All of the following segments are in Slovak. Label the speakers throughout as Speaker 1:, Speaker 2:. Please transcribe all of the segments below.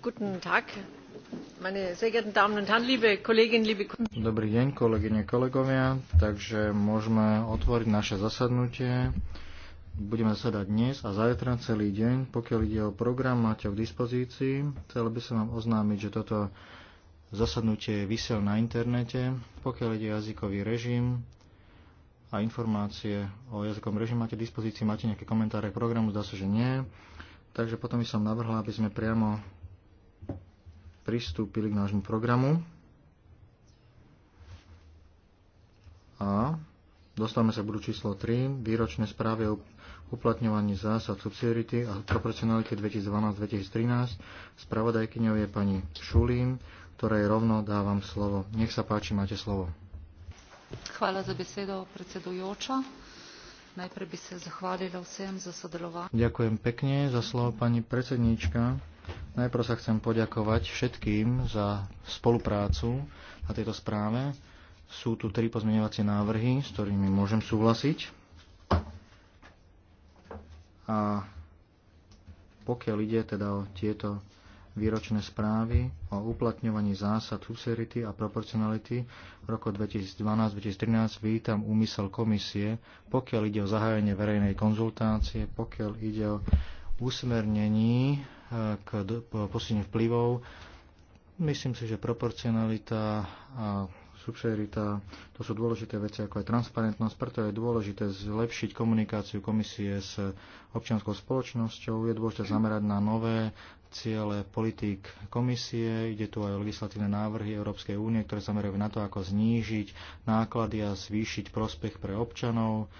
Speaker 1: Guten Tag, meine sehr geehrten Damen und Herren, liebe Kolleginnen, liebe
Speaker 2: Dobrý deň, kolegyne, kolegovia. Takže môžeme otvoriť naše zasadnutie. Budeme zasadať dnes a zajtra celý deň. Pokiaľ ide o program, máte v dispozícii. Chcel by som vám oznámiť, že toto zasadnutie je vysiel na internete. Pokiaľ ide o jazykový režim, a informácie o jazykovom režime máte v dispozícii, máte nejaké komentáre k programu, zdá sa, že nie. Takže potom by som navrhla, aby sme priamo pristúpili k nášmu programu. A dostávame sa k budú číslo 3, výročné správy o uplatňovaní zásad subsidiarity a proporcionality 2012-2013. Spravodajkyňou je pani Šulín, ktorej rovno dávam slovo. Nech sa páči, máte slovo.
Speaker 3: Hvala za besedo, Joča. Najprv by sa zahválila vsem za sodelovanie.
Speaker 2: Ďakujem pekne za slovo, pani predsedníčka. Najprv sa chcem poďakovať všetkým za spoluprácu na tejto správe. Sú tu tri pozmeňovacie návrhy, s ktorými môžem súhlasiť. A pokiaľ ide teda o tieto výročné správy o uplatňovaní zásad subsidiarity a proporcionality v roku 2012-2013 vítam úmysel komisie, pokiaľ ide o zahájenie verejnej konzultácie, pokiaľ ide o usmernení k posilneniu vplyvov. Myslím si, že proporcionalita a subsidiarita, to sú dôležité veci ako aj transparentnosť, preto je dôležité zlepšiť komunikáciu komisie s občianskou spoločnosťou, je dôležité zamerať na nové ciele politík komisie, ide tu aj o legislatívne návrhy Európskej únie, ktoré zamerajú na to, ako znížiť náklady a zvýšiť prospech pre občanov,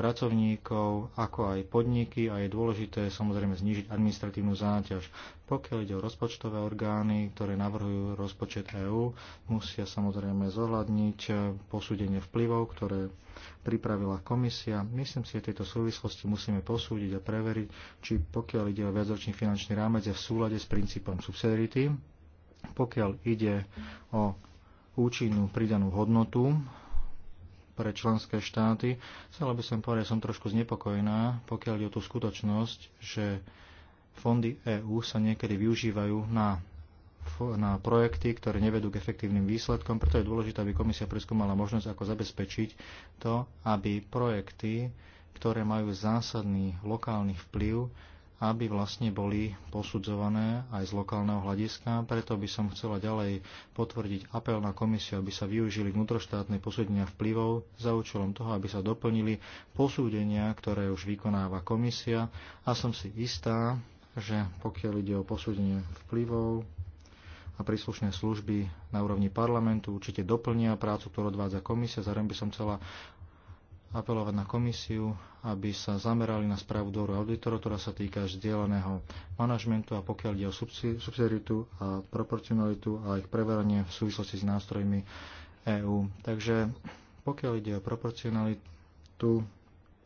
Speaker 2: pracovníkov, ako aj podniky a je dôležité samozrejme znižiť administratívnu záťaž. Pokiaľ ide o rozpočtové orgány, ktoré navrhujú rozpočet EÚ, musia samozrejme zohľadniť posúdenie vplyvov, ktoré pripravila komisia. Myslím si, že v tejto súvislosti musíme posúdiť a preveriť, či pokiaľ ide o viacročný finančný rámec je v súlade s princípom subsidiarity, pokiaľ ide o účinnú pridanú hodnotu pre členské štáty. Chcela by som povedať, som trošku znepokojená, pokiaľ je o tú skutočnosť, že fondy EÚ sa niekedy využívajú na na projekty, ktoré nevedú k efektívnym výsledkom, preto je dôležité, aby komisia preskúmala možnosť, ako zabezpečiť to, aby projekty, ktoré majú zásadný lokálny vplyv, aby vlastne boli posudzované aj z lokálneho hľadiska. Preto by som chcela ďalej potvrdiť apel na komisiu, aby sa využili vnútroštátne posúdenia vplyvov za účelom toho, aby sa doplnili posúdenia, ktoré už vykonáva komisia. A som si istá, že pokiaľ ide o posúdenie vplyvov a príslušné služby na úrovni parlamentu určite doplnia prácu, ktorú odvádza komisia. Zároveň by som chcela apelovať na komisiu, aby sa zamerali na správu dvoru auditorov, ktorá sa týka zdieľaného manažmentu a pokiaľ ide o subsidiaritu a proporcionalitu a ich preveranie v súvislosti s nástrojmi EÚ. Takže pokiaľ ide o proporcionalitu,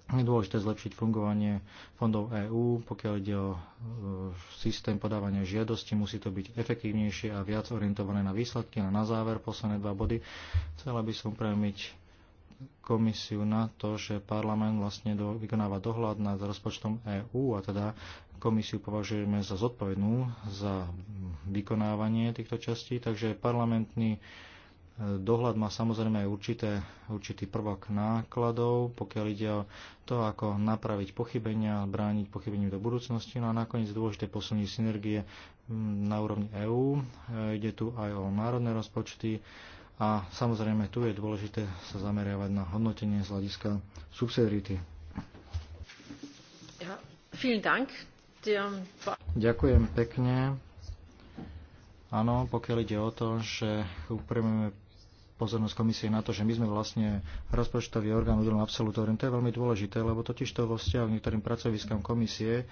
Speaker 2: je dôležité zlepšiť fungovanie fondov EÚ, pokiaľ ide o e, systém podávania žiadosti, musí to byť efektívnejšie a viac orientované na výsledky. A na záver, posledné dva body, chcela by som prejmiť komisiu na to, že parlament vlastne do, vykonáva dohľad nad rozpočtom EÚ a teda komisiu považujeme za zodpovednú za vykonávanie týchto častí, takže parlamentný e, dohľad má samozrejme aj určité, určitý prvok nákladov, pokiaľ ide o to, ako napraviť pochybenia, brániť pochybeniu do budúcnosti. No a nakoniec dôležité posunie synergie na úrovni EÚ. E, ide tu aj o národné rozpočty, a samozrejme, tu je dôležité sa zameriavať na hodnotenie z hľadiska subsidiarity.
Speaker 1: Ja, Dank.
Speaker 2: Ďakujem pekne. Áno, pokiaľ ide o to, že upremujeme pozornosť komisie na to, že my sme vlastne rozpočtový orgán udelom absolutórium. To je veľmi dôležité, lebo totiž to vo vzťahu k niektorým pracoviskám komisie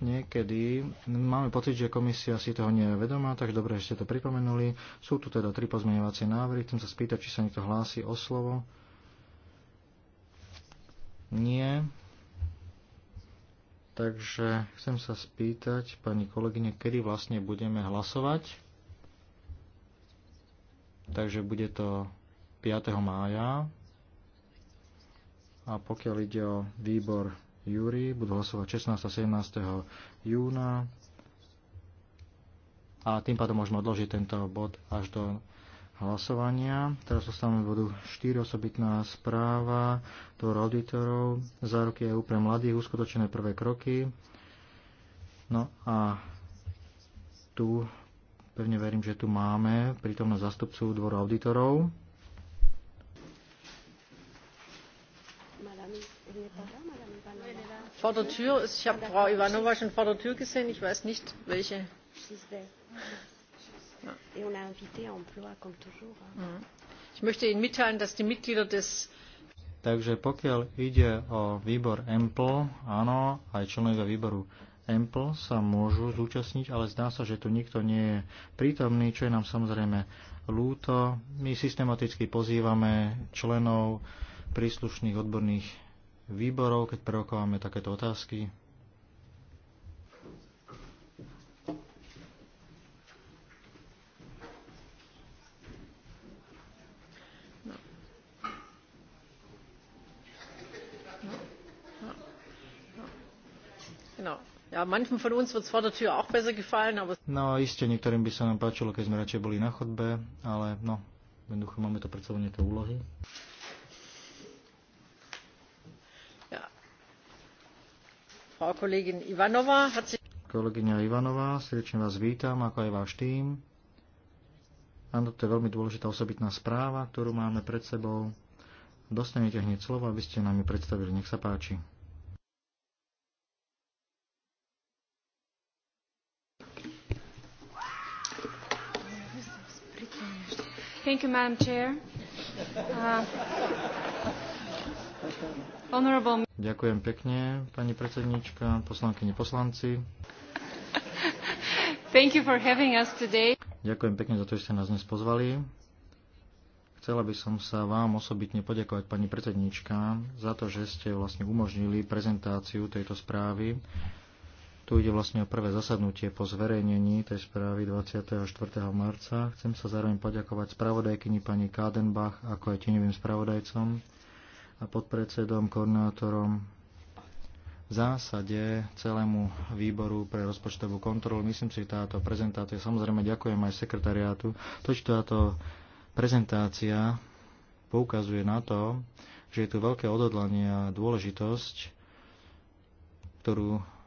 Speaker 2: niekedy máme pocit, že komisia si toho nie je vedomá, tak dobre, že ste to pripomenuli. Sú tu teda tri pozmeňovacie návrhy. Chcem sa spýtať, či sa niekto hlási o slovo. Nie. Takže chcem sa spýtať, pani kolegyne, kedy vlastne budeme hlasovať? takže bude to 5. mája. A pokiaľ ide o výbor júri, budú hlasovať 16. a 17. júna. A tým pádom môžeme odložiť tento bod až do hlasovania. Teraz zostávame bodu 4, osobitná správa tvor auditorov, záruky EU pre mladých, uskutočené prvé kroky. No a tu Pevne verím, že tu máme prítomno zastupcu dvoru auditorov.
Speaker 1: Vor der Tür, ich habe Frau Ivanova schon vor der Tür gesehen, ich weiß nicht, welche.
Speaker 2: Mhm. Ich möchte Ihnen mitteilen, dass die Mitglieder des Takže pokiaľ ide o výbor EMPL, áno, aj členovia výboru Apple sa môžu zúčastniť, ale zdá sa, že tu nikto nie je prítomný, čo je nám samozrejme lúto. My systematicky pozývame členov príslušných odborných výborov, keď prerokováme takéto otázky. No.
Speaker 1: No. No. no. no.
Speaker 2: No iste, niektorým by sa nám páčilo, keď sme radšej boli na chodbe, ale no, jednoducho máme to predsa nejaké úlohy.
Speaker 1: Frau Kollegin Ivanova hat sich...
Speaker 2: Kolegyňa Ivanová, srdečne vás vítam, ako aj váš tým. Áno, to je veľmi dôležitá osobitná správa, ktorú máme pred sebou. Dostanete hneď slovo, aby ste nám ju predstavili. Nech sa páči.
Speaker 3: Thank you, Madam Chair. Uh, honorable...
Speaker 2: Ďakujem pekne, pani predsednička, poslankyne, poslanci.
Speaker 3: Thank you for having us today.
Speaker 2: Ďakujem pekne za to, že ste nás dnes pozvali. Chcela by som sa vám osobitne poďakovať, pani predsednička, za to, že ste vlastne umožnili prezentáciu tejto správy tu ide vlastne o prvé zasadnutie po zverejnení tej správy 24. marca. Chcem sa zároveň poďakovať spravodajkyni pani Kádenbach, ako aj tenivým spravodajcom a podpredsedom, koordinátorom v zásade celému výboru pre rozpočtovú kontrolu. Myslím si, že táto prezentácia, samozrejme ďakujem aj sekretariátu, to, táto prezentácia poukazuje na to, že je tu veľké odhodlanie a dôležitosť, ktorú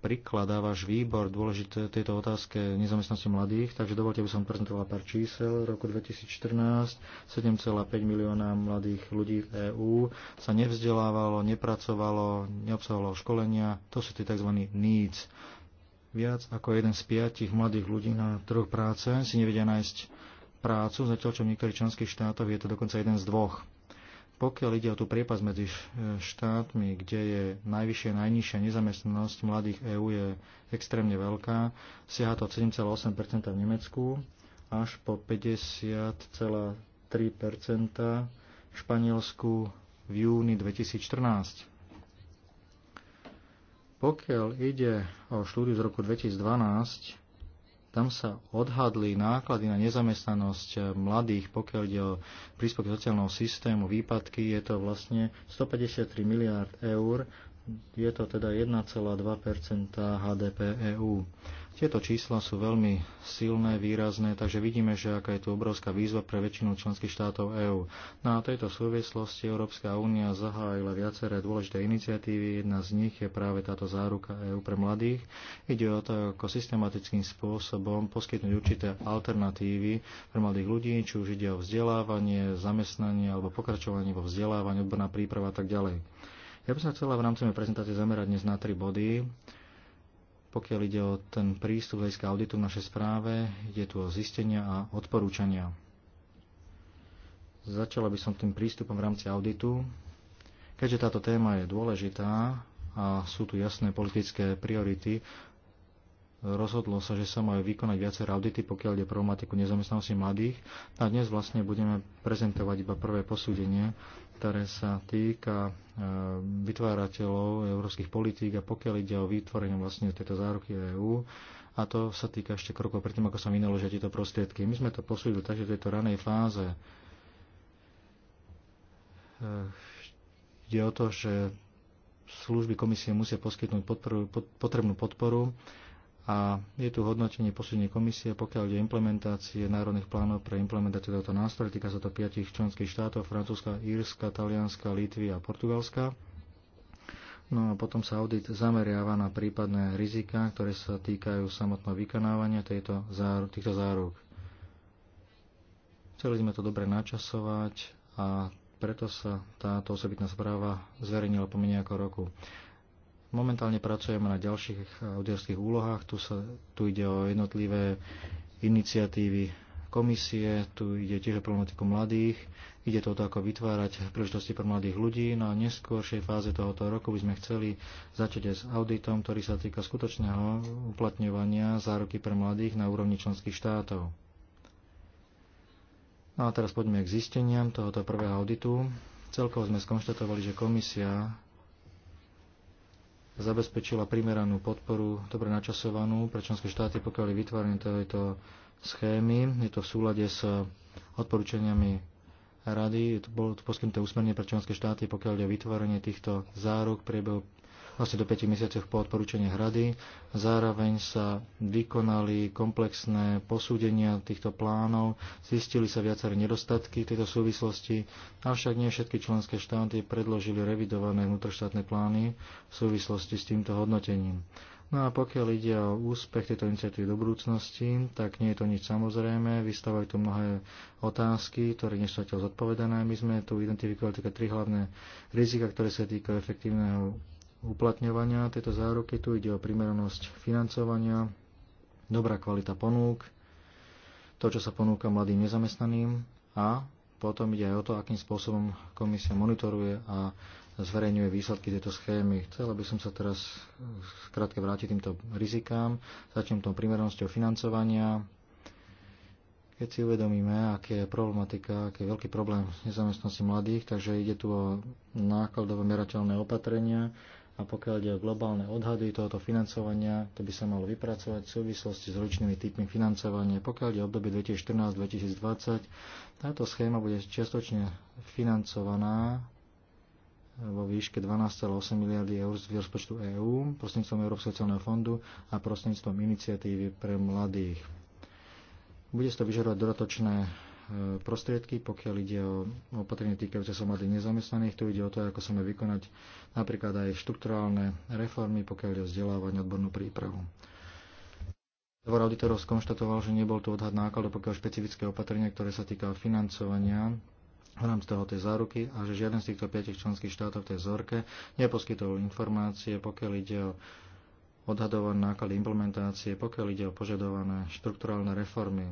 Speaker 2: prikladá váš výbor dôležité tejto otázke nezamestnanosti mladých, takže dovolte, aby som prezentoval pár čísel. V roku 2014 7,5 milióna mladých ľudí v EÚ sa nevzdelávalo, nepracovalo, neobsahovalo školenia. To sú tie tzv. needs. Viac ako jeden z piatich mladých ľudí na trhu práce si nevedia nájsť prácu, zatiaľ čo v niektorých členských štátoch je to dokonca jeden z dvoch. Pokiaľ ide o tú priepas medzi štátmi, kde je najvyššia a najnižšia nezamestnanosť mladých EÚ je extrémne veľká, siaha to 7,8% v Nemecku až po 50,3% v Španielsku v júni 2014. Pokiaľ ide o štúdiu z roku 2012, tam sa odhadli náklady na nezamestnanosť eh, mladých, pokiaľ ide o príspevok sociálneho systému, výpadky, je to vlastne 153 miliárd eur je to teda 1,2 HDP EÚ. Tieto čísla sú veľmi silné, výrazné, takže vidíme, že aká je tu obrovská výzva pre väčšinu členských štátov EÚ. Na tejto súvislosti Európska únia zahájila viaceré dôležité iniciatívy. Jedna z nich je práve táto záruka EÚ pre mladých. Ide o to, ako systematickým spôsobom poskytnúť určité alternatívy pre mladých ľudí, či už ide o vzdelávanie, zamestnanie alebo pokračovanie vo vzdelávaní, odborná príprava a tak ďalej. Ja by som chcela v rámci mojej prezentácie zamerať dnes na tri body. Pokiaľ ide o ten prístup hľadiska auditu v našej správe, ide tu o zistenia a odporúčania. Začala by som tým prístupom v rámci auditu. Keďže táto téma je dôležitá a sú tu jasné politické priority, rozhodlo sa, že sa majú vykonať viaceré audity, pokiaľ ide problematiku nezamestnanosti mladých. A dnes vlastne budeme prezentovať iba prvé posúdenie, ktoré sa týka e, vytvárateľov európskych politík a pokiaľ ide o vytvorenie vlastne tejto záruky EÚ, a to sa týka ešte krokov predtým, ako sa vynaložia tieto prostriedky. My sme to posúdili tak, že v tejto ranej fáze e, ide o to, že služby komisie musia poskytnúť podporu, potrebnú podporu a je tu hodnotenie posúdenie komisie, pokiaľ ide implementácie národných plánov pre implementáciu tohto nástroja. Týka sa to piatich členských štátov, Francúzska, Írska, Talianska, Litvy a Portugalska. No a potom sa audit zameriava na prípadné rizika, ktoré sa týkajú samotného vykonávania tejto záru, týchto záruk. Chceli sme to dobre načasovať a preto sa táto osobitná správa zverejnila po menej ako roku. Momentálne pracujeme na ďalších eh, audiorských úlohách. Tu, sa, tu ide o jednotlivé iniciatívy komisie, tu ide tiež o problematiku mladých. Ide to o to, ako vytvárať príležitosti pre mladých ľudí. No a neskôršej fáze tohoto roku by sme chceli začať aj s auditom, ktorý sa týka skutočného uplatňovania záruky pre mladých na úrovni členských štátov. No a teraz poďme k zisteniam tohoto prvého auditu. Celkovo sme skonštatovali, že komisia zabezpečila primeranú podporu, dobre načasovanú pre členské štáty, pokiaľ je vytvorenie tejto schémy. Je to v súlade s odporúčaniami rady. Bolo to poskytnuté úsmerne pre členské štáty, pokiaľ je vytvorenie týchto zárok, priebehu asi vlastne do 5 mesiacov po odporúčaniach hrady. Zároveň sa vykonali komplexné posúdenia týchto plánov, zistili sa viaceré nedostatky tejto súvislosti, avšak nie všetky členské štáty predložili revidované vnútroštátne plány v súvislosti s týmto hodnotením. No a pokiaľ ide o úspech tejto iniciatívy do budúcnosti, tak nie je to nič samozrejme. Vystávajú tu mnohé otázky, ktoré nie sú zatiaľ zodpovedané. My sme tu identifikovali také tri hlavné rizika, ktoré sa týkajú efektívneho uplatňovania tejto záruky. Tu ide o primeranosť financovania, dobrá kvalita ponúk, to, čo sa ponúka mladým nezamestnaným a potom ide aj o to, akým spôsobom komisia monitoruje a zverejňuje výsledky tejto schémy. Chcel by som sa teraz krátke vrátiť týmto rizikám, začnem tom primernosťou financovania. Keď si uvedomíme, aké je problematika, aký je veľký problém nezamestnanosti mladých, takže ide tu o nákladové merateľné opatrenia, a pokiaľ ide o globálne odhady tohoto financovania, to by sa malo vypracovať v súvislosti s ročnými typmi financovania. Pokiaľ ide o obdobie 2014-2020, táto schéma bude čiastočne financovaná vo výške 12,8 miliardy eur z rozpočtu EÚ, prostredníctvom Európskeho sociálneho fondu a prostredníctvom iniciatívy pre mladých. Bude sa to vyžadovať dodatočné E, prostriedky, pokiaľ ide o opatrenie týkajúce sa mladých nezamestnaných. Tu ide o to, ako sa vykonať napríklad aj štrukturálne reformy, pokiaľ ide o vzdelávanie odbornú prípravu. Dvor auditorov skonštatoval, že nebol tu odhad nákladov, pokiaľ špecifické opatrenie, ktoré sa týka financovania v rámci toho tej záruky a že žiaden z týchto piatich členských štátov v tej zorke neposkytol informácie, pokiaľ ide o odhadované náklady implementácie, pokiaľ ide o požadované štrukturálne reformy.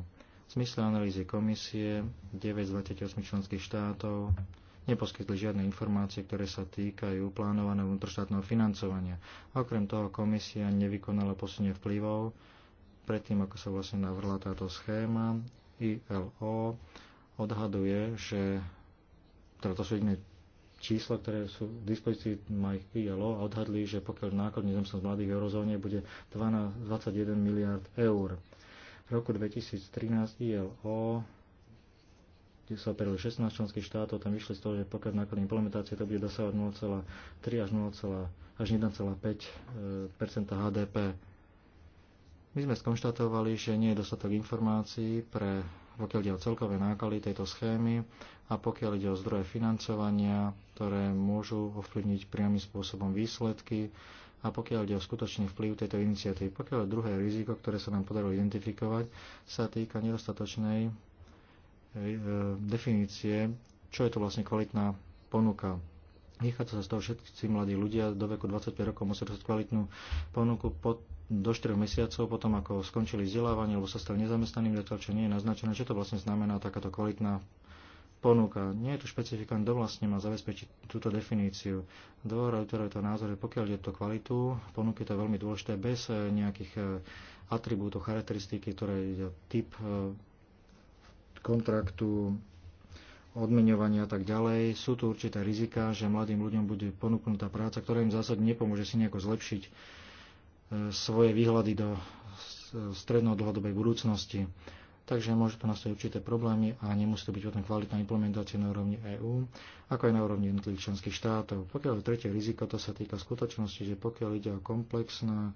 Speaker 2: V zmysle analýzy komisie 9 z 28 členských štátov neposkytli žiadne informácie, ktoré sa týkajú plánovaného vnútroštátneho financovania. Okrem toho komisia nevykonala posunie vplyvov predtým, ako sa vlastne navrhla táto schéma. ILO odhaduje, že teda to sú jedné čísla, ktoré sú v dispozícii mojich ILO a odhadli, že pokiaľ náklad nezamestnanosť mladých v eurozóne bude 12, 21 miliard eur. V roku 2013 ILO kde sa operilo 16 členských štátov, tam vyšli z toho, že pokiaľ náklady implementácie to bude dosávať 0,3 až 0, až 1,5 e, HDP. My sme skonštatovali, že nie je dostatok informácií pre pokiaľ ide o celkové náklady tejto schémy a pokiaľ ide o zdroje financovania, ktoré môžu ovplyvniť priamým spôsobom výsledky a pokiaľ ide o skutočný vplyv tejto iniciatívy. Pokiaľ druhé riziko, ktoré sa nám podarilo identifikovať, sa týka nedostatočnej e, e, definície, čo je to vlastne kvalitná ponuka. Vychádza sa z toho všetci mladí ľudia do veku 25 rokov musia dostať kvalitnú ponuku po, do 4 mesiacov, potom ako skončili vzdelávanie alebo sa stali nezamestnaným, zatiaľ čo nie je naznačené, čo to vlastne znamená takáto kvalitná ponúka. Nie je tu špecifikované, kto vlastne má zabezpečiť túto definíciu. Dvor autorov to názor, že pokiaľ je to kvalitu, je to veľmi dôležité bez eh, nejakých eh, atribútov, charakteristiky, ktoré je typ eh, kontraktu, odmeňovania a tak ďalej. Sú tu určité rizika, že mladým ľuďom bude ponúknutá práca, ktorá im zásadne nepomôže si nejako zlepšiť svoje výhľady do strednodlhodobej budúcnosti takže môžu to nastať určité problémy a nemusí to byť potom kvalitná implementácia na úrovni EÚ, ako aj na úrovni jednotlivých členských štátov. Pokiaľ je tretie riziko, to sa týka skutočnosti, že pokiaľ ide o komplexná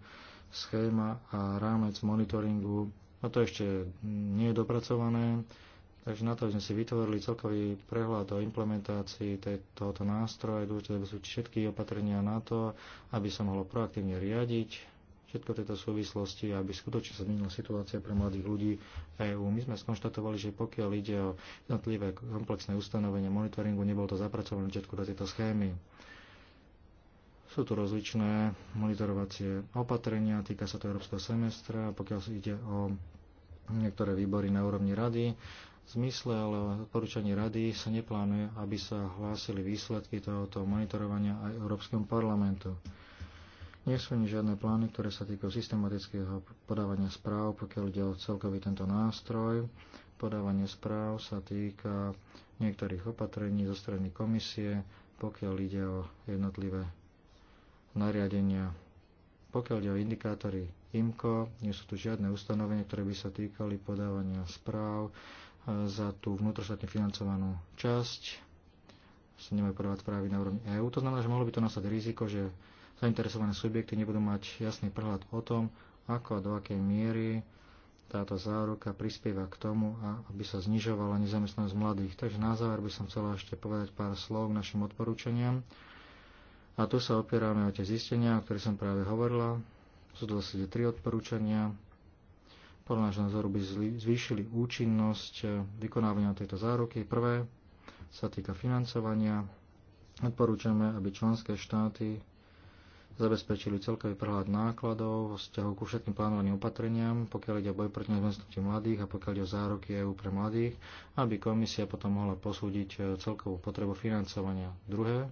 Speaker 2: schéma a rámec monitoringu, no to ešte nie je dopracované, takže na to, aby sme si vytvorili celkový prehľad o implementácii tohoto nástroja, dôležité sú všetky opatrenia na to, aby sa mohlo proaktívne riadiť všetko tieto súvislosti, aby skutočne sa zmenila situácia pre mladých ľudí v EÚ. My sme skonštatovali, že pokiaľ ide o jednotlivé komplexné ustanovenie monitoringu, nebolo to zapracované všetko do tejto schémy. Sú tu rozličné monitorovacie opatrenia, týka sa to európskeho semestra, pokiaľ ide o niektoré výbory na úrovni rady. V zmysle ale odporúčaní rady sa neplánuje, aby sa hlásili výsledky tohoto monitorovania aj Európskom parlamentu. Nie sú ani žiadne plány, ktoré sa týkajú systematického podávania správ, pokiaľ ide o celkový tento nástroj. Podávanie správ sa týka niektorých opatrení zo strany komisie, pokiaľ ide o jednotlivé nariadenia. Pokiaľ ide o indikátory IMCO, nie sú tu žiadne ustanovenia, ktoré by sa týkali podávania správ e, za tú vnútroštátne financovanú časť. Sa nemajú podávať správy na úrovni EÚ. To znamená, že mohlo by to nastať riziko, že zainteresované subjekty nebudú mať jasný prehľad o tom, ako a do akej miery táto záruka prispieva k tomu, aby sa znižovala nezamestnanosť mladých. Takže na záver by som chcela ešte povedať pár slov k našim odporúčaniam. A tu sa opierame o tie zistenia, o ktorých som práve hovorila. Sú to zase tri odporúčania. Podľa nášho názoru by zvýšili účinnosť vykonávania tejto záruky. Prvé sa týka financovania. Odporúčame, aby členské štáty zabezpečili celkový prehľad nákladov vo vzťahu ku všetkým plánovaným opatreniam, pokiaľ ide o boj proti nezmestnutí mladých a pokiaľ ide o zároky EU pre mladých, aby komisia potom mohla posúdiť e, celkovú potrebu financovania. Druhé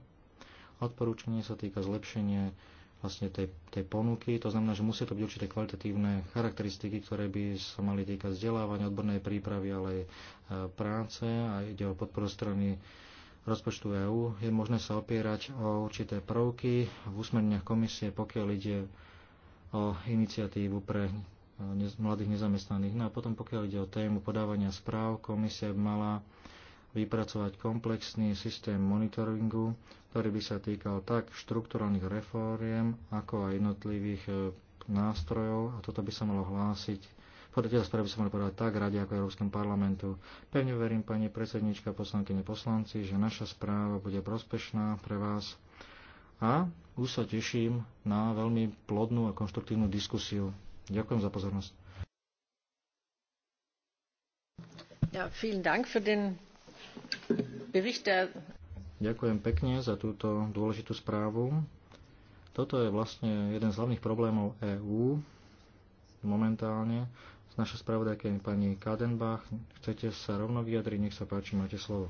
Speaker 2: odporúčanie sa týka zlepšenie vlastne tej, tej ponuky. To znamená, že musia to byť určité kvalitatívne charakteristiky, ktoré by sa mali týkať vzdelávania, odbornej prípravy, ale aj e, práce a ide o podporu strany rozpočtu EÚ, je možné sa opierať o určité prvky v úsmerniach komisie, pokiaľ ide o iniciatívu pre e, mladých nezamestnaných. No a potom, pokiaľ ide o tému podávania správ, komisia by mala vypracovať komplexný systém monitoringu, ktorý by sa týkal tak štrukturálnych reforiem, ako aj jednotlivých e, nástrojov a toto by sa malo hlásiť podľa tejto správy som mali podať tak rade ako Európskom parlamentu. Pevne verím, pani predsednička, poslankyne, poslanci, že naša správa bude prospešná pre vás a už sa teším na veľmi plodnú a konštruktívnu diskusiu. Ďakujem za pozornosť.
Speaker 1: Ja, vielen Dank für den Bericht der...
Speaker 2: Ďakujem pekne za túto dôležitú správu. Toto je vlastne jeden z hlavných problémov EÚ momentálne z našej spravodajkou pani Kadenbach. Chcete sa rovno vyjadriť? Nech sa páči, máte slovo.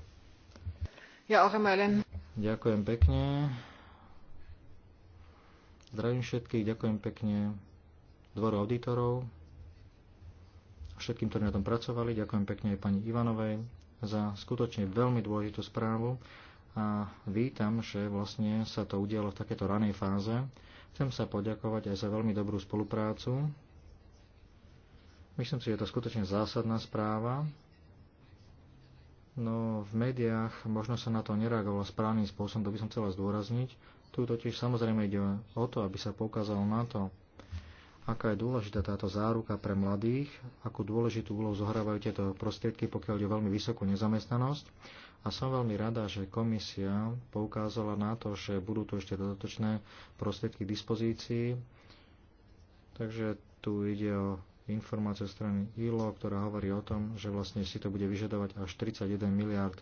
Speaker 1: Ja len.
Speaker 2: Ďakujem pekne. Zdravím všetkých, ďakujem pekne dvoru auditorov, všetkým, ktorí na tom pracovali. Ďakujem pekne aj pani Ivanovej za skutočne veľmi dôležitú správu a vítam, že vlastne sa to udialo v takéto ranej fáze. Chcem sa poďakovať aj za veľmi dobrú spoluprácu Myslím si, že je to skutočne zásadná správa. No v médiách možno sa na to nereagovalo správnym spôsobom, to by som chcela zdôrazniť. Tu totiž samozrejme ide o to, aby sa poukázalo na to, aká je dôležitá táto záruka pre mladých, akú dôležitú úlohu zohrávajú tieto prostriedky, pokiaľ ide veľmi vysokú nezamestnanosť. A som veľmi rada, že komisia poukázala na to, že budú tu ešte dodatočné prostriedky k dispozícii. Takže tu ide o informáciu strany ILO, ktorá hovorí o tom, že vlastne si to bude vyžadovať až 31 miliard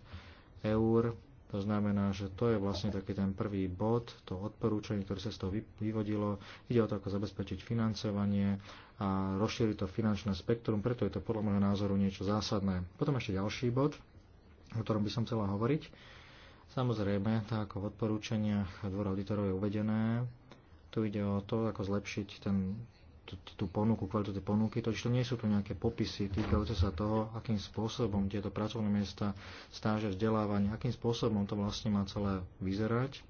Speaker 2: eur. To znamená, že to je vlastne taký ten prvý bod, to odporúčanie, ktoré sa z toho vyvodilo. Ide o to, ako zabezpečiť financovanie a rozšíriť to finančné spektrum, preto je to podľa môjho názoru niečo zásadné. Potom ešte ďalší bod, o ktorom by som chcela hovoriť. Samozrejme, tak ako v odporúčaniach dvora auditorov je uvedené, tu ide o to, ako zlepšiť ten tú ponuku, kvalitu tej ponuky, totiž to nie sú tu nejaké popisy týkajúce sa toho, akým spôsobom tieto pracovné miesta, stáže, vzdelávanie, akým spôsobom to vlastne má celé vyzerať.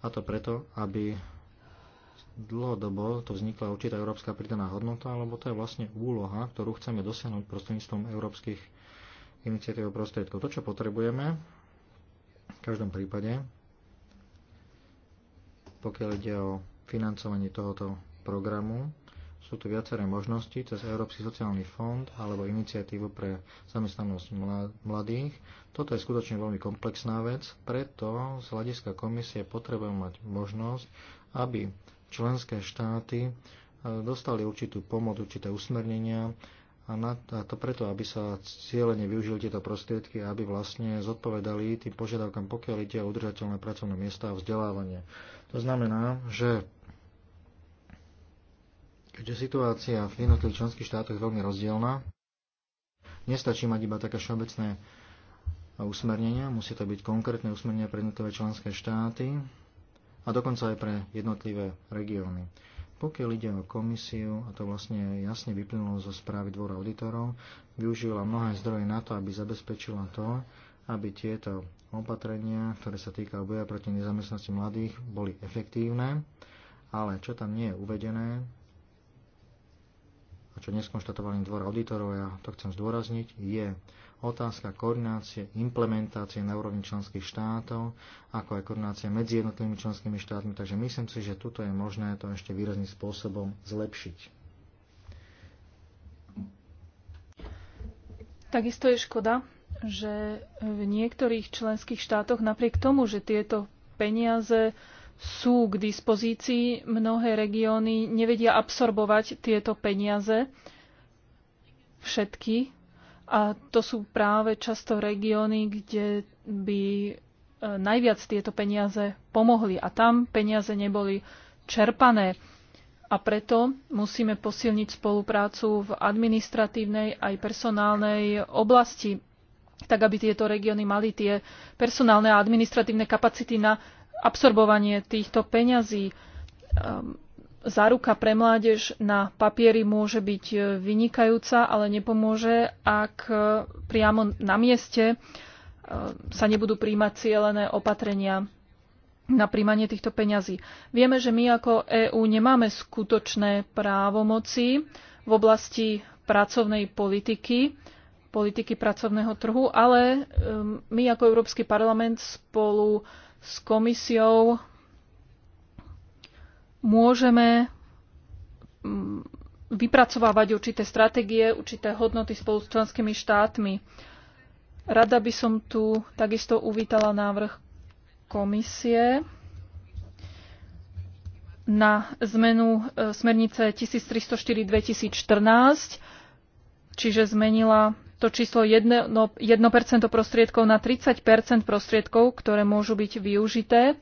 Speaker 2: A to preto, aby dlhodobo to vznikla určitá európska pridaná hodnota, lebo to je vlastne úloha, ktorú chceme dosiahnuť prostredníctvom európskych iniciatív a prostriedkov. To, čo potrebujeme, v každom prípade, pokiaľ ide o financovanie tohoto programu, sú tu viaceré možnosti cez Európsky sociálny fond alebo iniciatívu pre zamestnanosť mladých. Toto je skutočne veľmi komplexná vec, preto z hľadiska komisie potrebujeme mať možnosť, aby členské štáty e, dostali určitú pomoc, určité usmernenia a, na, a to preto, aby sa cieľene využili tieto prostriedky, aby vlastne zodpovedali tým požiadavkám, pokiaľ ide o udržateľné pracovné miesta a vzdelávanie. To znamená, že Keďže situácia v jednotlivých členských štátoch je veľmi rozdielna, nestačí mať iba také všeobecné usmernenia, musí to byť konkrétne usmernenia pre jednotlivé členské štáty a dokonca aj pre jednotlivé regióny. Pokiaľ ide o komisiu, a to vlastne jasne vyplynulo zo správy dvora auditorov, využila mnohé zdroje na to, aby zabezpečila to, aby tieto opatrenia, ktoré sa týkajú boja proti nezamestnanosti mladých, boli efektívne, ale čo tam nie je uvedené, a čo dnes dvor auditorov, ja to chcem zdôrazniť, je otázka koordinácie, implementácie na úrovni členských štátov, ako aj koordinácia medzi jednotlivými členskými štátmi, takže myslím si, že tuto je možné to ešte výrazným spôsobom zlepšiť.
Speaker 3: Takisto je škoda, že v niektorých členských štátoch napriek tomu, že tieto peniaze sú k dispozícii. Mnohé regióny nevedia absorbovať tieto peniaze, všetky. A to sú práve často regióny, kde by e, najviac tieto peniaze pomohli. A tam peniaze neboli čerpané. A preto musíme posilniť spoluprácu v administratívnej aj personálnej oblasti, tak aby tieto regióny mali tie personálne a administratívne kapacity na absorbovanie týchto peňazí. Ehm, záruka pre mládež na papieri môže byť e, vynikajúca, ale nepomôže, ak e, priamo na mieste e, sa nebudú príjmať cielené opatrenia na príjmanie týchto peňazí. Vieme, že my ako EÚ nemáme skutočné právomoci v oblasti pracovnej politiky, politiky pracovného trhu, ale ehm, my ako Európsky parlament spolu s komisiou môžeme mm, vypracovávať určité stratégie, určité hodnoty spolu s členskými štátmi. Rada by som tu takisto uvítala návrh komisie na zmenu e, smernice 1304-2014, čiže zmenila to číslo 1, no, 1% prostriedkov na 30% prostriedkov, ktoré môžu byť využité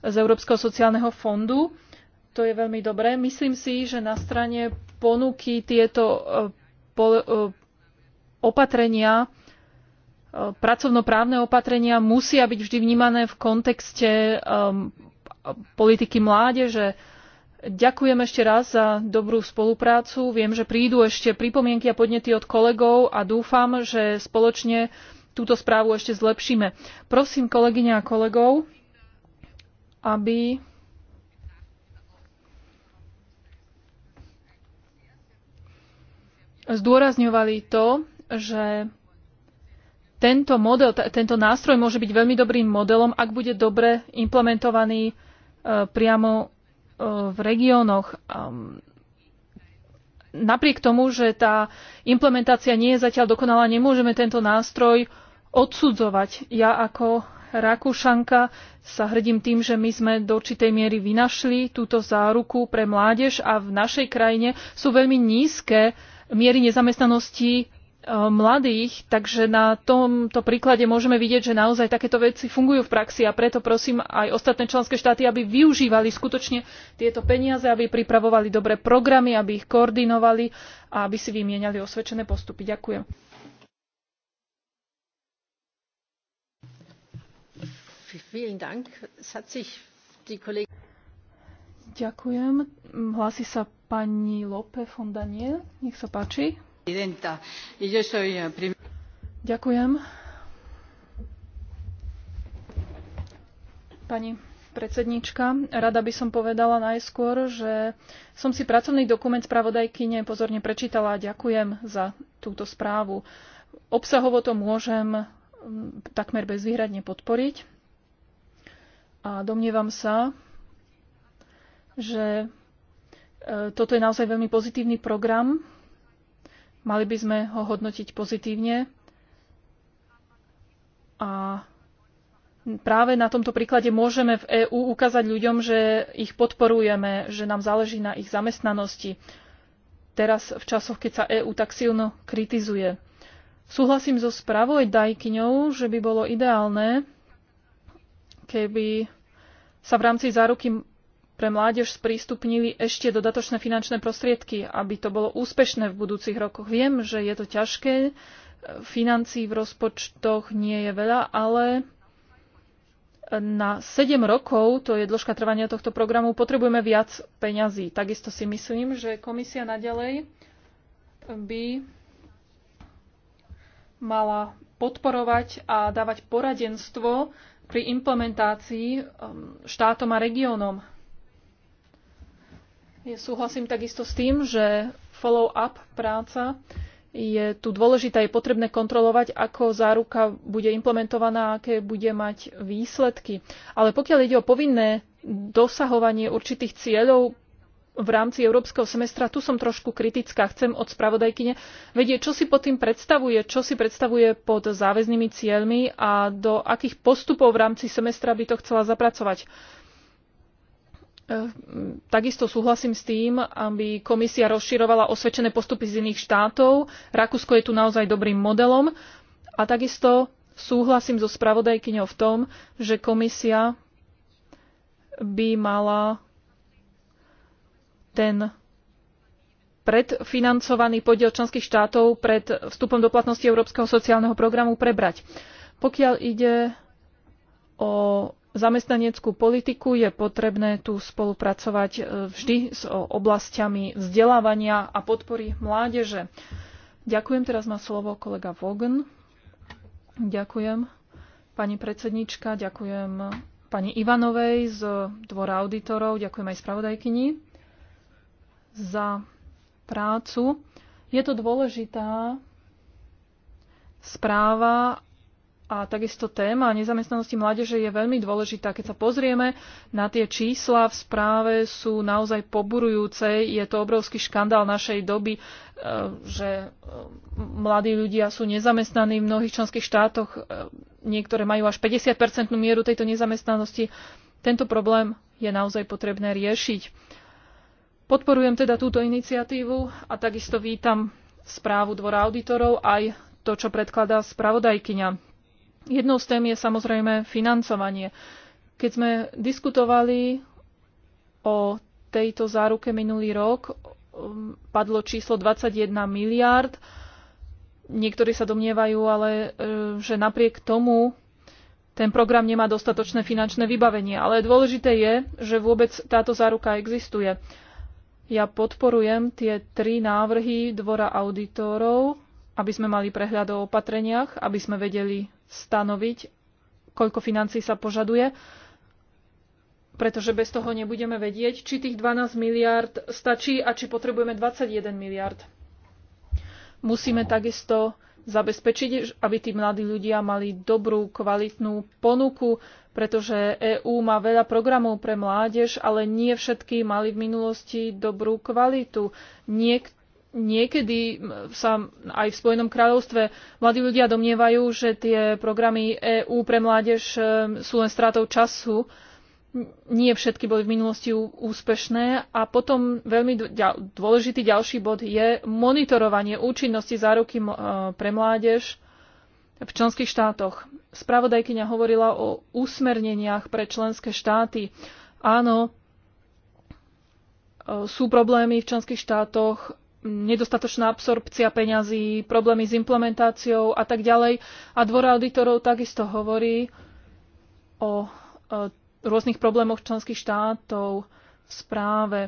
Speaker 3: z Európskeho sociálneho fondu. To je veľmi dobré. Myslím si, že na strane ponuky tieto e, e, opatrenia e, pracovnoprávne opatrenia musia byť vždy vnímané v kontexte politiky mládeže, Ďakujem ešte raz za dobrú spoluprácu. Viem, že prídu ešte pripomienky a podnety od kolegov a dúfam, že spoločne túto správu ešte zlepšíme. Prosím kolegyňa a kolegov, aby zdôrazňovali to, že tento model, tento nástroj môže byť veľmi dobrým modelom, ak bude dobre implementovaný e, priamo v regiónoch. Um, napriek tomu, že tá implementácia nie je zatiaľ dokonalá, nemôžeme tento nástroj odsudzovať. Ja ako Rakúšanka sa hrdím tým, že my sme do určitej miery vynašli túto záruku pre mládež a v našej krajine sú veľmi nízke miery nezamestnanosti E, mladých, takže na tomto príklade môžeme vidieť, že naozaj takéto veci fungujú v praxi a preto prosím aj ostatné členské štáty, aby využívali skutočne tieto peniaze, aby pripravovali dobré programy, aby ich koordinovali a aby si vymieniali osvedčené postupy. Ďakujem. Ďakujem. Hm, hlási sa pani Lope von Daniel. Nech sa páči. Eh, Pani predsedníčka, rada by som povedala najskôr, že som si pracovný dokument spravodajkyne pozorne prečítala a ďakujem za túto správu. Obsahovo to môžem mm, takmer bezvýhradne podporiť a domnievam sa, že e, toto je naozaj veľmi pozitívny program Mali by sme ho hodnotiť pozitívne a práve na tomto príklade môžeme v EÚ ukázať ľuďom, že ich podporujeme, že nám záleží na ich zamestnanosti. Teraz v časoch, keď sa EÚ tak silno kritizuje. Súhlasím so aj Dajkyňou, že by bolo ideálne, keby sa v rámci záruky pre mládež sprístupnili ešte dodatočné finančné prostriedky, aby to bolo úspešné v budúcich rokoch. Viem, že je to ťažké, e, financí v rozpočtoch nie je veľa, ale na 7 rokov, to je dĺžka trvania tohto programu, potrebujeme viac peňazí. Takisto si myslím, že komisia naďalej by mala podporovať a dávať poradenstvo pri implementácii um, štátom a regiónom. Ja súhlasím takisto s tým, že follow-up práca je tu dôležité. je potrebné kontrolovať, ako záruka bude implementovaná, aké bude mať výsledky. Ale pokiaľ ide o povinné dosahovanie určitých cieľov v rámci európskeho semestra, tu som trošku kritická. Chcem od spravodajkyne vedieť, čo si pod tým predstavuje, čo si predstavuje pod záväznými cieľmi a do akých postupov v rámci semestra by to chcela zapracovať. Eh, takisto súhlasím s tým, aby komisia rozširovala osvedčené postupy z iných štátov. Rakúsko je tu naozaj dobrým modelom. A takisto súhlasím so spravodajkyňou v tom, že komisia by mala ten predfinancovaný podiel členských štátov pred vstupom do platnosti Európskeho sociálneho programu prebrať. Pokiaľ ide o zamestnaneckú politiku je potrebné tu spolupracovať e, vždy s oblastiami vzdelávania a podpory mládeže. Ďakujem, teraz má slovo kolega Vogen. Ďakujem, pani predsednička, ďakujem pani Ivanovej z Dvora auditorov, ďakujem aj spravodajkyni za prácu. Je to dôležitá správa a takisto téma nezamestnanosti mládeže je veľmi dôležitá. Keď sa pozrieme na tie čísla v správe, sú naozaj poburujúce. Je to obrovský škandál našej doby, e, že e, mladí ľudia sú nezamestnaní v mnohých členských štátoch. E, niektoré majú až 50-percentnú mieru tejto nezamestnanosti. Tento problém je naozaj potrebné riešiť. Podporujem teda túto iniciatívu a takisto vítam správu Dvora auditorov aj to, čo predkladá spravodajkyňa. Jednou z tém je samozrejme financovanie. Keď sme diskutovali o tejto záruke minulý rok, um, padlo číslo 21 miliárd. Niektorí sa domnievajú ale, e, že napriek tomu ten program nemá dostatočné finančné vybavenie. Ale dôležité je, že vôbec táto záruka existuje. Ja podporujem tie tri návrhy Dvora auditorov, aby sme mali prehľad o opatreniach, aby sme vedeli stanoviť, koľko financí sa požaduje, pretože bez toho nebudeme vedieť, či tých 12 miliard stačí a či potrebujeme 21 miliard. Musíme takisto zabezpečiť, aby tí mladí ľudia mali dobrú, kvalitnú ponuku, pretože EÚ má veľa programov pre mládež, ale nie všetky mali v minulosti dobrú kvalitu. Niekto niekedy sa aj v Spojenom kráľovstve mladí ľudia domnievajú, že tie programy EÚ pre mládež e, sú len stratou času. Nie všetky boli v minulosti úspešné. A potom veľmi dôležitý ďalší bod je monitorovanie účinnosti záruky e, pre mládež v členských štátoch. Spravodajkyňa hovorila o usmerneniach pre členské štáty. Áno, e, sú problémy v členských štátoch nedostatočná absorpcia peňazí, problémy s implementáciou a tak ďalej. A dvor auditorov takisto hovorí o e, rôznych problémoch členských štátov v správe.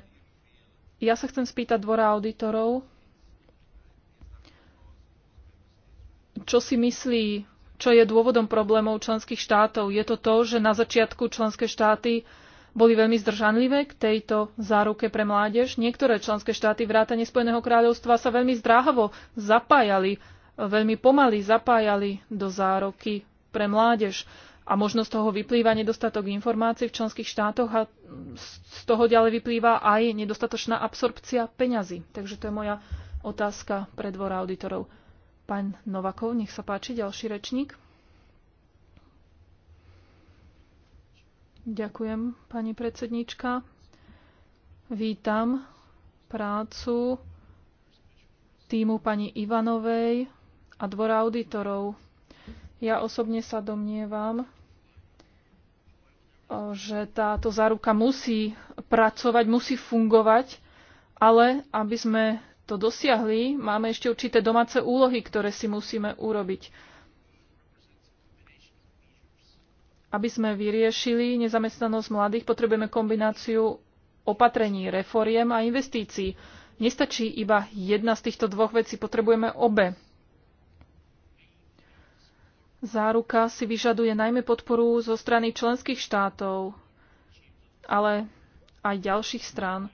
Speaker 3: Ja sa chcem spýtať dvora auditorov, čo si myslí, čo je dôvodom problémov členských štátov. Je to to, že na začiatku členské štáty boli veľmi zdržanlivé k tejto záruke pre mládež. Niektoré členské štáty vrátane Spojeného kráľovstva sa veľmi zdráhavo zapájali, veľmi pomaly zapájali do zároky pre mládež. A možno z toho vyplýva nedostatok informácií v členských štátoch a z toho ďalej vyplýva aj nedostatočná absorpcia peňazí. Takže to je moja otázka pre dvora auditorov. Pán Novakov, nech sa páči, ďalší rečník. Ďakujem, pani predsednička. Vítam prácu týmu pani Ivanovej a dvora auditorov. Ja osobne sa domnievam, že táto záruka musí pracovať, musí fungovať, ale aby sme to dosiahli, máme ešte určité domáce úlohy, ktoré si musíme urobiť. Aby sme vyriešili nezamestnanosť mladých, potrebujeme kombináciu opatrení, reforiem a investícií. Nestačí iba jedna z týchto dvoch vecí, potrebujeme obe. Záruka si vyžaduje najmä podporu zo strany členských štátov, ale aj ďalších strán,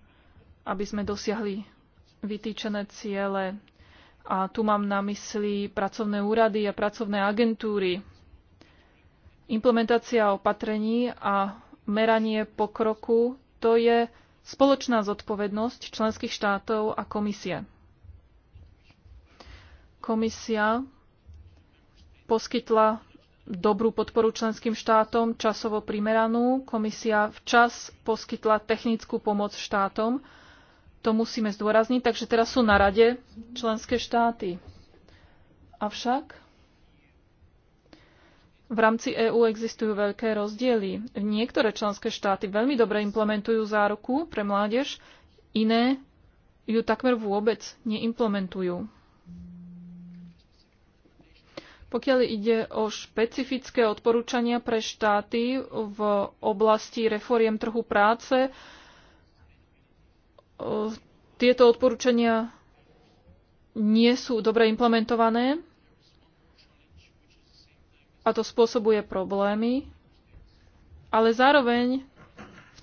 Speaker 3: aby sme dosiahli vytýčené ciele. A tu mám na mysli pracovné úrady a pracovné agentúry, implementácia opatrení a meranie pokroku to je spoločná zodpovednosť členských štátov a komisie. Komisia poskytla dobrú podporu členským štátom, časovo primeranú. Komisia včas poskytla technickú pomoc štátom. To musíme zdôrazniť, takže teraz sú na rade členské štáty. Avšak v rámci EÚ existujú veľké rozdiely. Niektoré členské štáty veľmi dobre implementujú záruku pre mládež, iné ju takmer vôbec neimplementujú. Pokiaľ ide o špecifické odporúčania pre štáty v oblasti reforiem trhu práce, tieto odporúčania nie sú dobre implementované a to spôsobuje problémy, ale zároveň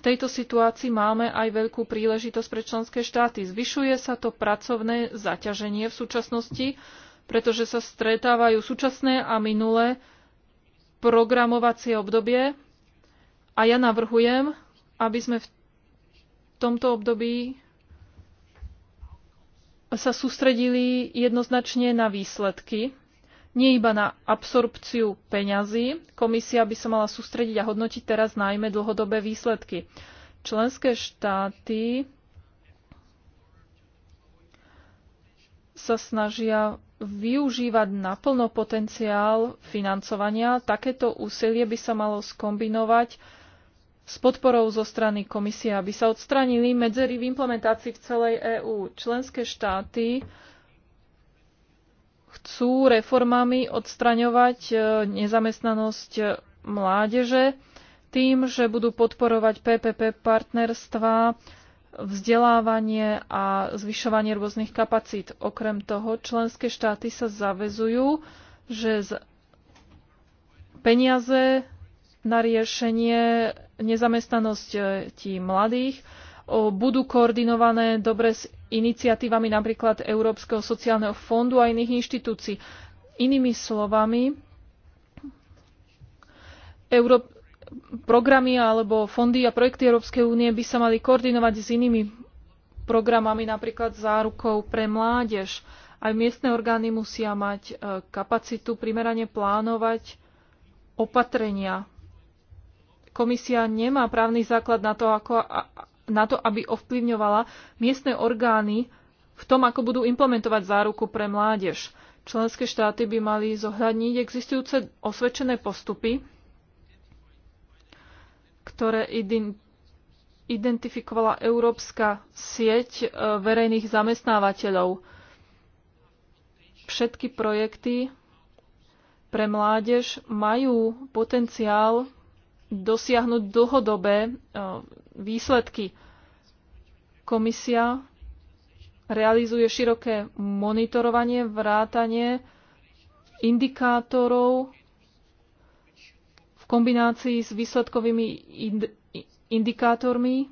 Speaker 3: v tejto situácii máme aj veľkú príležitosť pre členské štáty. Zvyšuje sa to pracovné zaťaženie v súčasnosti, pretože sa stretávajú súčasné a minulé programovacie obdobie a ja navrhujem, aby sme v tomto období sa sústredili jednoznačne na výsledky nie iba na absorpciu peňazí. Komisia by sa mala sústrediť a hodnotiť teraz najmä dlhodobé výsledky. Členské štáty sa snažia využívať naplno potenciál financovania. Takéto úsilie by sa malo skombinovať s podporou zo strany komisie, aby sa odstranili medzery v implementácii v celej EÚ. Členské štáty chcú reformami odstraňovať e, nezamestnanosť mládeže tým, že budú podporovať PPP partnerstva, vzdelávanie a zvyšovanie rôznych kapacít. Okrem toho, členské štáty sa zavezujú, že z peniaze na riešenie nezamestnanosti mladých budú koordinované dobre s iniciatívami napríklad Európskeho sociálneho fondu a iných inštitúcií. Inými slovami, Euró- programy alebo fondy a projekty Európskej únie by sa mali koordinovať s inými programami, napríklad zárukou pre mládež. Aj miestne orgány musia mať e, kapacitu primerane plánovať opatrenia. Komisia nemá právny základ na to, ako na to, aby ovplyvňovala miestne orgány v tom, ako budú implementovať záruku pre mládež. Členské štáty by mali zohľadniť existujúce osvedčené postupy, ktoré identifikovala Európska sieť e, verejných zamestnávateľov. Všetky projekty pre mládež majú potenciál dosiahnuť dlhodobé e, výsledky. Komisia realizuje široké monitorovanie, vrátanie indikátorov v kombinácii s výsledkovými indikátormi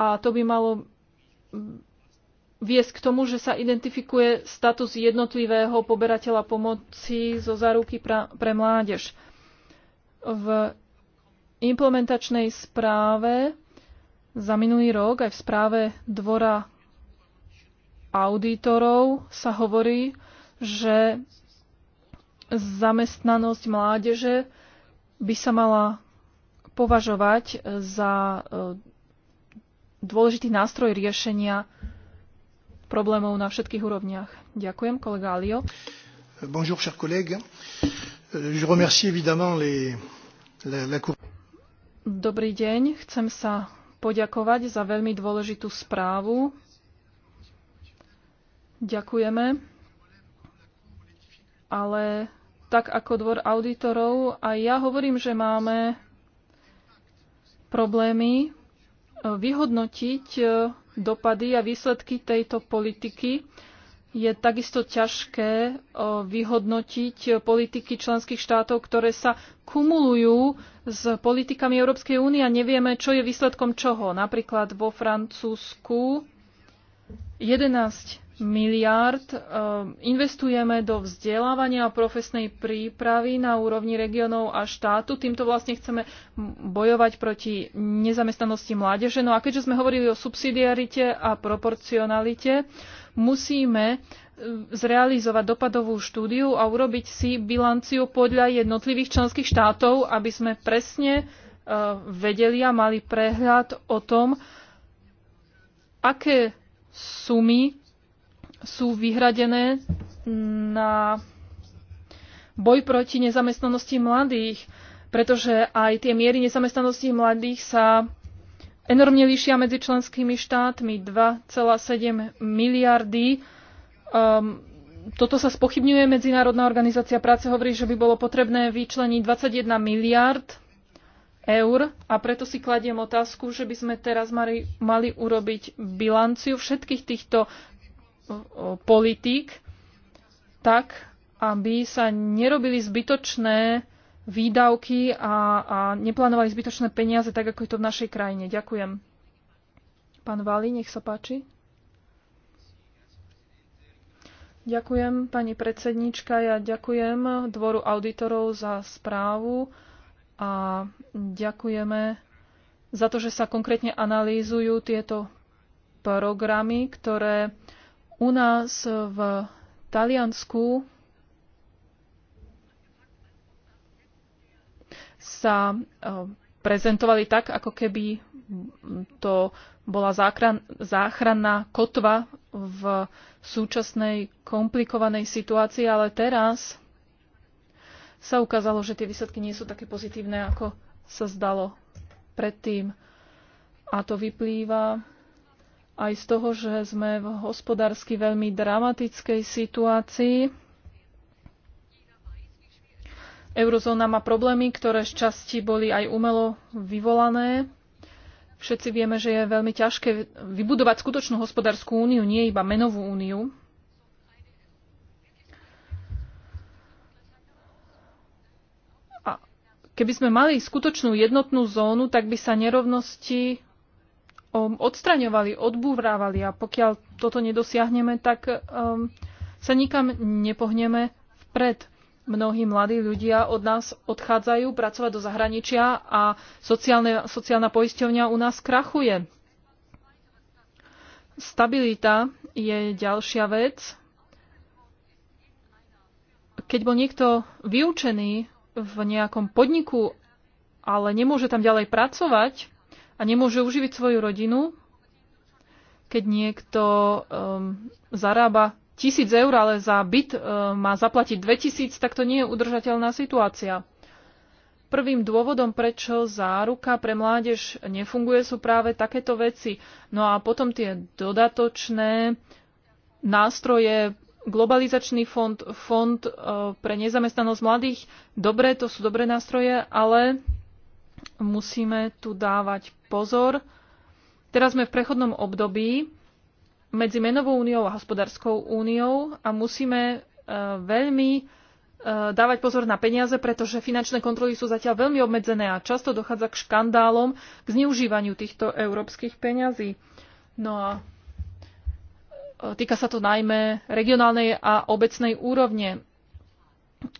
Speaker 3: a to by malo viesť k tomu, že sa identifikuje status jednotlivého poberateľa pomoci zo záruky pra, pre mládež. V implementačnej správe za minulý rok, aj v správe Dvora auditorov sa hovorí, že zamestnanosť mládeže by sa mala považovať za e, dôležitý nástroj riešenia problémov na všetkých úrovniach. Ďakujem, kolega Alio.
Speaker 2: Bonjour, chers collègues. Je remercie évidemment les, la, la Cour
Speaker 3: Dobrý deň, chcem sa poďakovať za veľmi dôležitú správu. Ďakujeme. Ale tak ako dvor auditorov, aj ja hovorím, že máme problémy e, vyhodnotiť e, dopady a výsledky tejto politiky je takisto ťažké vyhodnotiť politiky členských štátov, ktoré sa kumulujú s politikami Európskej únie a nevieme, čo je výsledkom čoho. Napríklad vo Francúzsku 11 miliárd investujeme do vzdelávania a profesnej prípravy na úrovni regionov a štátu. Týmto vlastne chceme bojovať proti nezamestnanosti mládeže. No a keďže sme hovorili o subsidiarite a proporcionalite, musíme e, zrealizovať dopadovú štúdiu a urobiť si bilanciu podľa jednotlivých členských štátov, aby sme presne e, vedeli a mali prehľad o tom, aké sumy sú vyhradené na boj proti nezamestnanosti mladých, pretože aj tie miery nezamestnanosti mladých sa enormne líšia medzi členskými štátmi. 2,7 miliardy. Um, toto sa spochybňuje. Medzinárodná organizácia práce hovorí, že by bolo potrebné vyčleniť 21 miliard eur a preto si kladiem otázku, že by sme teraz mali, mali urobiť bilanciu všetkých týchto e, politík tak, aby sa nerobili zbytočné výdavky a, a neplánovali zbytočné peniaze, tak ako je to v našej krajine. Ďakujem. Pán Vali, nech sa páči. Ďakujem, pani predsednička. Ja ďakujem Dvoru auditorov za správu a ďakujeme za to, že sa konkrétne analýzujú tieto programy, ktoré u nás v Taliansku sa e, prezentovali tak, ako keby to bola záchran, záchranná kotva v súčasnej komplikovanej situácii, ale teraz sa ukázalo, že tie výsledky nie sú také pozitívne, ako sa zdalo predtým. A to vyplýva aj z toho, že sme v hospodársky veľmi dramatickej situácii Eurozóna má problémy, ktoré z časti boli aj umelo vyvolané. Všetci vieme, že je veľmi ťažké vybudovať skutočnú hospodárskú úniu, nie iba menovú úniu. A keby sme mali skutočnú jednotnú zónu, tak by sa nerovnosti um, odstraňovali, odbúvrávali a pokiaľ toto nedosiahneme, tak um, sa nikam nepohneme vpred mnohí mladí ľudia od nás odchádzajú pracovať do zahraničia a sociálne, sociálna poisťovňa u nás krachuje. Stabilita je ďalšia vec. Keď bol niekto vyučený v nejakom podniku, ale nemôže tam ďalej pracovať a nemôže uživiť svoju rodinu, keď niekto um, zarába tisíc eur, ale za byt e, má zaplatiť 2000, tak to nie je udržateľná situácia. Prvým dôvodom, prečo záruka pre mládež nefunguje, sú práve takéto veci. No a potom tie dodatočné nástroje, globalizačný fond, fond e, pre nezamestnanosť mladých, dobre, to sú dobré nástroje, ale musíme tu dávať pozor. Teraz sme v prechodnom období, medzi menovou úniou a hospodárskou úniou a musíme e, veľmi e, dávať pozor na peniaze, pretože finančné kontroly sú zatiaľ veľmi obmedzené a často dochádza k škandálom, k zneužívaniu týchto európskych peňazí. No a e, týka sa to najmä regionálnej a obecnej úrovne.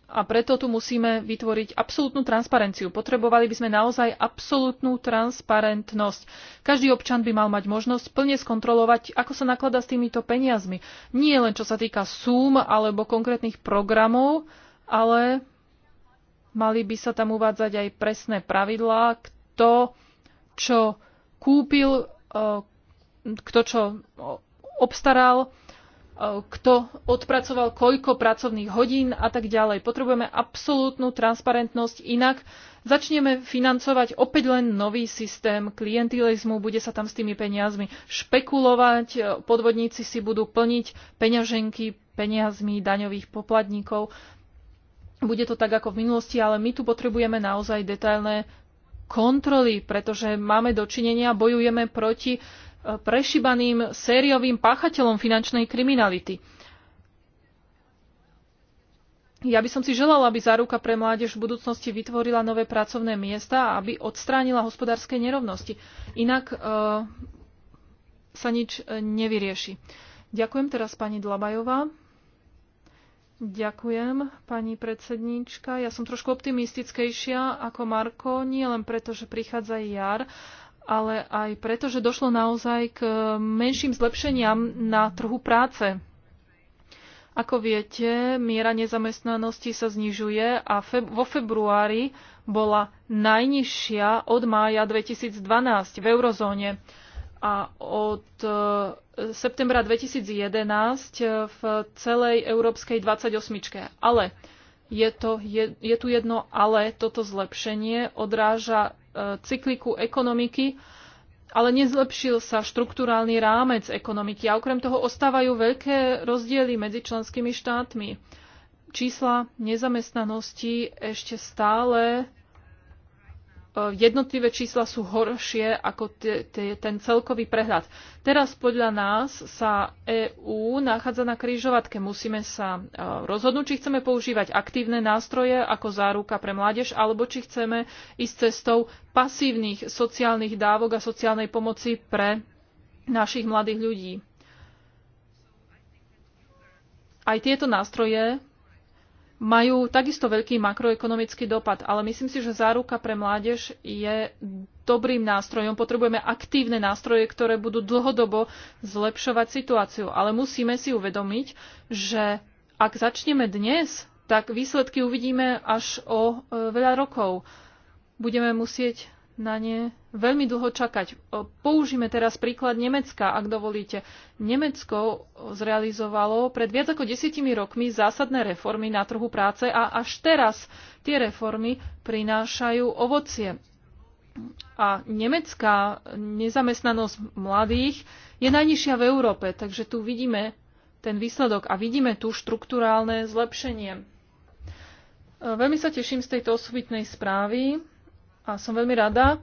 Speaker 3: A preto tu musíme vytvoriť absolútnu transparenciu. Potrebovali by sme naozaj absolútnu transparentnosť. Každý občan by mal mať možnosť plne skontrolovať, ako sa naklada s týmito peniazmi. Nie len čo sa týka súm alebo konkrétnych programov, ale mali by sa tam uvádzať aj presné pravidlá, kto čo kúpil, e, kto čo obstaral, Ehm, kto odpracoval koľko pracovných hodín a tak ďalej. Potrebujeme absolútnu transparentnosť, inak začneme financovať opäť len nový systém klientilizmu, bude sa tam s tými peniazmi špekulovať, ehm, podvodníci si budú plniť peňaženky peniazmi daňových poplatníkov. Bude to tak ako v minulosti, ale my tu potrebujeme naozaj detailné kontroly, pretože máme dočinenia, bojujeme proti uh, prešibaným sériovým páchateľom finančnej kriminality. Ja by som si želala, aby záruka pre mládež v budúcnosti vytvorila nové pracovné miesta a aby odstránila hospodárske nerovnosti. Inak e, sa nič e, nevyrieši. Ďakujem teraz pani Dlabajová. Ďakujem, pani predsedníčka. Ja som trošku optimistickejšia ako Marko, nie len preto, že prichádza jar, ale aj preto, že došlo naozaj k e, menším zlepšeniam na trhu práce. Ako viete, miera nezamestnanosti sa znižuje a feb- vo februári bola najnižšia od mája 2012 v eurozóne a od e, septembra 2011 v celej európskej 28. Ale je, to, je, je tu jedno ale, toto zlepšenie odráža E, cykliku ekonomiky, ale nezlepšil sa štruktúrálny rámec ekonomiky a okrem toho ostávajú veľké rozdiely medzi členskými štátmi. Čísla nezamestnanosti ešte stále E, jednotlivé čísla sú horšie ako ten celkový prehľad. Teraz podľa nás sa EÚ nachádza na krížovatke. Musíme sa e, rozhodnúť, či chceme používať aktívne nástroje ako záruka pre mládež, alebo či chceme ísť cestou pasívnych sociálnych dávok a sociálnej pomoci pre našich mladých ľudí. Aj tieto nástroje majú takisto veľký makroekonomický dopad, ale myslím si, že záruka pre mládež je dobrým nástrojom. Potrebujeme aktívne nástroje, ktoré budú dlhodobo zlepšovať situáciu, ale musíme si uvedomiť, že ak začneme dnes, tak výsledky uvidíme až o e, veľa rokov. Budeme musieť na ne veľmi dlho čakať. Použíme teraz príklad Nemecka, ak dovolíte. Nemecko zrealizovalo pred viac ako desiatimi rokmi zásadné reformy na trhu práce a až teraz tie reformy prinášajú ovocie. A nemecká nezamestnanosť mladých je najnižšia v Európe, takže tu vidíme ten výsledok a vidíme tu štruktúrálne zlepšenie. Veľmi sa teším z tejto osobitnej správy. A som veľmi rada,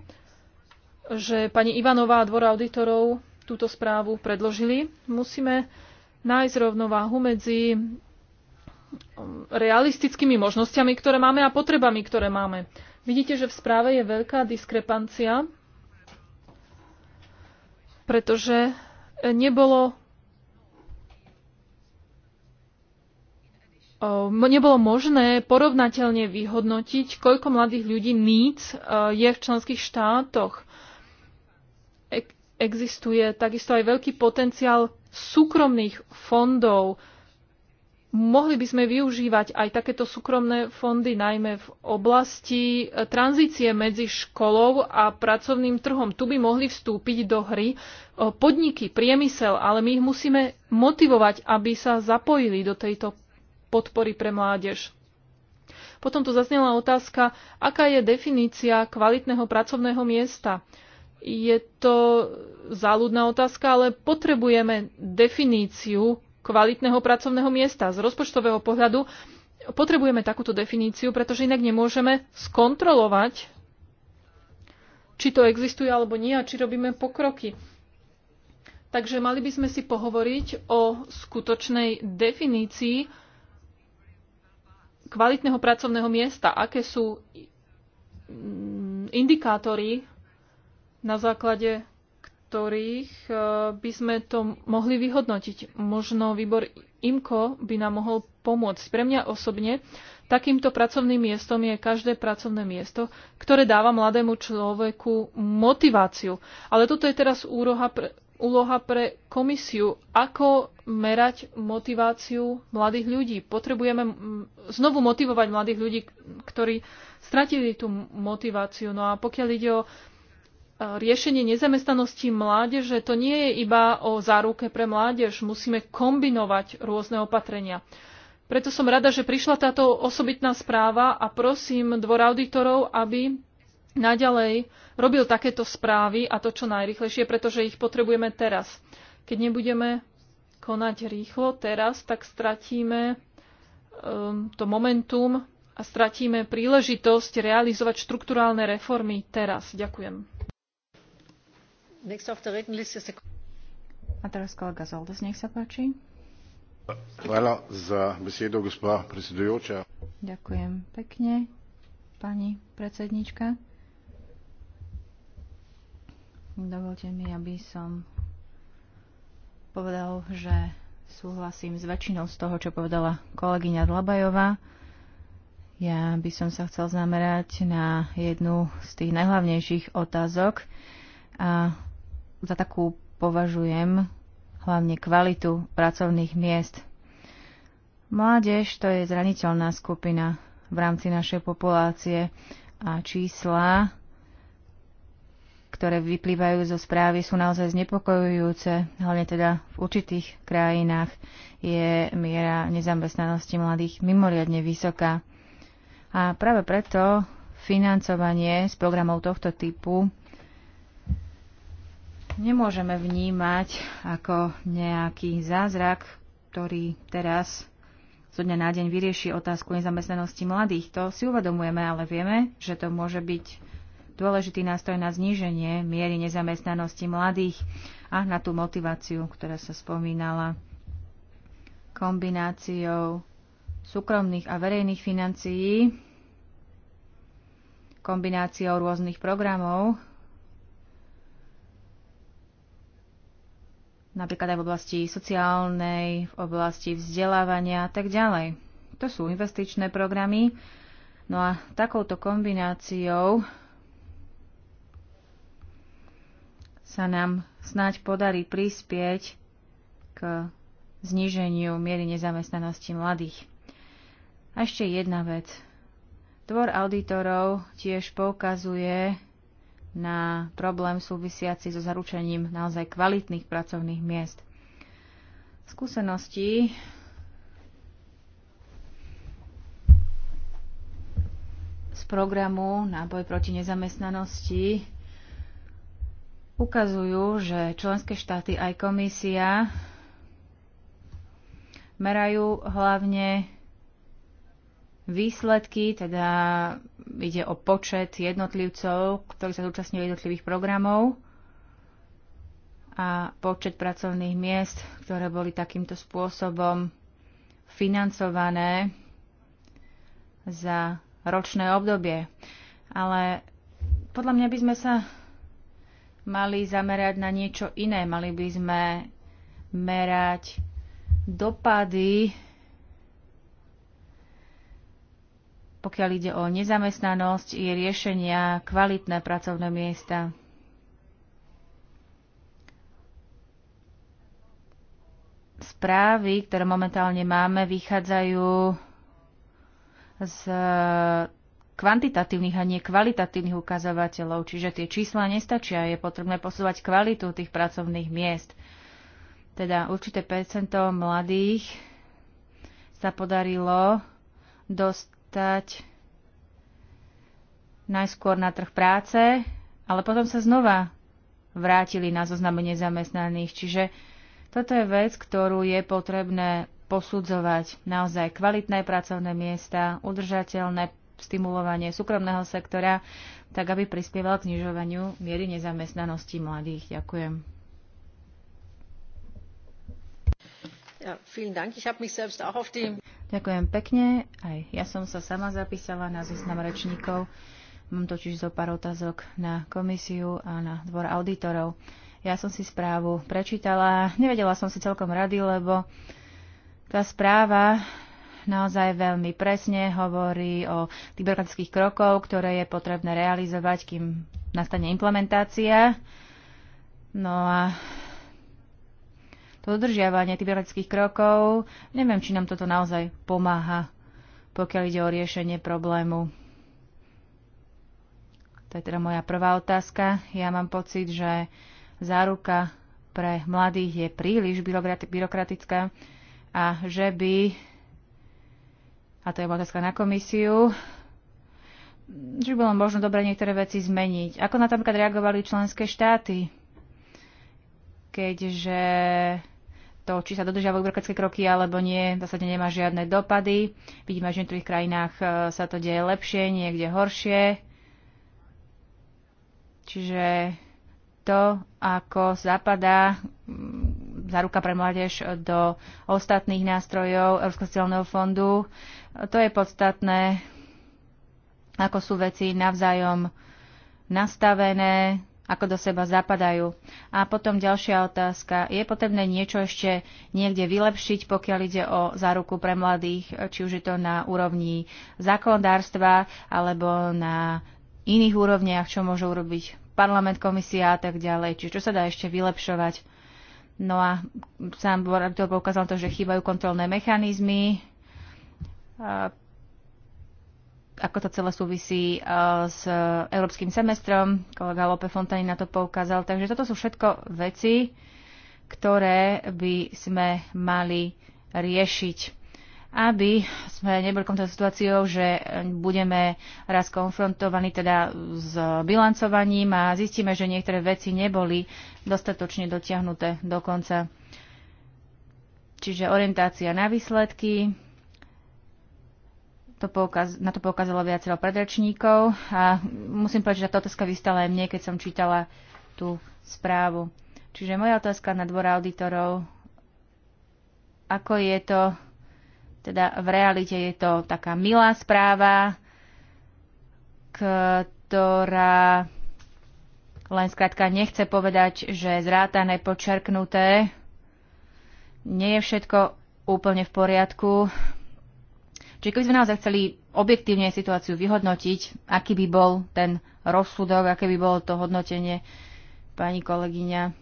Speaker 3: že pani Ivanová a dvora auditorov túto správu predložili. Musíme nájsť rovnováhu medzi um, realistickými možnosťami, ktoré máme a potrebami, ktoré máme. Vidíte, že v správe je veľká diskrepancia, pretože nebolo Ehm, nebolo možné porovnateľne vyhodnotiť, koľko mladých ľudí NEEDS eh, je v členských štátoch. Existuje takisto aj veľký potenciál súkromných fondov. Mohli by sme využívať aj takéto súkromné fondy, najmä v oblasti eh, tranzície medzi školou a pracovným trhom. Tu by mohli vstúpiť do hry eh, podniky, priemysel, ale my ich musíme motivovať, aby sa zapojili do tejto podpory pre mládež. Potom tu zaznela otázka, aká je definícia kvalitného pracovného miesta. Je to záľudná otázka, ale potrebujeme definíciu kvalitného pracovného miesta. Z rozpočtového pohľadu potrebujeme takúto definíciu, pretože inak nemôžeme skontrolovať, či to existuje alebo nie a či robíme pokroky. Takže mali by sme si pohovoriť o skutočnej definícii kvalitného pracovného miesta, aké sú mm, indikátory, na základe ktorých e, by sme to mohli vyhodnotiť. Možno výbor IMKO by nám mohol pomôcť. Pre mňa osobne takýmto pracovným miestom je každé pracovné miesto, ktoré dáva mladému človeku motiváciu. Ale toto je teraz úroha pre, úloha pre komisiu, ako merať motiváciu mladých ľudí. Potrebujeme znovu motivovať mladých ľudí, ktorí stratili tú motiváciu. No a pokiaľ ide o e, riešenie nezamestnanosti mládeže, to nie je iba o záruke pre mládež. Musíme kombinovať rôzne opatrenia. Preto som rada, že prišla táto osobitná správa a prosím dvor auditorov, aby naďalej robil takéto správy a to čo najrychlejšie, pretože ich potrebujeme teraz. Keď nebudeme konať rýchlo teraz, tak stratíme um, to momentum a stratíme príležitosť realizovať štrukturálne reformy teraz. Ďakujem.
Speaker 4: A teraz kolega Zoldes, nech sa páči.
Speaker 3: Hvala za besiedu, gospa predsedujúča.
Speaker 4: Ďakujem pekne, pani predsednička. Dovolte mi, aby som povedal, že súhlasím s väčšinou z toho, čo povedala kolegyňa Dlabajová. Ja by som sa chcel zamerať na jednu z tých najhlavnejších otázok a za takú považujem hlavne kvalitu pracovných miest. Mládež to je zraniteľná skupina v rámci našej populácie a čísla ktoré vyplývajú zo správy, sú naozaj znepokojujúce, hlavne teda v určitých krajinách je miera nezamestnanosti mladých mimoriadne vysoká. A práve preto financovanie z programov tohto typu nemôžeme vnímať ako nejaký zázrak, ktorý teraz zo dňa na deň vyrieši otázku nezamestnanosti mladých. To si uvedomujeme, ale vieme, že to môže byť dôležitý nástroj na zníženie miery nezamestnanosti mladých a na tú motiváciu, ktorá sa spomínala kombináciou súkromných a verejných financií, kombináciou rôznych programov, napríklad aj v oblasti sociálnej, v oblasti vzdelávania a tak ďalej. To sú investičné programy. No a takouto kombináciou sa nám snáď podarí prispieť k zníženiu miery nezamestnanosti mladých. A ešte jedna vec. Dvor auditorov tiež poukazuje na problém súvisiaci so zaručením naozaj kvalitných pracovných miest. Skúsenosti z programu náboj proti nezamestnanosti ukazujú, že členské štáty aj komisia merajú hlavne výsledky, teda ide o počet jednotlivcov, ktorí sa zúčastňujú jednotlivých programov a počet pracovných miest, ktoré boli takýmto spôsobom financované za ročné obdobie. Ale podľa mňa by sme sa mali zamerať na niečo iné. Mali by sme merať dopady, pokiaľ ide o nezamestnanosť, je riešenia kvalitné pracovné miesta. Správy, ktoré momentálne máme, vychádzajú z kvantitatívnych a nie kvalitatívnych ukazovateľov, čiže tie čísla nestačia, je potrebné posúvať kvalitu tých pracovných miest. Teda určité percento mladých sa podarilo dostať najskôr na trh práce, ale potom sa znova vrátili na zoznamy nezamestnaných. Čiže toto je vec, ktorú je potrebné posudzovať. Naozaj kvalitné pracovné miesta, udržateľné stimulovanie súkromného sektora, tak aby prispieval k znižovaniu miery nezamestnanosti mladých. Ďakujem. Ďakujem pekne. Aj ja som sa sama zapísala na zoznam rečníkov. Mám totiž zo pár otázok na komisiu a na dvor auditorov. Ja som si správu prečítala. Nevedela som si celkom rady, lebo tá správa naozaj veľmi presne hovorí o tých byrokratických krokov, ktoré je potrebné realizovať, kým nastane implementácia. No a to dodržiavanie tých byrokratických krokov, neviem, či nám toto naozaj pomáha, pokiaľ ide o riešenie problému. To je teda moja prvá otázka. Ja mám pocit, že záruka pre mladých je príliš byrokratická a že by a to je otázka na komisiu, že bolo možno dobre niektoré veci zmeniť. Ako na to napríklad reagovali členské štáty, keďže to, či sa dodržiavajú byrokratické kroky alebo nie, v zásade nemá žiadne dopady. Vidíme, že v niektorých krajinách e, sa to deje lepšie, niekde horšie. Čiže to, ako zapadá záruka pre mládež do ostatných nástrojov Európskeho sociálneho fondu. To je podstatné, ako sú veci navzájom nastavené, ako do seba zapadajú. A potom ďalšia otázka. Je potrebné niečo ešte niekde vylepšiť, pokiaľ ide o záruku pre mladých, či už je to na úrovni zákonodárstva alebo na iných úrovniach, čo môžu urobiť parlament, komisia a tak ďalej. Čiže čo sa dá ešte vylepšovať? No a sám to poukázal to, že chýbajú kontrolné mechanizmy, ako to celé súvisí e, s európskym semestrom. Kolega Lope Fontani na to poukázal. Takže toto sú všetko veci, ktoré by sme mali riešiť aby sme neboli konto situáciou, že budeme raz konfrontovaní teda s bilancovaním a zistíme, že niektoré veci neboli dostatočne dotiahnuté do konca. Čiže orientácia na výsledky, to poukaz, na to poukázalo viacero predračníkov a musím povedať, že táto otázka vystala aj mne, keď som čítala tú správu. Čiže moja otázka na dvora auditorov, ako je to teda v realite je to taká milá správa, ktorá len skrátka nechce povedať, že zrátané, počerknuté, nie je všetko úplne v poriadku. Čiže keby sme naozaj chceli objektívne situáciu vyhodnotiť, aký by bol ten rozsudok, aké by bolo to hodnotenie, pani kolegyňa,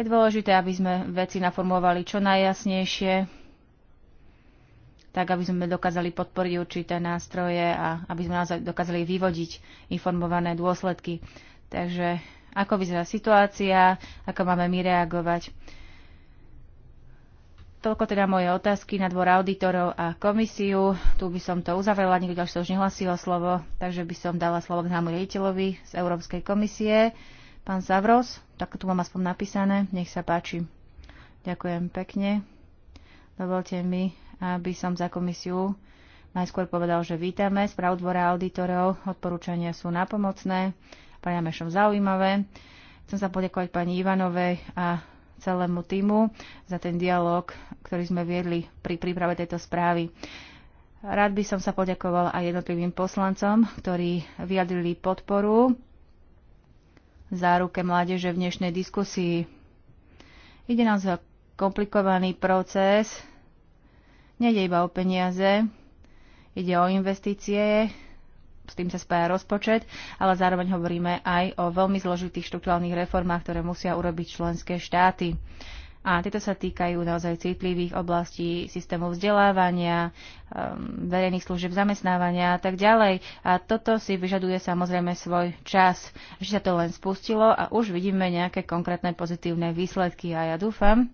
Speaker 4: je dôležité, aby sme veci naformovali čo najjasnejšie, tak aby sme dokázali podporiť určité nástroje a aby sme naozaj dokázali vyvodiť informované dôsledky. Takže ako vyzerá situácia, ako máme my reagovať. Toľko teda moje otázky na dvor auditorov a komisiu. Tu by som to uzavrela, nikto ďalší už nehlasil slovo, takže by som dala slovo k námu riaditeľovi z Európskej komisie. Pán Zavros, tak tu mám aspoň napísané, nech sa páči. Ďakujem pekne. Dovolte mi by som za komisiu najskôr povedal, že vítame správ dvora auditorov, odporúčania sú napomocné, pani Jamešom zaujímavé. Chcem sa poďakovať pani Ivanovej a celému týmu za ten dialog, ktorý sme viedli pri príprave tejto správy. Rád by som sa poďakoval aj jednotlivým poslancom, ktorí vyjadrili podporu záruke mládeže v dnešnej diskusii. Ide nám za komplikovaný proces, Nede iba o peniaze, ide o investície, s tým sa spája rozpočet, ale zároveň hovoríme aj o veľmi zložitých štruktúrnych reformách, ktoré musia urobiť členské štáty. A tieto sa týkajú naozaj citlivých oblastí systému vzdelávania, ehm, verejných služieb zamestnávania a tak ďalej. A toto si vyžaduje samozrejme svoj čas. Že sa to len spustilo a už vidíme nejaké konkrétne pozitívne výsledky. A ja dúfam,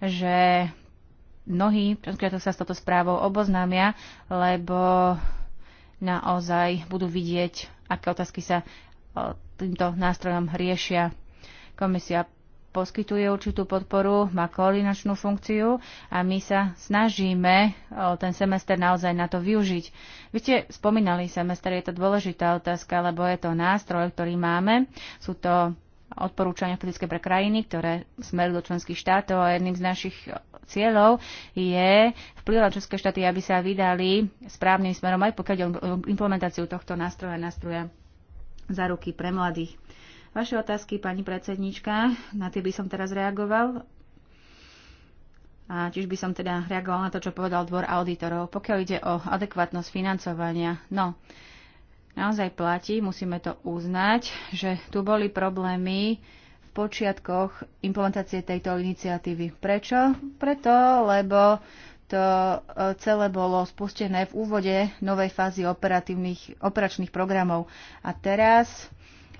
Speaker 4: že mnohí častokrát sa s touto správou oboznámia, lebo naozaj budú vidieť, aké otázky sa e, týmto nástrojom riešia. Komisia poskytuje určitú podporu, má koordinačnú funkciu a my sa snažíme e, ten semester naozaj na to využiť. Vy ste spomínali semester, je to dôležitá otázka, lebo je to nástroj, ktorý máme. Sú to odporúčania politické pre krajiny, ktoré smerujú do členských štátov a jedným z našich cieľov je vplyv na členské štáty, aby sa vydali správnym smerom aj pokiaľ o implementáciu tohto nástroja, nástroja za ruky pre mladých. Vaše otázky, pani predsednička, na tie by som teraz reagoval. A tiež by som teda reagoval na to, čo povedal dvor auditorov, pokiaľ ide o adekvátnosť financovania. No, uh, naozaj platí, musíme to uznať, že tu boli problémy v počiatkoch implementácie tejto iniciatívy. Prečo? Preto, lebo to e, celé bolo spustené v úvode novej fázy operačných programov. A teraz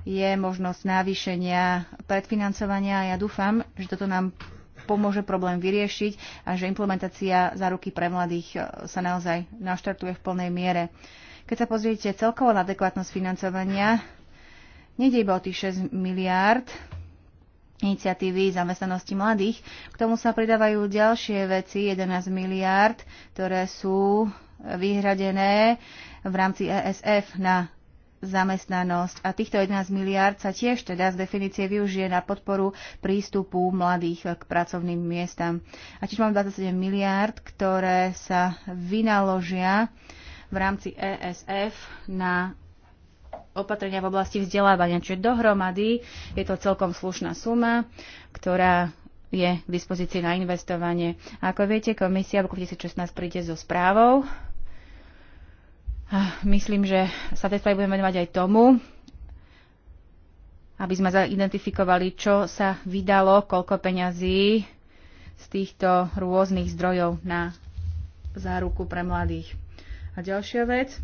Speaker 4: je možnosť návyšenia predfinancovania a ja dúfam, že toto nám pomôže problém vyriešiť a že implementácia záruky pre mladých e, sa naozaj naštartuje v plnej miere. Keď sa pozriete celkovo na adekvátnosť financovania, nejde iba o tých 6 miliárd iniciatívy zamestnanosti mladých. K tomu sa pridávajú ďalšie veci, 11 miliárd, ktoré sú vyhradené v rámci ESF na zamestnanosť. A týchto 11 miliárd sa tiež teda z definície využije na podporu prístupu mladých k pracovným miestam. A tiež mám 27 miliárd, ktoré sa vynaložia v rámci ESF na opatrenia v oblasti vzdelávania. Čiže dohromady je to celkom slušná suma, ktorá je k dispozícii na investovanie. A ako viete, komisia v roku 2016 príde so správou. Myslím, že sa teda budeme venovať aj tomu, aby sme zaidentifikovali, čo sa vydalo, koľko peňazí z týchto rôznych zdrojov na záruku pre mladých. A ďalšia vec,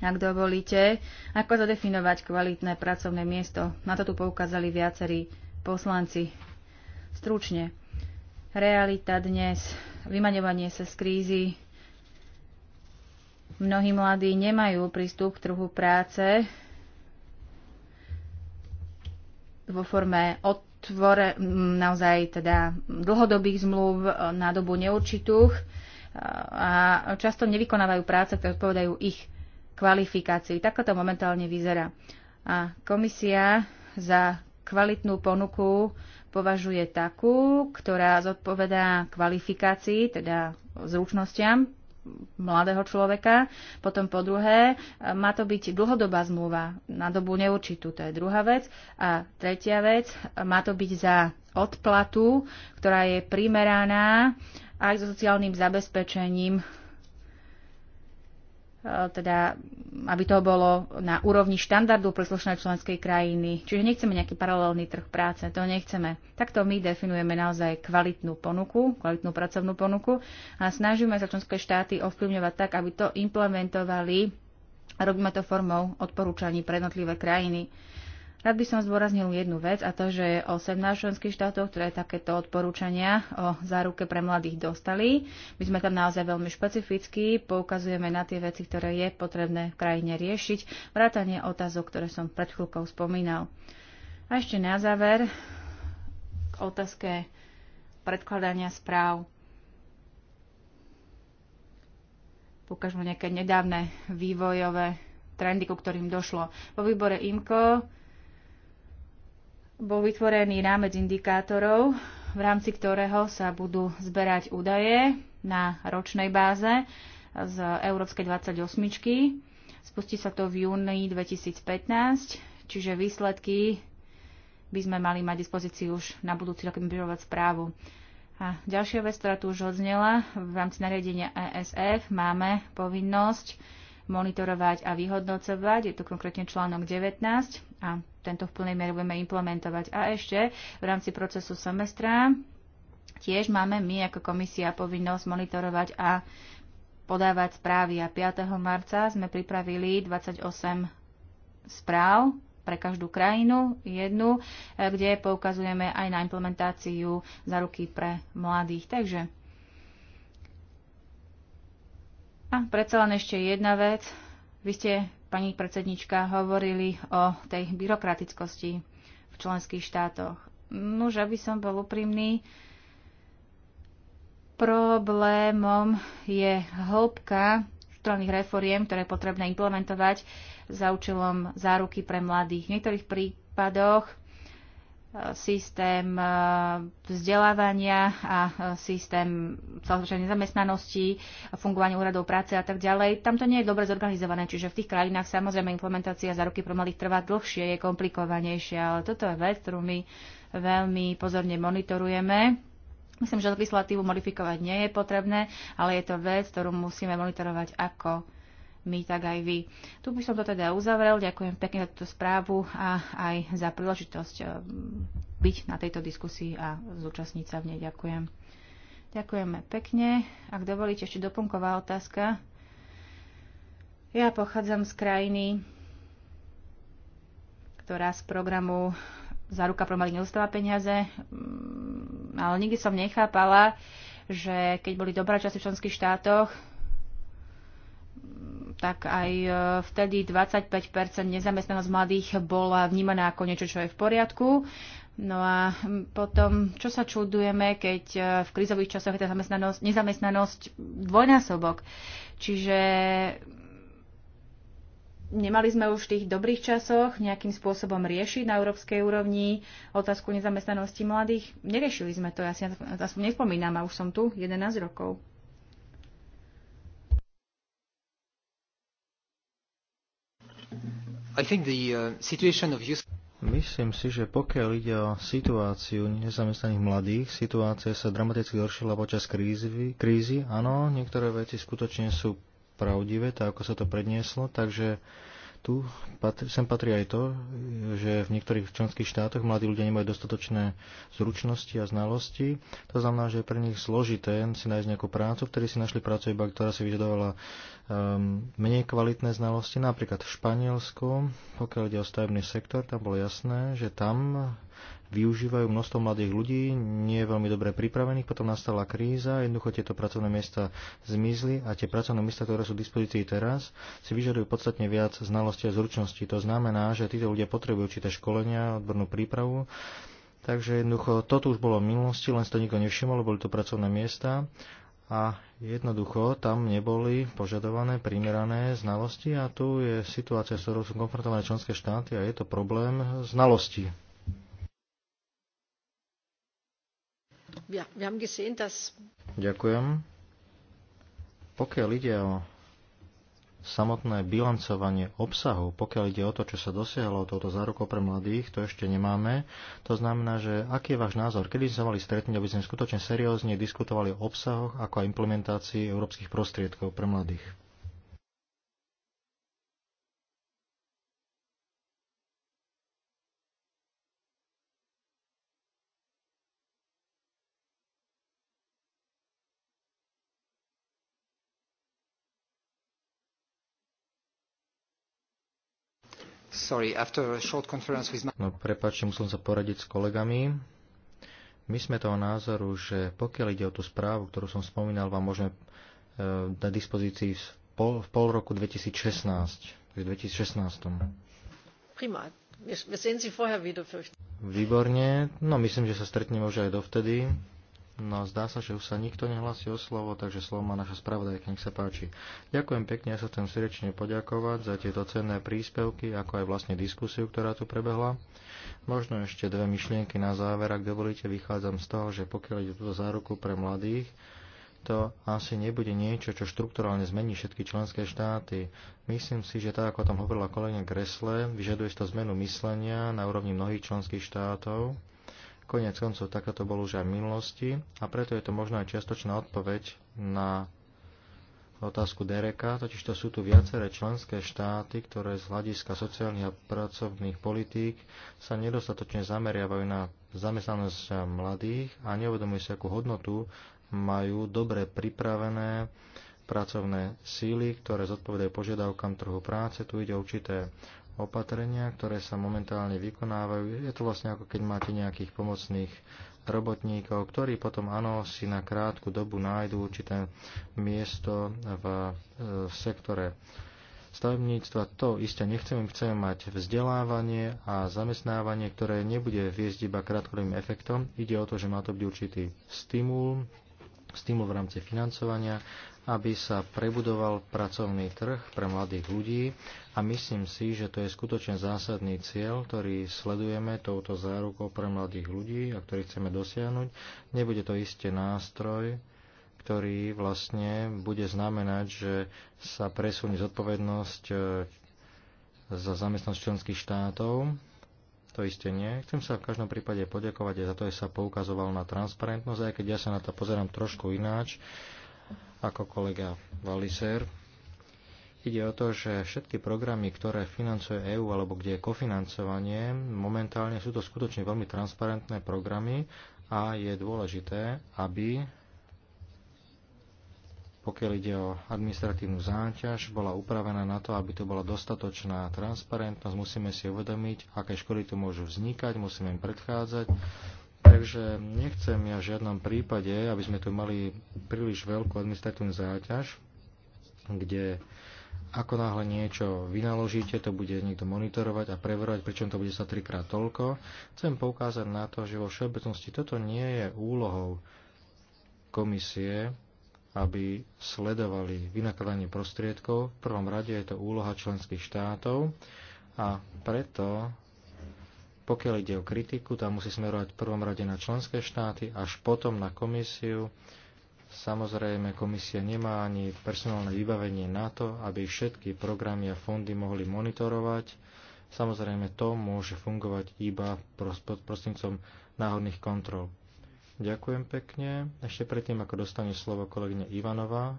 Speaker 4: ak dovolíte, ako zadefinovať kvalitné pracovné miesto. Na to tu poukázali viacerí poslanci. Stručne. Realita dnes, vymaňovanie sa z krízy. Mnohí mladí nemajú prístup k trhu práce vo forme otvore, naozaj teda dlhodobých zmluv na dobu neurčitých a často nevykonávajú práce, ktoré odpovedajú ich kvalifikácii. Takto to momentálne vyzerá. A komisia za kvalitnú ponuku považuje takú, ktorá zodpovedá kvalifikácii, teda zručnostiam mladého človeka. Potom po druhé, má to byť dlhodobá zmluva na dobu neurčitú, to je druhá vec. A tretia vec, má to byť za odplatu, ktorá je primeraná aj so sociálnym zabezpečením, e, teda aby to bolo na úrovni štandardu príslušnej členskej krajiny. Čiže nechceme nejaký paralelný trh práce, to nechceme. Takto my definujeme naozaj kvalitnú ponuku, kvalitnú pracovnú ponuku a snažíme sa členské štáty ovplyvňovať tak, aby to implementovali a robíme to formou odporúčaní pre jednotlivé krajiny. Rád by som zdôraznil jednu vec a to, že 18 členských štátov, ktoré takéto odporúčania o záruke pre mladých dostali, my sme tam naozaj veľmi špecificky, poukazujeme na tie veci, ktoré je potrebné v krajine riešiť, vrátanie otázok, ktoré som pred chvíľkou spomínal. A ešte na záver k otázke predkladania správ. Pokažme nejaké nedávne vývojové trendy, ku ktorým došlo. Po výbore IMCO bol vytvorený rámec indikátorov, v rámci ktorého sa budú zberať údaje na ročnej báze z Európskej 28. Spustí sa to v júni 2015, čiže výsledky by sme mali mať dispozícii už na budúci rok vyžovať správu. A ďalšia vec, ktorá tu už odznela, v rámci nariadenia ESF máme povinnosť monitorovať a vyhodnocovať, je to konkrétne článok 19 a tento v plnej miere budeme implementovať. A ešte v rámci procesu semestra tiež máme my ako komisia povinnosť monitorovať a podávať správy. A 5. marca sme pripravili 28 správ pre každú krajinu, jednu, e, kde poukazujeme aj na implementáciu za ruky pre mladých. Takže a predsa len ešte jedna vec. Vy ste pani predsednička, hovorili o tej byrokratickosti v členských štátoch. že aby som bol úprimný, problémom je hĺbka štruktúrnych reforiem, ktoré je potrebné implementovať za účelom záruky pre mladých. V niektorých prípadoch systém e, vzdelávania a e, systém samozrejme nezamestnanosti, fungovanie úradov práce a tak ďalej. Tam to nie je dobre zorganizované, čiže v tých krajinách samozrejme implementácia za roky malých trvá dlhšie, je komplikovanejšia, ale toto je vec, ktorú my veľmi pozorne monitorujeme. Myslím, že legislatívu modifikovať nie je potrebné, ale je to vec, ktorú musíme monitorovať ako my, tak aj vy. Tu by som to teda uzavrel. Ďakujem pekne za túto správu a aj za príležitosť eh, byť na tejto diskusii a zúčastniť sa v nej. Ďakujem. Ďakujeme pekne. Ak dovolíte, ešte doplnková otázka. Ja pochádzam z krajiny, ktorá z programu Záruka pro malých nedostáva peniaze, mm, ale nikdy som nechápala, že keď boli dobré časy v členských štátoch, tak aj e, vtedy 25 nezamestnanosť mladých bola vnímaná ako niečo, čo je v poriadku. No a potom, čo sa čudujeme, keď e, v krízových časoch je tá zamestnanosť, nezamestnanosť dvojnásobok. Čiže nemali sme už v tých dobrých časoch nejakým spôsobom riešiť na európskej úrovni otázku nezamestnanosti mladých. Neriešili sme to, ja si nespomínam a už som tu 11 rokov.
Speaker 2: Uh, Myslím si, že pokiaľ ide o situáciu nezamestnaných mladých, situácia sa dramaticky zhoršila počas krízy, krízy. Áno, niektoré veci skutočne sú pravdivé, tak ako sa to prednieslo, takže tu sem patrí aj to, že v niektorých členských štátoch mladí ľudia nemajú dostatočné zručnosti a znalosti. To znamená, že je pre nich zložité si nájsť nejakú prácu, vtedy si našli prácu iba, ktorá si vyžadovala um, menej kvalitné znalosti. Napríklad v Španielsku, pokiaľ ide o stavebný sektor, tam bolo jasné, že tam využívajú množstvo mladých ľudí, nie je veľmi dobre pripravených, potom nastala kríza, jednoducho tieto pracovné miesta zmizli a tie pracovné miesta, ktoré sú v dispozícii teraz, si vyžadujú podstatne viac znalosti a zručnosti. To znamená, že títo ľudia potrebujú určité školenia, odbornú prípravu. Takže jednoducho toto už bolo v minulosti, len to nikto nevšimol, boli to pracovné miesta a jednoducho tam neboli požadované primerané znalosti a tu je situácia, s ktorou sú konfrontované členské štáty a je to problém znalosti Ďakujem. Pokiaľ ide o samotné bilancovanie obsahu, pokiaľ ide o to, čo sa dosiahlo touto zárukou pre mladých, to ešte nemáme. To znamená, že aký je váš názor, kedy sme sa mali stretnúť, aby sme skutočne seriózne diskutovali o obsahoch ako aj implementácii európskych prostriedkov pre mladých? Sorry, after a short conference with No prepáčte, musel sa poradiť s kolegami. My sme toho názoru, že pokiaľ ide o tú správu, ktorú som spomínal, vám môžeme e, dať dispozícii v pol, v pol roku 2016. V 2016. Prima. Výborne. No myslím, že sa stretneme už aj dovtedy. No, zdá sa, že už sa nikto nehlasí o slovo, takže slovo má naša spravodajka, nech sa páči. Ďakujem pekne, ja sa chcem srdečne poďakovať za tieto cenné príspevky, ako aj vlastne diskusiu, ktorá tu prebehla. Možno ešte dve myšlienky na záver, ak dovolíte, vychádzam z toho, že pokiaľ ide túto záruku pre mladých, to asi nebude niečo, čo štrukturálne zmení všetky členské štáty. Myslím si, že tak, ako tam hovorila kolegyňa Gresle, vyžaduje to zmenu myslenia na úrovni mnohých členských štátov Koniec koncov takáto bol už aj v minulosti a preto je to možno aj čiastočná odpoveď na otázku Dereka, totiž to sú tu viaceré členské štáty, ktoré z hľadiska sociálnych a pracovných politík sa nedostatočne zameriavajú na zamestnanosť mladých a neuvedomujú si, akú hodnotu majú dobre pripravené pracovné síly, ktoré zodpovedajú požiadavkám trhu práce. Tu ide určité opatrenia, ktoré sa momentálne vykonávajú. Je to vlastne ako keď máte nejakých pomocných robotníkov, ktorí potom áno, si na krátku dobu nájdú určité miesto v e, sektore stavebníctva. To isté nechceme, chceme mať vzdelávanie a zamestnávanie, ktoré nebude viesť iba krátkodobým efektom. Ide o to, že má to byť určitý stimul, stimul v rámci financovania, aby sa prebudoval pracovný trh pre mladých ľudí a myslím si, že to je skutočne zásadný cieľ, ktorý sledujeme touto zárukou pre mladých ľudí a ktorý chceme dosiahnuť. Nebude to isté nástroj, ktorý vlastne bude znamenať, že sa presunie zodpovednosť e, za zamestnosť členských štátov to isté nie. Chcem sa v každom prípade poďakovať aj za to, že sa poukazoval na transparentnosť, aj keď ja sa na to pozerám trošku ináč ako kolega Valiser. Ide o to, že všetky programy, ktoré financuje EÚ alebo kde je kofinancovanie, momentálne sú to skutočne veľmi transparentné programy a je dôležité, aby pokiaľ ide o administratívnu záťaž, bola upravená na to, aby tu bola dostatočná transparentnosť. Musíme si uvedomiť, aké škody tu môžu vznikať, musíme im predchádzať. Takže nechcem ja v žiadnom prípade, aby sme tu mali príliš veľkú administratívnu záťaž, kde ako náhle niečo vynaložíte, to bude niekto monitorovať a preverovať, pričom to bude sa trikrát toľko. Chcem poukázať na to, že vo všeobecnosti toto nie je úlohou komisie, aby sledovali vynakladanie prostriedkov. V prvom rade je to úloha členských štátov a preto, pokiaľ ide o kritiku, tam musí smerovať v prvom rade na členské štáty, až potom na komisiu. Samozrejme, komisia nemá ani personálne vybavenie na to, aby všetky programy a fondy mohli monitorovať. Samozrejme, to môže fungovať iba prostrednícom náhodných kontrol. Ďakujem pekne. Ešte predtým, ako dostane slovo kolegyne Ivanová,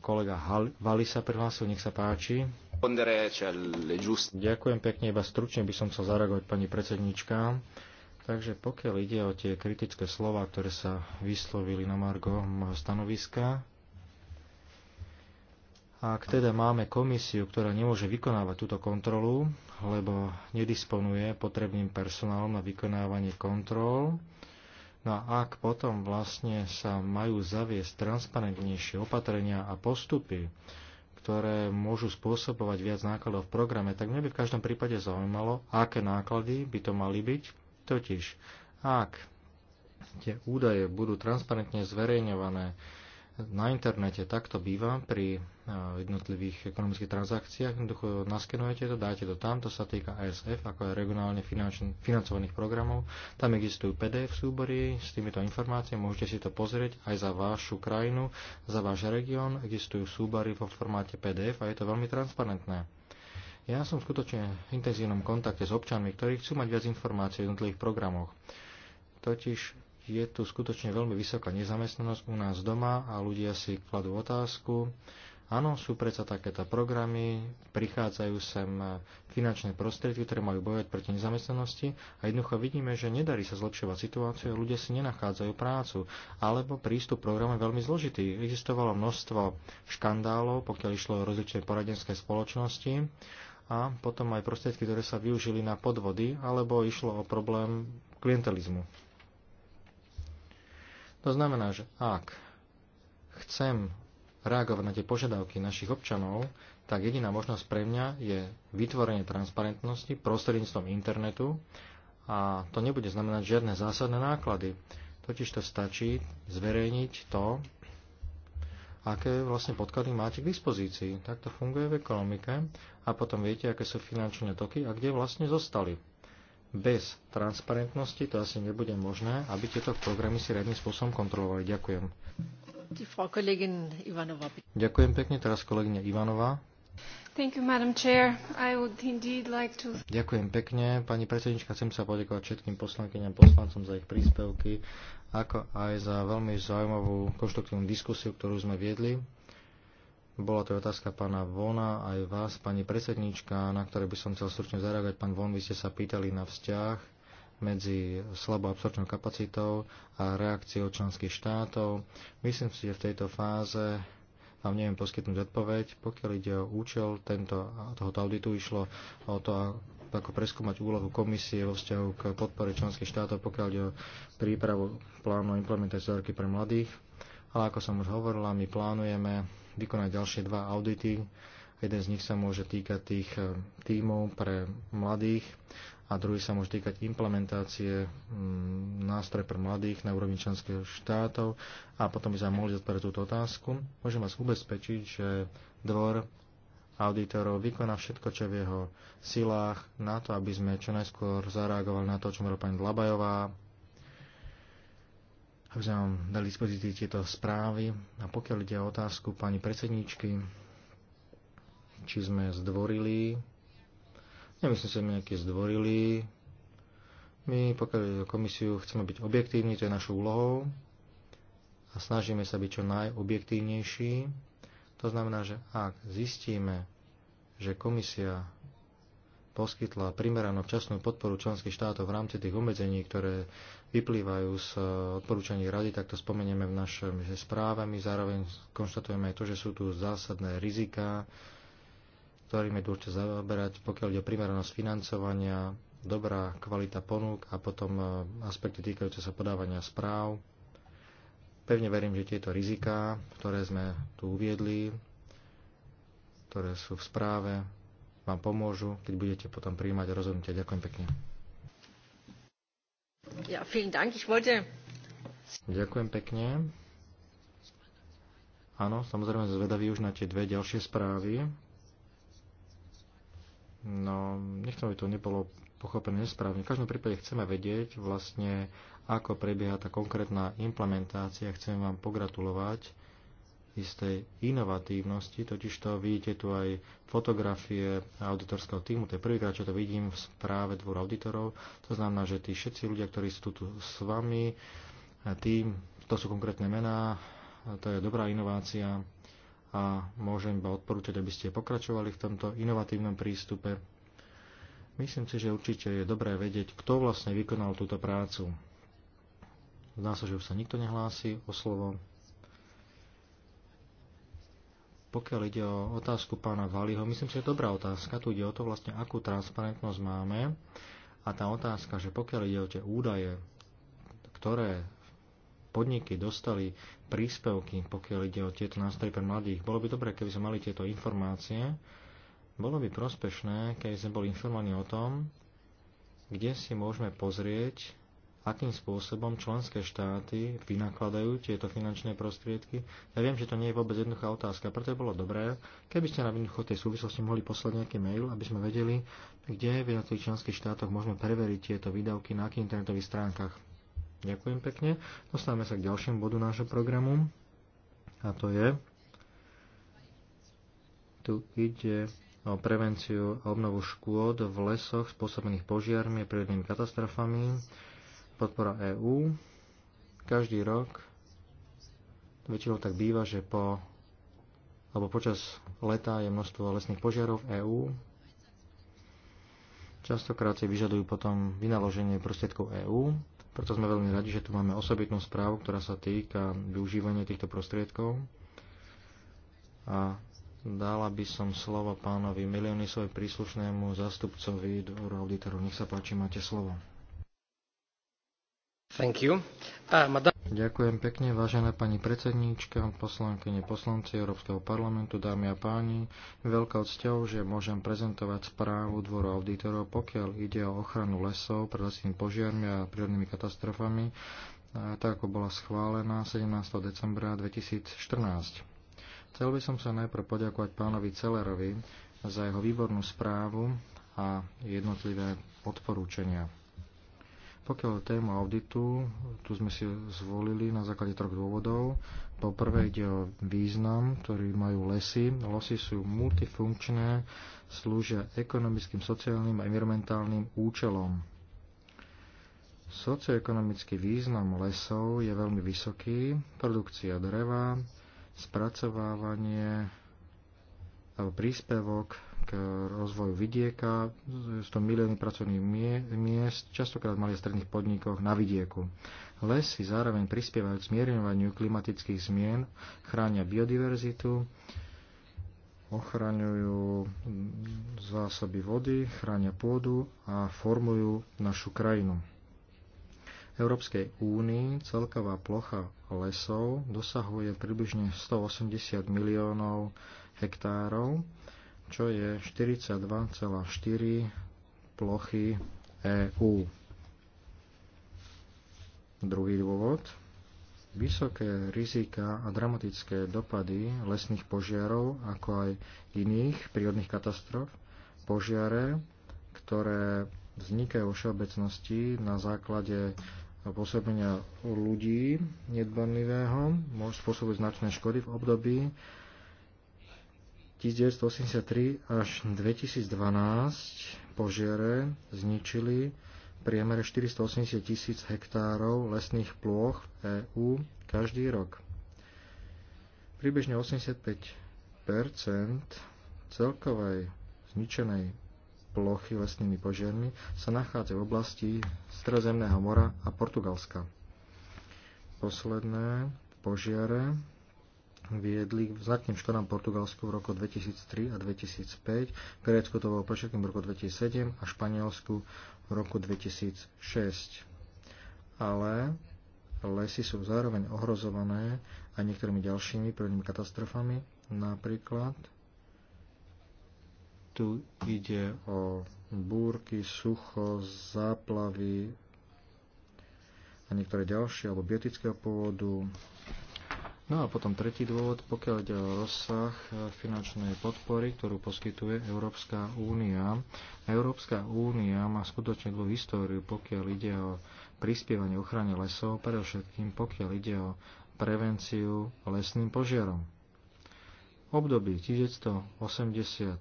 Speaker 2: kolega Hal- Vali sa prihlásil, nech sa páči. Ďakujem pekne, iba stručne by som chcel zareagovať pani predsednička. Takže pokiaľ ide o tie kritické slova, ktoré sa vyslovili na Margo môjho stanoviska, ak teda máme komisiu, ktorá nemôže vykonávať túto kontrolu, lebo nedisponuje potrebným personálom na vykonávanie kontrol, No a ak potom vlastne sa majú zaviesť transparentnejšie opatrenia a postupy, ktoré môžu spôsobovať viac nákladov v programe, tak mňa by v každom prípade zaujímalo, aké náklady by to mali byť. Totiž, ak tie údaje budú transparentne zverejňované, na internete. takto býva pri eh, jednotlivých ekonomických transakciách. Jednoducho naskenujete to, dáte to tam, to sa týka ASF, ako aj regionálne financovaných programov. Tam existujú PDF súbory s týmito informáciami, môžete si to pozrieť aj za vašu krajinu, za váš región. Existujú súbory vo formáte PDF a je to veľmi transparentné. Ja som skutočne v intenzívnom kontakte s občanmi, ktorí chcú mať viac informácií o jednotlivých programoch. Totiž je tu skutočne veľmi vysoká nezamestnanosť u nás doma a ľudia si kladú otázku. Áno, sú predsa takéto programy, prichádzajú sem finančné prostriedky, ktoré majú bojovať proti nezamestnanosti a jednoducho vidíme, že nedarí sa zlepšovať situáciu ľudia si nenachádzajú prácu. Alebo prístup programu je veľmi zložitý. Existovalo množstvo škandálov, pokiaľ išlo o rozličné poradenské spoločnosti a potom aj prostriedky, ktoré sa využili na podvody, alebo išlo o problém klientelizmu. To znamená, že ak chcem reagovať na tie požiadavky našich občanov, tak jediná možnosť pre mňa je vytvorenie transparentnosti prostredníctvom internetu a to nebude znamenať žiadne zásadné náklady. Totiž to stačí zverejniť to, aké vlastne podklady máte k dispozícii. Takto funguje v ekonomike a potom viete, aké sú finančné toky a kde vlastne zostali. Bez transparentnosti to asi nebude možné, aby tieto programy si riadnym spôsobom kontrolovali. Ďakujem. Ďakujem pekne, teraz kolegyňa Ivanová.
Speaker 1: You, like to...
Speaker 2: Ďakujem pekne. Pani predsednička, chcem sa poďakovať všetkým poslankyňam, poslancom za ich príspevky, ako aj za veľmi zaujímavú konštruktívnu diskusiu, ktorú sme viedli. Bola to otázka pána Vona, aj vás, pani predsedníčka, na ktoré by som chcel stručne zareagovať. Pán Von, vy ste sa pýtali na vzťah medzi slabou absorpčnou kapacitou a reakciou členských štátov. Myslím si, že v tejto fáze vám neviem poskytnúť odpoveď. Pokiaľ ide o účel tento, tohoto auditu, išlo o to, ako preskúmať úlohu komisie vo vzťahu k podpore členských štátov, pokiaľ ide o prípravu plánu implementácie pre mladých ale ako som už hovorila, my plánujeme vykonať ďalšie dva audity. Jeden z nich sa môže týkať tých eh, tímov pre mladých a druhý sa môže týkať implementácie mm, nástroj pre mladých na úrovni členských štátov a potom by sme mohli zodpovedať túto otázku. Môžem vás ubezpečiť, že dvor auditorov vykoná všetko, čo je v jeho silách na to, aby sme čo najskôr zareagovali na to, čo hovorila pani Dlabajová aby sme vám dali dispozícii tieto správy. A pokiaľ ide o otázku pani predsedničky, či sme zdvorili, nemyslím si, nejaké zdvorili. My, pokiaľ ide o komisiu, chceme byť objektívni, to je našou úlohou a snažíme sa byť čo najobjektívnejší. To znamená, že ak zistíme, že komisia poskytla primeranú včasnú podporu členských štátov v rámci tých obmedzení, ktoré vyplývajú z eh, odporúčaní rady, tak to spomenieme v našom správe. My zároveň konštatujeme aj to, že sú tu zásadné rizika, ktorými je dôležité zaoberať, pokiaľ ide o primeranosť financovania, dobrá kvalita ponúk a potom eh, aspekty týkajúce sa podávania správ. Pevne verím, že tieto riziká, ktoré sme tu uviedli, ktoré sú v správe, vám pomôžu, keď budete potom príjmať rozhodnutia. Ďakujem pekne.
Speaker 1: Ja, vielen Dank. Ich wollte...
Speaker 2: Ďakujem pekne. Áno, samozrejme zvedaví už na tie dve ďalšie správy. No, nechcem, aby to nebolo pochopené nesprávne. V každom prípade chceme vedieť vlastne, ako prebieha tá konkrétna implementácia. Chcem vám pogratulovať istej inovatívnosti, totiž to vidíte tu aj fotografie auditorského týmu, to je prvýkrát, čo to vidím v správe dvor auditorov, to znamená, že tí všetci ľudia, ktorí sú tu s vami, tým, to sú konkrétne mená, to je dobrá inovácia a môžem iba odporúčať, aby ste pokračovali v tomto inovatívnom prístupe. Myslím si, že určite je dobré vedieť, kto vlastne vykonal túto prácu. Zdá sa, že už sa nikto nehlási o slovo. Pokiaľ ide o otázku pána Valiho, myslím, že je dobrá otázka. Tu ide o to vlastne, akú transparentnosť máme. A tá otázka, že pokiaľ ide o tie údaje, ktoré podniky dostali príspevky, pokiaľ ide o tieto nástroje pre mladých. Bolo by dobré, keby sme mali tieto informácie. Bolo by prospešné, keby sme boli informovaní o tom, kde si môžeme pozrieť akým spôsobom členské štáty vynakladajú tieto finančné prostriedky. Ja viem, že to nie je vôbec jednoduchá otázka, preto je bolo dobré, keby ste nám jednoducho tej súvislosti mohli poslať nejaký mail, aby sme vedeli, kde v jednotlivých členských štátoch môžeme preveriť tieto výdavky, na akých internetových stránkach. Ďakujem pekne. Dostávame sa k ďalšiemu bodu nášho programu. A to je... Tu ide o prevenciu a obnovu škôd v lesoch spôsobených požiarmi a prírodnými katastrofami podpora EÚ. Každý rok, väčšinou tak býva, že po alebo počas leta je množstvo lesných požiarov EÚ. Častokrát si vyžadujú potom vynaloženie prostriedkov EÚ, preto sme veľmi radi, že tu máme osobitnú správu, ktorá sa týka využívania týchto prostriedkov. A dala by som slovo pánovi Milionisovi príslušnému zastupcovi do auditoru, Nech sa páči, máte slovo. Thank you. Ďakujem pekne, vážená pani predsedníčka, poslankyne, poslanci Európskeho parlamentu, dámy a páni. Veľká cťou, že môžem prezentovať správu Dvoru auditorov, pokiaľ ide o ochranu lesov pred lesnými požiarmi a prírodnými katastrofami, tak ako bola schválená 17. decembra 2014. Chcel by som sa najprv poďakovať pánovi Celerovi za jeho výbornú správu a jednotlivé odporúčania. Pokiaľ tému auditu, tu sme si zvolili na základe troch dôvodov. Po prvé ide o význam, ktorý majú lesy. Losy sú multifunkčné, slúžia ekonomickým, sociálnym a environmentálnym účelom. Socioekonomický význam lesov je veľmi vysoký. Produkcia dreva, spracovávanie alebo príspevok k rozvoju vidieka, 100 milióny pracovných miest, častokrát malých stredných podnikoch na vidieku. Lesy zároveň prispievajú k zmierňovaniu klimatických zmien, chránia biodiverzitu, ochraňujú zásoby vody, chránia pôdu a formujú našu krajinu. V Európskej únii celková plocha lesov dosahuje približne 180 miliónov hektárov čo je 42,4 plochy EÚ. Druhý dôvod. Vysoké rizika a dramatické dopady lesných požiarov, ako aj iných prírodných katastrof, požiare, ktoré vznikajú vo všeobecnosti na základe pôsobenia ľudí nedbanlivého, môžu spôsobiť značné škody v období 1983 až 2012 požiare zničili priemere 480 tisíc hektárov lesných plôch v EÚ každý rok. Približne 85 celkovej zničenej plochy lesnými požiarmi sa nachádza v oblasti Stredozemného mora a Portugalska. Posledné požiare viedli k značným Portugalsku v roku 2003 a 2005, Grécku to bolo všetkým v roku 2007 a Španielsku v roku 2006. Ale lesy sú zároveň ohrozované aj niektorými ďalšími prírodnými katastrofami. Napríklad tu ide o búrky, sucho, záplavy a niektoré ďalšie, alebo biotického pôvodu, No a potom tretí dôvod, pokiaľ ide o rozsah e, finančnej podpory, ktorú poskytuje Európska únia. Európska únia má skutočne dlhú históriu, pokiaľ ide o prispievanie ochrane lesov, predovšetkým pokiaľ ide o prevenciu lesným požiarom. období 1986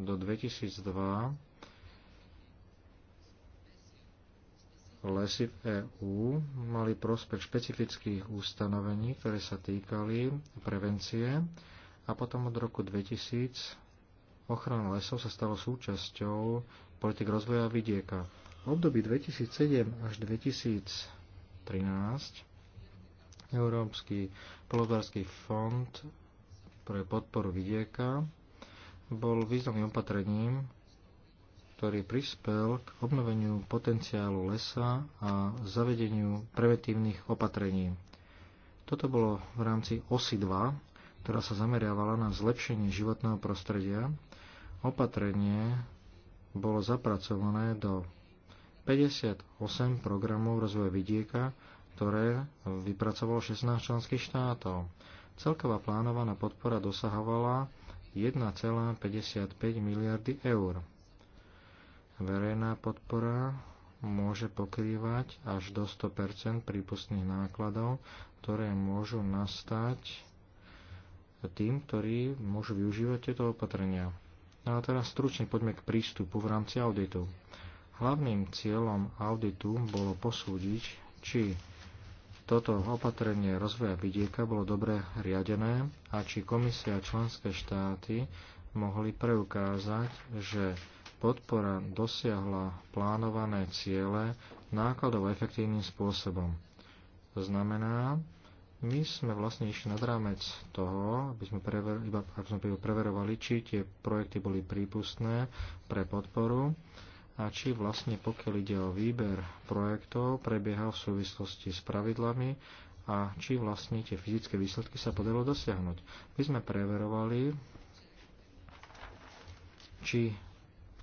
Speaker 2: do 2002 lesy v EÚ mali prospech špecifických ustanovení, ktoré sa týkali prevencie a potom od roku 2000 ochrana lesov sa stala súčasťou politik rozvoja vidieka. V období 2007 až 2013 Európsky polovársky fond pre podporu vidieka bol významným opatrením ktorý prispel k obnoveniu potenciálu lesa a zavedeniu preventívnych opatrení. Toto bolo v rámci OSI 2, ktorá sa zameriavala na zlepšenie životného prostredia. Opatrenie bolo zapracované do 58 programov rozvoja vidieka, ktoré vypracovalo 16 členských štátov. Celková plánovaná podpora dosahovala 1,55 miliardy eur. Verejná podpora môže pokrývať až do 100 prípustných nákladov, ktoré môžu nastať tým, ktorí môžu využívať tieto opatrenia. No a teraz stručne poďme k prístupu v rámci auditu. Hlavným cieľom auditu bolo posúdiť, či toto opatrenie rozvoja vidieka bolo dobre riadené a či komisia a členské štáty mohli preukázať, že podpora dosiahla plánované ciele nákladov efektívnym spôsobom. To znamená, my sme vlastne išli nad rámec toho, aby sme, prever, iba, aby sme preverovali, či tie projekty boli prípustné pre podporu a či vlastne pokiaľ ide o výber projektov, prebieha v súvislosti s pravidlami a či vlastne tie fyzické výsledky sa podarilo dosiahnuť. My sme preverovali, či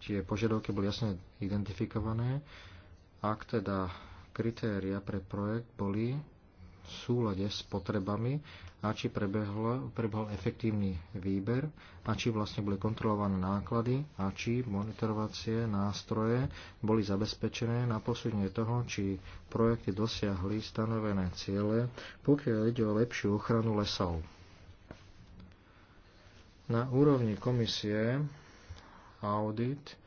Speaker 2: tie požiadavky boli jasne identifikované, ak teda kritéria pre projekt boli v súlade s potrebami a či prebehol, prebehol efektívny výber a či vlastne boli kontrolované náklady a či monitorovacie nástroje boli zabezpečené na posúdenie toho, či projekty dosiahli stanovené ciele, pokiaľ ide o lepšiu ochranu lesov. Na úrovni komisie audit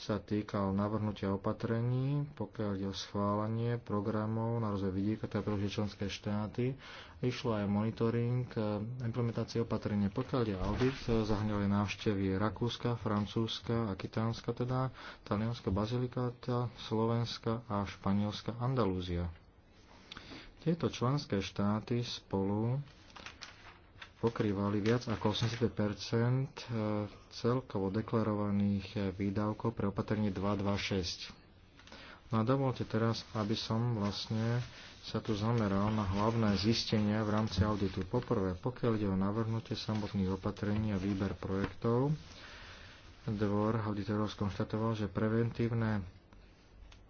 Speaker 2: sa týkal navrhnutia opatrení, pokiaľ ide o schválenie programov na rozvoj vidieka, teda pre členské štáty. Išlo aj monitoring eh, implementácie opatrenia. Pokiaľ ide audit, eh, zahňali návštevy Rakúska, Francúzska, Akitánska teda, Talianska, Bazilikáta, Slovenska a Španielska, Andalúzia. Tieto členské štáty spolu pokrývali viac ako 80 eh, celkovo deklarovaných eh, výdavkov pre opatrenie 226. No a dovolte teraz, aby som vlastne sa tu zameral na hlavné zistenia v rámci auditu. Poprvé, pokiaľ ide o navrhnutie samotných opatrení a výber projektov, dvor auditorov skonštatoval, že preventívne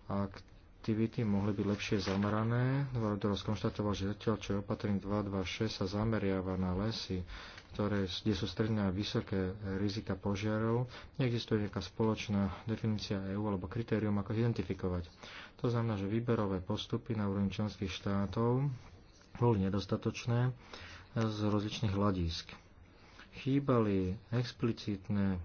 Speaker 2: akt, aktivity mohli byť lepšie zamerané. Dvorodoro skonštatoval, že zatiaľ, čo je opatrení 226 sa zameriava na lesy, ktoré, kde sú stredné a vysoké rizika požiarov, neexistuje nejaká spoločná definícia EÚ alebo kritérium, ako identifikovať. To znamená, že výberové postupy na úrovni členských štátov boli nedostatočné z rozličných hľadísk. Chýbali explicitné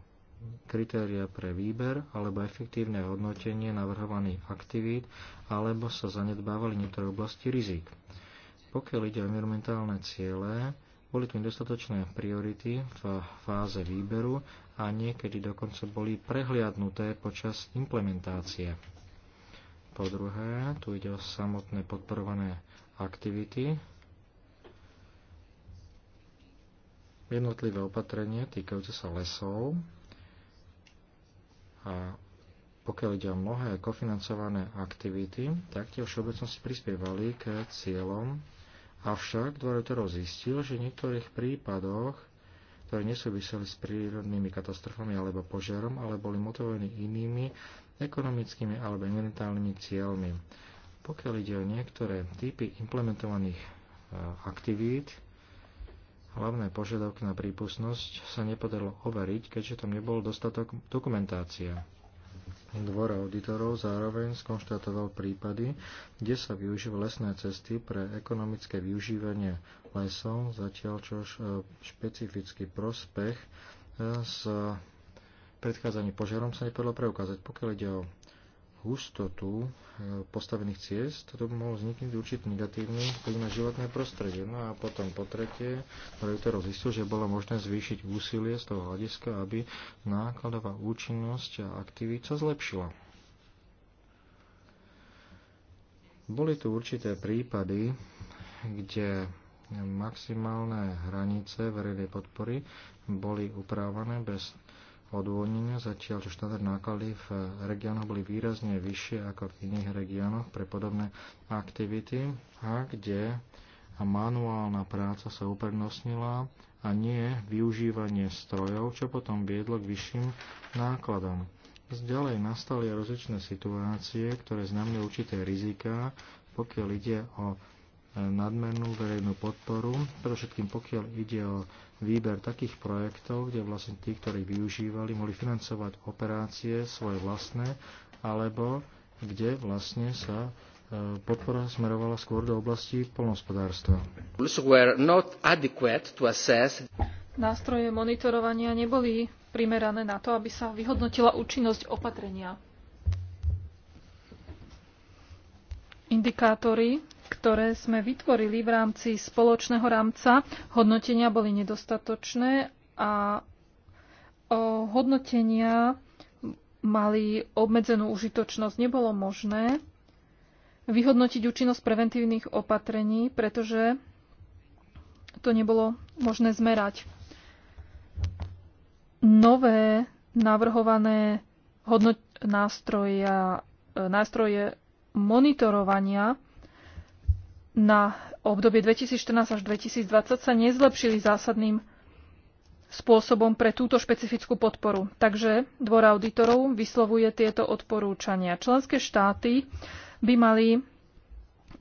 Speaker 2: kritéria pre výber alebo efektívne hodnotenie navrhovaných aktivít alebo sa zanedbávali niektoré oblasti rizik. Pokiaľ ide o environmentálne ciele, boli tu nedostatočné priority v fáze výberu a niekedy dokonca boli prehliadnuté počas implementácie. Po druhé, tu ide o samotné podporované aktivity. Jednotlivé opatrenie týkajúce sa lesov a pokiaľ ide o mnohé kofinancované aktivity, tak tie všeobecnosti prispievali k cieľom, avšak dvoretorov zistil, že v niektorých prípadoch, ktoré nesúviseli s prírodnými katastrofami alebo požiarom, ale boli motivovaní inými ekonomickými alebo inventálnymi cieľmi. Pokiaľ ide o niektoré typy implementovaných e, aktivít, hlavné požiadavky na prípustnosť sa nepodarilo overiť, keďže tam nebol dostatok dokumentácie. Dvor auditorov zároveň skonštatoval prípady, kde sa využívajú lesné cesty pre ekonomické využívanie lesov, zatiaľ čo e, špecifický prospech e, s predchádzaním požiarom sa nepodarilo preukázať. Pokiaľ ide o hustotu e, postavených ciest, to by mohlo vzniknúť určitý negatívny vplyv na životné prostredie. No a potom po tretie, projektor zistil, že bolo možné zvýšiť úsilie z toho hľadiska, aby nákladová účinnosť a aktivít sa zlepšila. Boli tu určité prípady, kde maximálne hranice verejnej podpory boli upravené bez odôvodnenia, zatiaľ čo štandard náklady v regiónoch boli výrazne vyššie ako v iných regiónoch pre podobné aktivity a kde manuálna práca sa uprednostnila a nie využívanie strojov, čo potom viedlo k vyšším nákladom. Ďalej nastali rozličné situácie, ktoré znamenajú určité riziká, pokiaľ ide o nadmernú verejnú podporu, predovšetkým pokiaľ ide o výber takých projektov, kde vlastne tí, ktorí využívali, mohli financovať operácie svoje vlastné, alebo kde vlastne sa e, podpora smerovala skôr do oblasti polnospodárstva.
Speaker 3: Nástroje monitorovania neboli primerané na to, aby sa vyhodnotila účinnosť opatrenia. Indikátory ktoré sme vytvorili v rámci spoločného rámca hodnotenia boli nedostatočné a hodnotenia mali obmedzenú užitočnosť. Nebolo možné vyhodnotiť účinnosť preventívnych opatrení, pretože to nebolo možné zmerať. Nové navrhované hodnot- e, nástroje monitorovania na obdobie 2014 až 2020 sa nezlepšili zásadným spôsobom pre túto špecifickú podporu. Takže dvor auditorov vyslovuje tieto odporúčania. Členské štáty by mali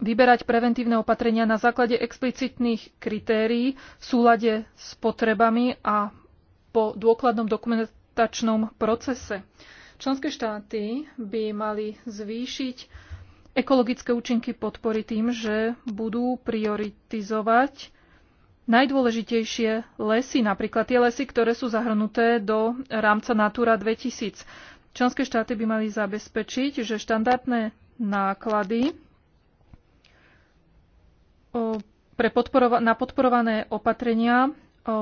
Speaker 3: vyberať preventívne opatrenia na základe explicitných kritérií v súlade s potrebami a po dôkladnom dokumentačnom procese. Členské štáty by mali zvýšiť ekologické účinky podpory tým, že budú prioritizovať najdôležitejšie lesy, napríklad tie lesy, ktoré sú zahrnuté do rámca Natura 2000. Členské štáty by mali zabezpečiť, že štandardné náklady pre podporova- na podporované opatrenia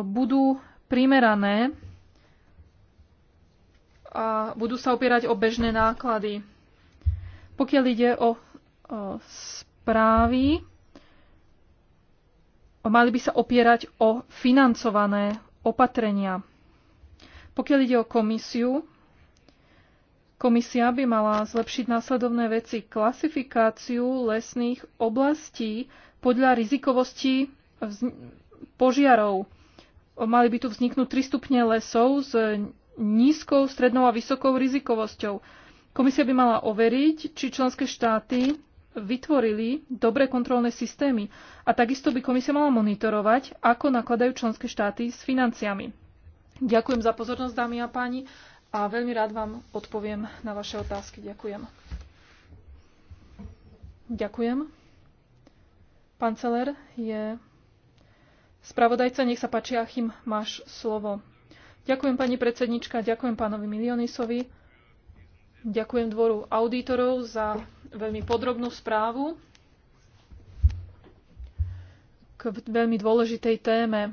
Speaker 3: budú primerané a budú sa opierať o bežné náklady pokiaľ ide o, o správy, mali by sa opierať o financované opatrenia. Pokiaľ ide o komisiu, komisia by mala zlepšiť následovné veci. Klasifikáciu lesných oblastí podľa rizikovosti požiarov. Mali by tu vzniknúť tri stupne lesov s nízkou, strednou a vysokou rizikovosťou. Komisia by mala overiť, či členské štáty vytvorili dobré kontrolné systémy a takisto by komisia mala monitorovať, ako nakladajú členské štáty s financiami. Ďakujem za pozornosť, dámy a páni, a veľmi rád vám odpoviem na vaše otázky. Ďakujem. Ďakujem. Pán Celer je spravodajca. Nech sa páči, Achim, máš slovo. Ďakujem pani predsednička, ďakujem pánovi Milionisovi Ďakujem dvoru auditorov za veľmi podrobnú správu k veľmi dôležitej téme.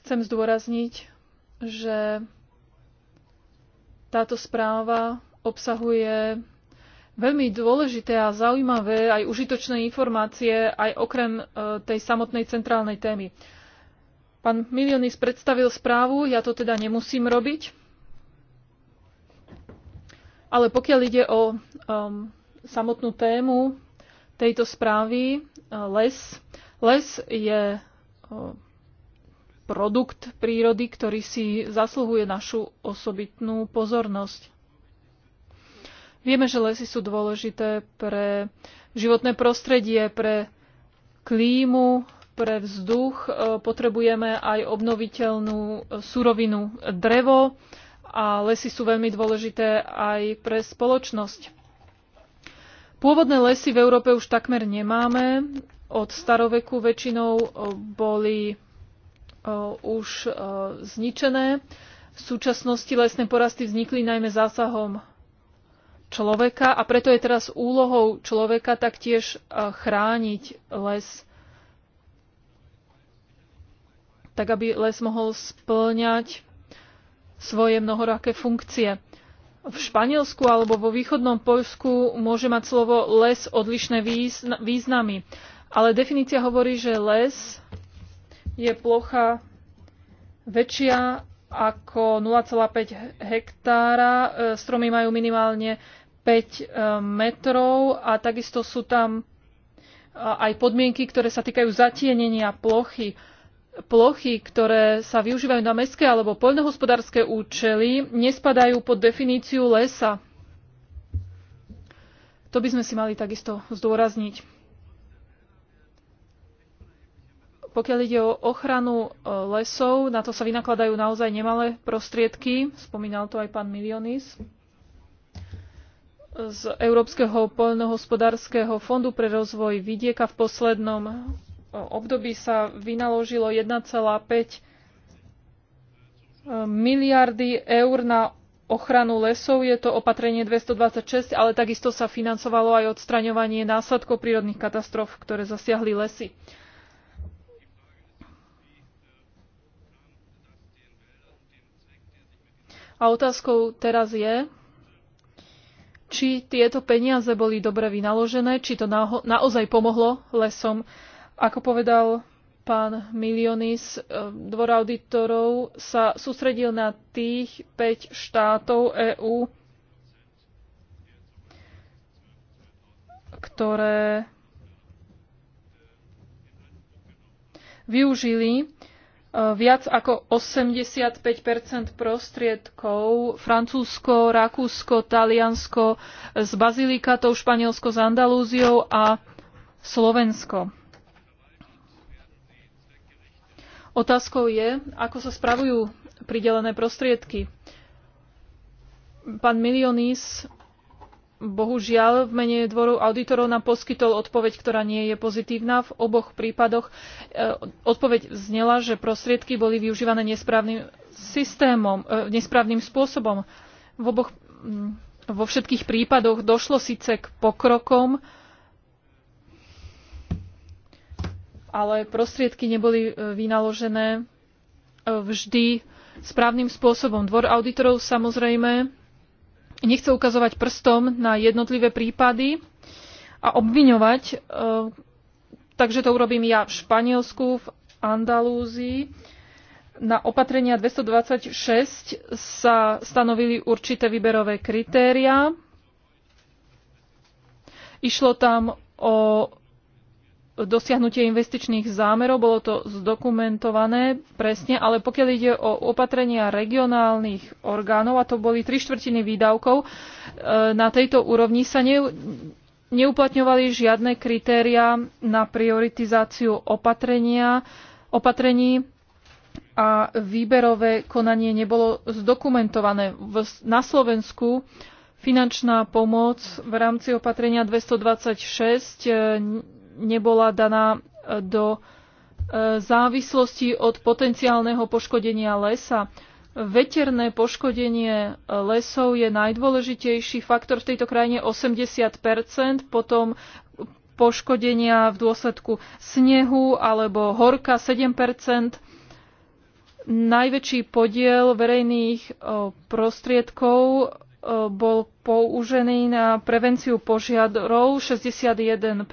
Speaker 3: Chcem zdôrazniť, že táto správa obsahuje veľmi dôležité a zaujímavé aj užitočné informácie aj okrem e, tej samotnej centrálnej témy. Pán Milionis predstavil správu, ja to teda nemusím robiť. Ale pokiaľ ide o um, samotnú tému tejto správy, uh, les, les je uh, produkt prírody, ktorý si zasluhuje našu osobitnú pozornosť. Vieme, že lesy sú dôležité pre životné prostredie, pre klímu, pre vzduch. Uh, potrebujeme aj obnoviteľnú uh, surovinu drevo, a lesy sú veľmi dôležité aj pre spoločnosť. Pôvodné lesy v Európe už takmer nemáme. Od staroveku väčšinou eh, boli eh, už eh, zničené. V súčasnosti lesné porasty vznikli najmä zásahom človeka a preto je teraz úlohou človeka taktiež chrániť les, tak aby les mohol splňať svoje mnohoraké funkcie. V Španielsku alebo vo východnom Poľsku môže mať slovo les odlišné významy. Ale definícia hovorí, že les je plocha väčšia ako 0,5 hektára. E, stromy majú minimálne 5 e, metrov a takisto sú tam e, aj podmienky, ktoré sa týkajú zatienenia plochy plochy, ktoré sa využívajú na mestské alebo poľnohospodárske účely, nespadajú pod definíciu lesa. To by sme si mali takisto zdôrazniť. Pokiaľ ide o ochranu e, lesov, na to sa vynakladajú naozaj nemalé prostriedky. Spomínal to aj pán Milionis z Európskeho poľnohospodárskeho fondu pre rozvoj vidieka v poslednom období sa vynaložilo 1,5 eh, miliardy eur na ochranu lesov. Je to opatrenie 226, ale takisto sa financovalo aj odstraňovanie následkov prírodných katastrof, ktoré zasiahli lesy. A otázkou teraz je, či tieto peniaze boli dobre vynaložené, či to naozaj pomohlo lesom. Ako povedal pán Milionis, e, dvor auditorov sa sústredil na tých 5 štátov EÚ, ktoré využili e, viac ako 85 prostriedkov Francúzsko, Rakúsko, Taliansko s Bazilikatou, Španielsko s Andalúziou a Slovensko. Otázkou je, ako sa spravujú pridelené prostriedky. Pán Milionis bohužiaľ v mene dvoru auditorov nám poskytol odpoveď, ktorá nie je pozitívna. V oboch prípadoch eh, odpoveď znela, že prostriedky boli využívané nesprávnym systémom, eh, nesprávnym spôsobom. V oboch, mm, vo všetkých prípadoch došlo síce k pokrokom, ale prostriedky neboli e, vynaložené e, vždy správnym spôsobom. Dvor auditorov samozrejme nechce ukazovať prstom na jednotlivé prípady a obviňovať. E, takže to urobím ja v Španielsku, v Andalúzii. Na opatrenia 226 sa stanovili určité výberové kritéria. Išlo tam o dosiahnutie investičných zámerov, bolo to zdokumentované presne, ale pokiaľ ide o opatrenia regionálnych orgánov, a to boli tri štvrtiny výdavkov, e, na tejto úrovni sa ne, neuplatňovali žiadne kritéria na prioritizáciu opatrenia, opatrení a výberové konanie nebolo zdokumentované. na Slovensku finančná pomoc v rámci opatrenia 226 nebola daná e, do e, závislosti od potenciálneho poškodenia lesa. Veterné poškodenie e, lesov je najdôležitejší faktor v tejto krajine 80 potom poškodenia v dôsledku snehu alebo horka 7 Najväčší podiel verejných prostriedkov bol použený na prevenciu požiadrov, 61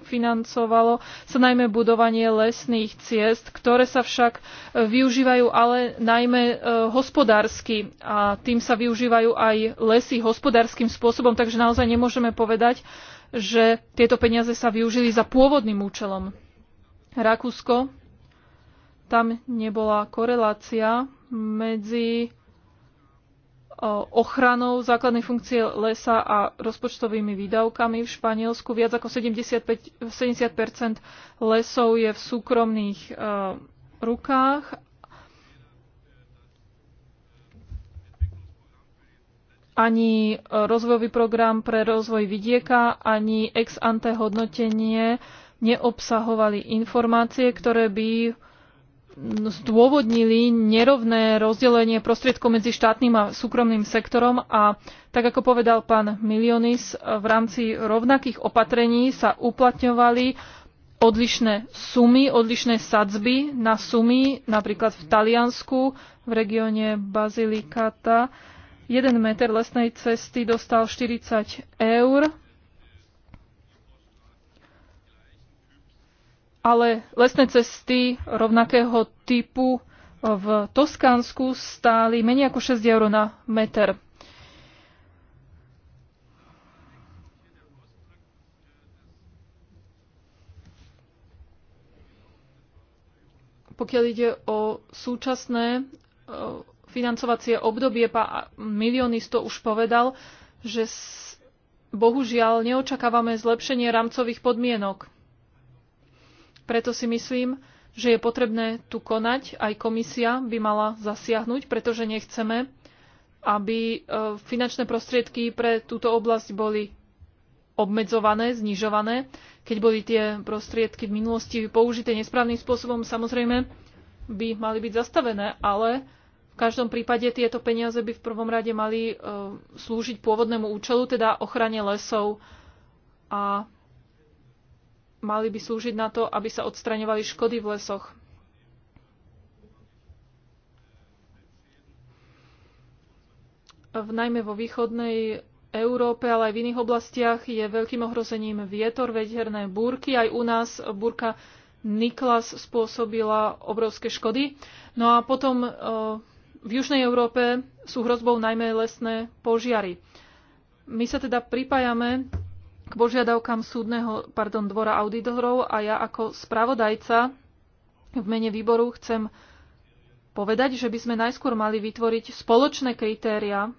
Speaker 3: financovalo sa najmä budovanie lesných ciest, ktoré sa však využívajú ale najmä e, hospodársky a tým sa využívajú aj lesy hospodárskym spôsobom, takže naozaj nemôžeme povedať, že tieto peniaze sa využili za pôvodným účelom. Rakúsko, tam nebola korelácia medzi ochranou základnej funkcie lesa a rozpočtovými výdavkami. V Španielsku viac ako 75, 70 lesov je v súkromných uh, rukách. Ani rozvojový program pre rozvoj vidieka, ani ex ante hodnotenie neobsahovali informácie, ktoré by zdôvodnili nerovné rozdelenie prostriedkov medzi štátnym a súkromným sektorom a tak ako povedal pán Milionis, v rámci rovnakých opatrení sa uplatňovali odlišné sumy, odlišné sadzby na sumy, napríklad v Taliansku, v regióne Bazilikata. jeden meter lesnej cesty dostal 40 eur, ale lesné cesty rovnakého typu v Toskánsku stáli menej ako 6 eur na meter. Pokiaľ ide o súčasné e, financovacie obdobie, pán milionisto už povedal, že bohužiaľ neočakávame zlepšenie rámcových podmienok. Preto si myslím, že je potrebné tu konať. Aj komisia by mala zasiahnuť, pretože nechceme, aby e, finančné prostriedky pre túto oblasť boli obmedzované, znižované, keď boli tie prostriedky v minulosti použité nesprávnym spôsobom, samozrejme by mali byť zastavené, ale v každom prípade tieto peniaze by v prvom rade mali e, slúžiť pôvodnému účelu, teda ochrane lesov a mali by slúžiť na to, aby sa odstraňovali škody v lesoch. V, najmä vo východnej Európe, ale aj v iných oblastiach je veľkým ohrozením vietor, veterné búrky. Aj u nás búrka Niklas spôsobila obrovské škody. No a potom e, v južnej Európe sú hrozbou najmä lesné požiary. My sa teda pripájame k požiadavkám súdneho, pardon, dvora auditorov a ja ako spravodajca v mene výboru chcem povedať, že by sme najskôr mali vytvoriť spoločné kritéria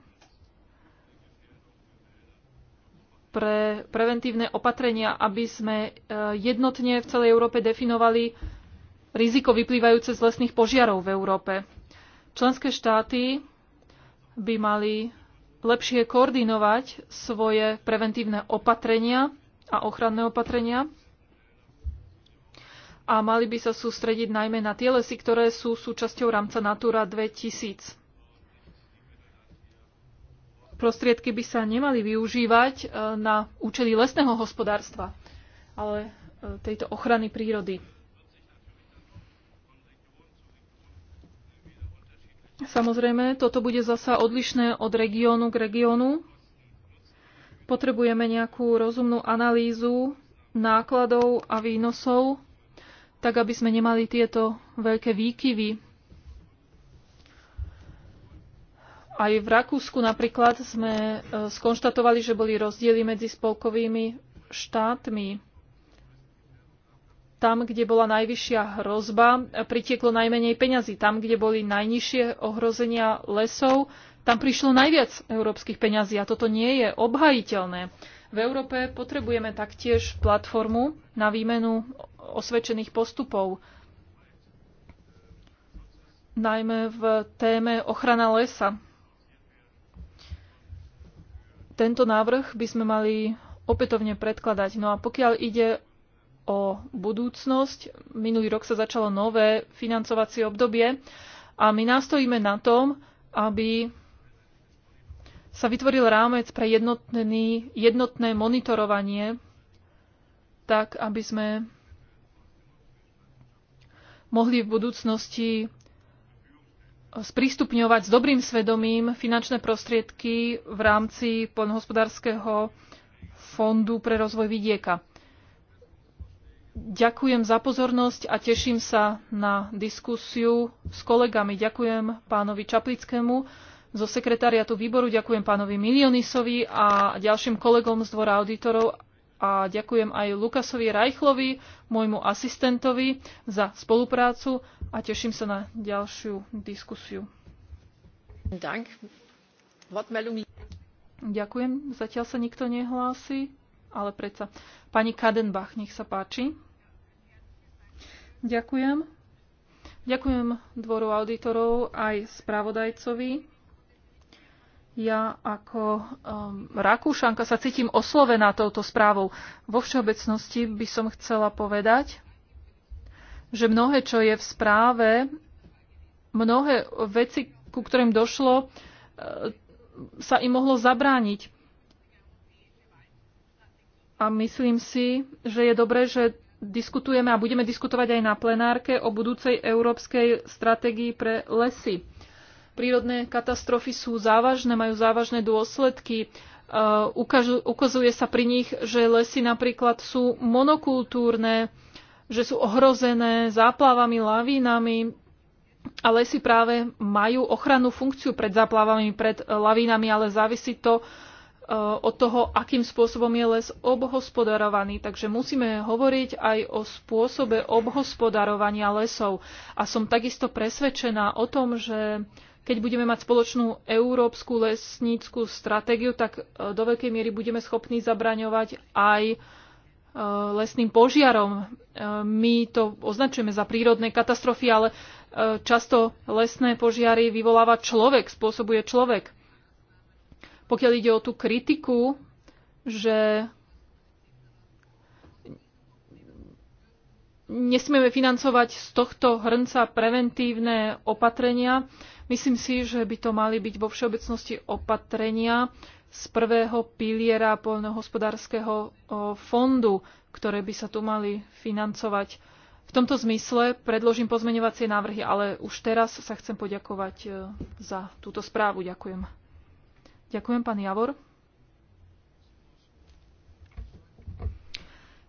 Speaker 3: pre preventívne opatrenia, aby sme e, jednotne v celej Európe definovali riziko vyplývajúce z lesných požiarov v Európe. Členské štáty by mali lepšie koordinovať svoje preventívne opatrenia a ochranné opatrenia a mali by sa sústrediť najmä na tie lesy, ktoré sú súčasťou rámca Natura 2000. Prostriedky by sa nemali využívať eh, na účely lesného hospodárstva, ale eh, tejto ochrany prírody. Samozrejme, toto bude zasa odlišné od regiónu k regiónu. Potrebujeme nejakú rozumnú analýzu nákladov a výnosov, tak aby sme nemali tieto veľké výkyvy Aj v Rakúsku napríklad sme e, skonštatovali, že boli rozdiely medzi spolkovými štátmi tam, kde bola najvyššia hrozba, pritieklo najmenej peňazí. Tam, kde boli najnižšie ohrozenia lesov, tam prišlo najviac európskych peňazí a toto nie je obhajiteľné. V Európe potrebujeme taktiež platformu na výmenu osvedčených postupov, najmä v téme ochrana lesa. Tento návrh by sme mali opätovne predkladať. No a pokiaľ ide o budúcnosť. Minulý rok sa začalo nové financovacie obdobie a my nástojíme na tom, aby sa vytvoril rámec pre jednotný, jednotné monitorovanie, tak aby sme mohli v budúcnosti sprístupňovať s dobrým svedomím finančné prostriedky v rámci poľnohospodárskeho fondu pre rozvoj vidieka. Ďakujem za pozornosť a teším sa na diskusiu s kolegami. Ďakujem pánovi Čaplickému zo sekretariatu výboru, ďakujem pánovi Milionisovi a ďalším kolegom z dvora auditorov a ďakujem aj Lukasovi Rajchlovi, môjmu asistentovi, za spoluprácu a teším sa na ďalšiu diskusiu. Ďakujem. Zatiaľ sa nikto nehlási ale predsa. Pani Kadenbach, nech sa páči. Ďakujem. Ďakujem dvoru auditorov aj spravodajcovi. Ja ako um, Rakúšanka sa cítim oslovená touto správou. Vo všeobecnosti by som chcela povedať, že mnohé, čo je v správe, mnohé veci, ku ktorým došlo, uh, sa im mohlo zabrániť. A myslím si, že je dobré, že diskutujeme a budeme diskutovať aj na plenárke o budúcej európskej stratégii pre lesy. Prírodné katastrofy sú závažné, majú závažné dôsledky. E, ukažu, ukazuje sa pri nich, že lesy napríklad sú monokultúrne, že sú ohrozené záplavami, lavínami, a lesy práve majú ochrannú funkciu pred záplavami, pred lavínami, ale závisí to E, od toho, akým spôsobom je les obhospodarovaný. Takže musíme hovoriť aj o spôsobe obhospodarovania lesov. A som takisto presvedčená o tom, že keď budeme mať spoločnú európsku lesníckú stratégiu, tak e, do veľkej miery budeme schopní zabraňovať aj e, lesným požiarom. My to označujeme za prírodné katastrofy, ale často lesné požiary vyvoláva človek, spôsobuje človek. Pokiaľ ide o tú kritiku, že nesmieme financovať z tohto hrnca preventívne opatrenia. Myslím si, že by to mali byť vo všeobecnosti opatrenia z prvého piliera poľnohospodárskeho fondu, ktoré by sa tu mali financovať. V tomto zmysle predložím pozmeňovacie návrhy, ale už teraz sa chcem poďakovať e, za túto správu. Ďakujem. Ďakujem, pán Javor.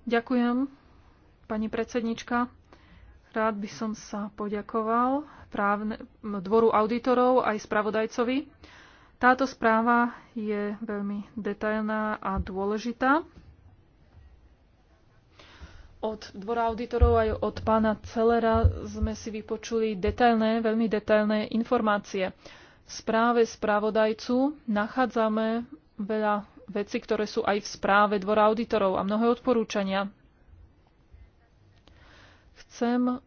Speaker 3: Ďakujem, pani predsednička. Rád by som sa poďakoval právne, dvoru auditorov aj spravodajcovi. Táto správa je veľmi detailná a dôležitá. Od dvora auditorov aj od pána Celera sme si vypočuli detailné, veľmi detailné informácie správe správodajcu nachádzame veľa veci, ktoré sú aj v správe Dvora auditorov a mnohé odporúčania. Chcem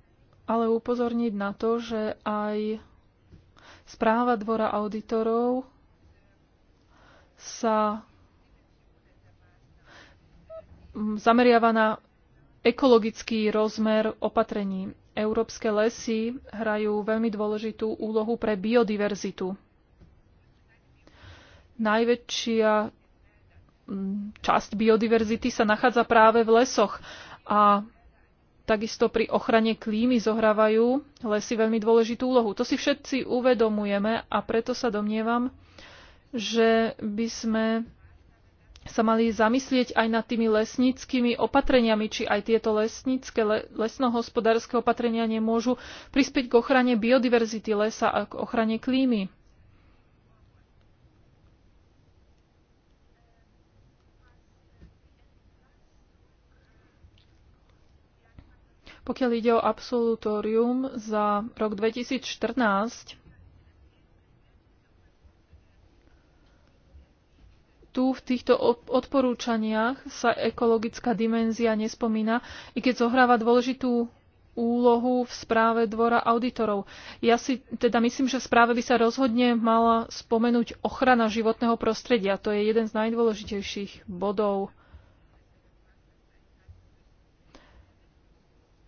Speaker 3: ale upozorniť na to, že aj správa Dvora auditorov sa zameriava na ekologický rozmer opatrení. Európske lesy hrajú veľmi dôležitú úlohu pre biodiverzitu. Najväčšia mm, časť biodiverzity sa nachádza práve v lesoch a takisto pri ochrane klímy zohrávajú lesy veľmi dôležitú úlohu. To si všetci uvedomujeme a preto sa domnievam, že by sme sa mali zamyslieť aj nad tými lesníckými opatreniami, či aj tieto lesnícke, lesnohospodárske opatrenia nemôžu prispieť k ochrane biodiverzity lesa a k ochrane klímy. Pokiaľ ide o absolutórium za rok 2014, tu v týchto odporúčaniach sa ekologická dimenzia nespomína, i keď zohráva dôležitú úlohu v správe Dvora auditorov. Ja si teda myslím, že v správe by sa rozhodne mala spomenúť ochrana životného prostredia. To je jeden z najdôležitejších bodov,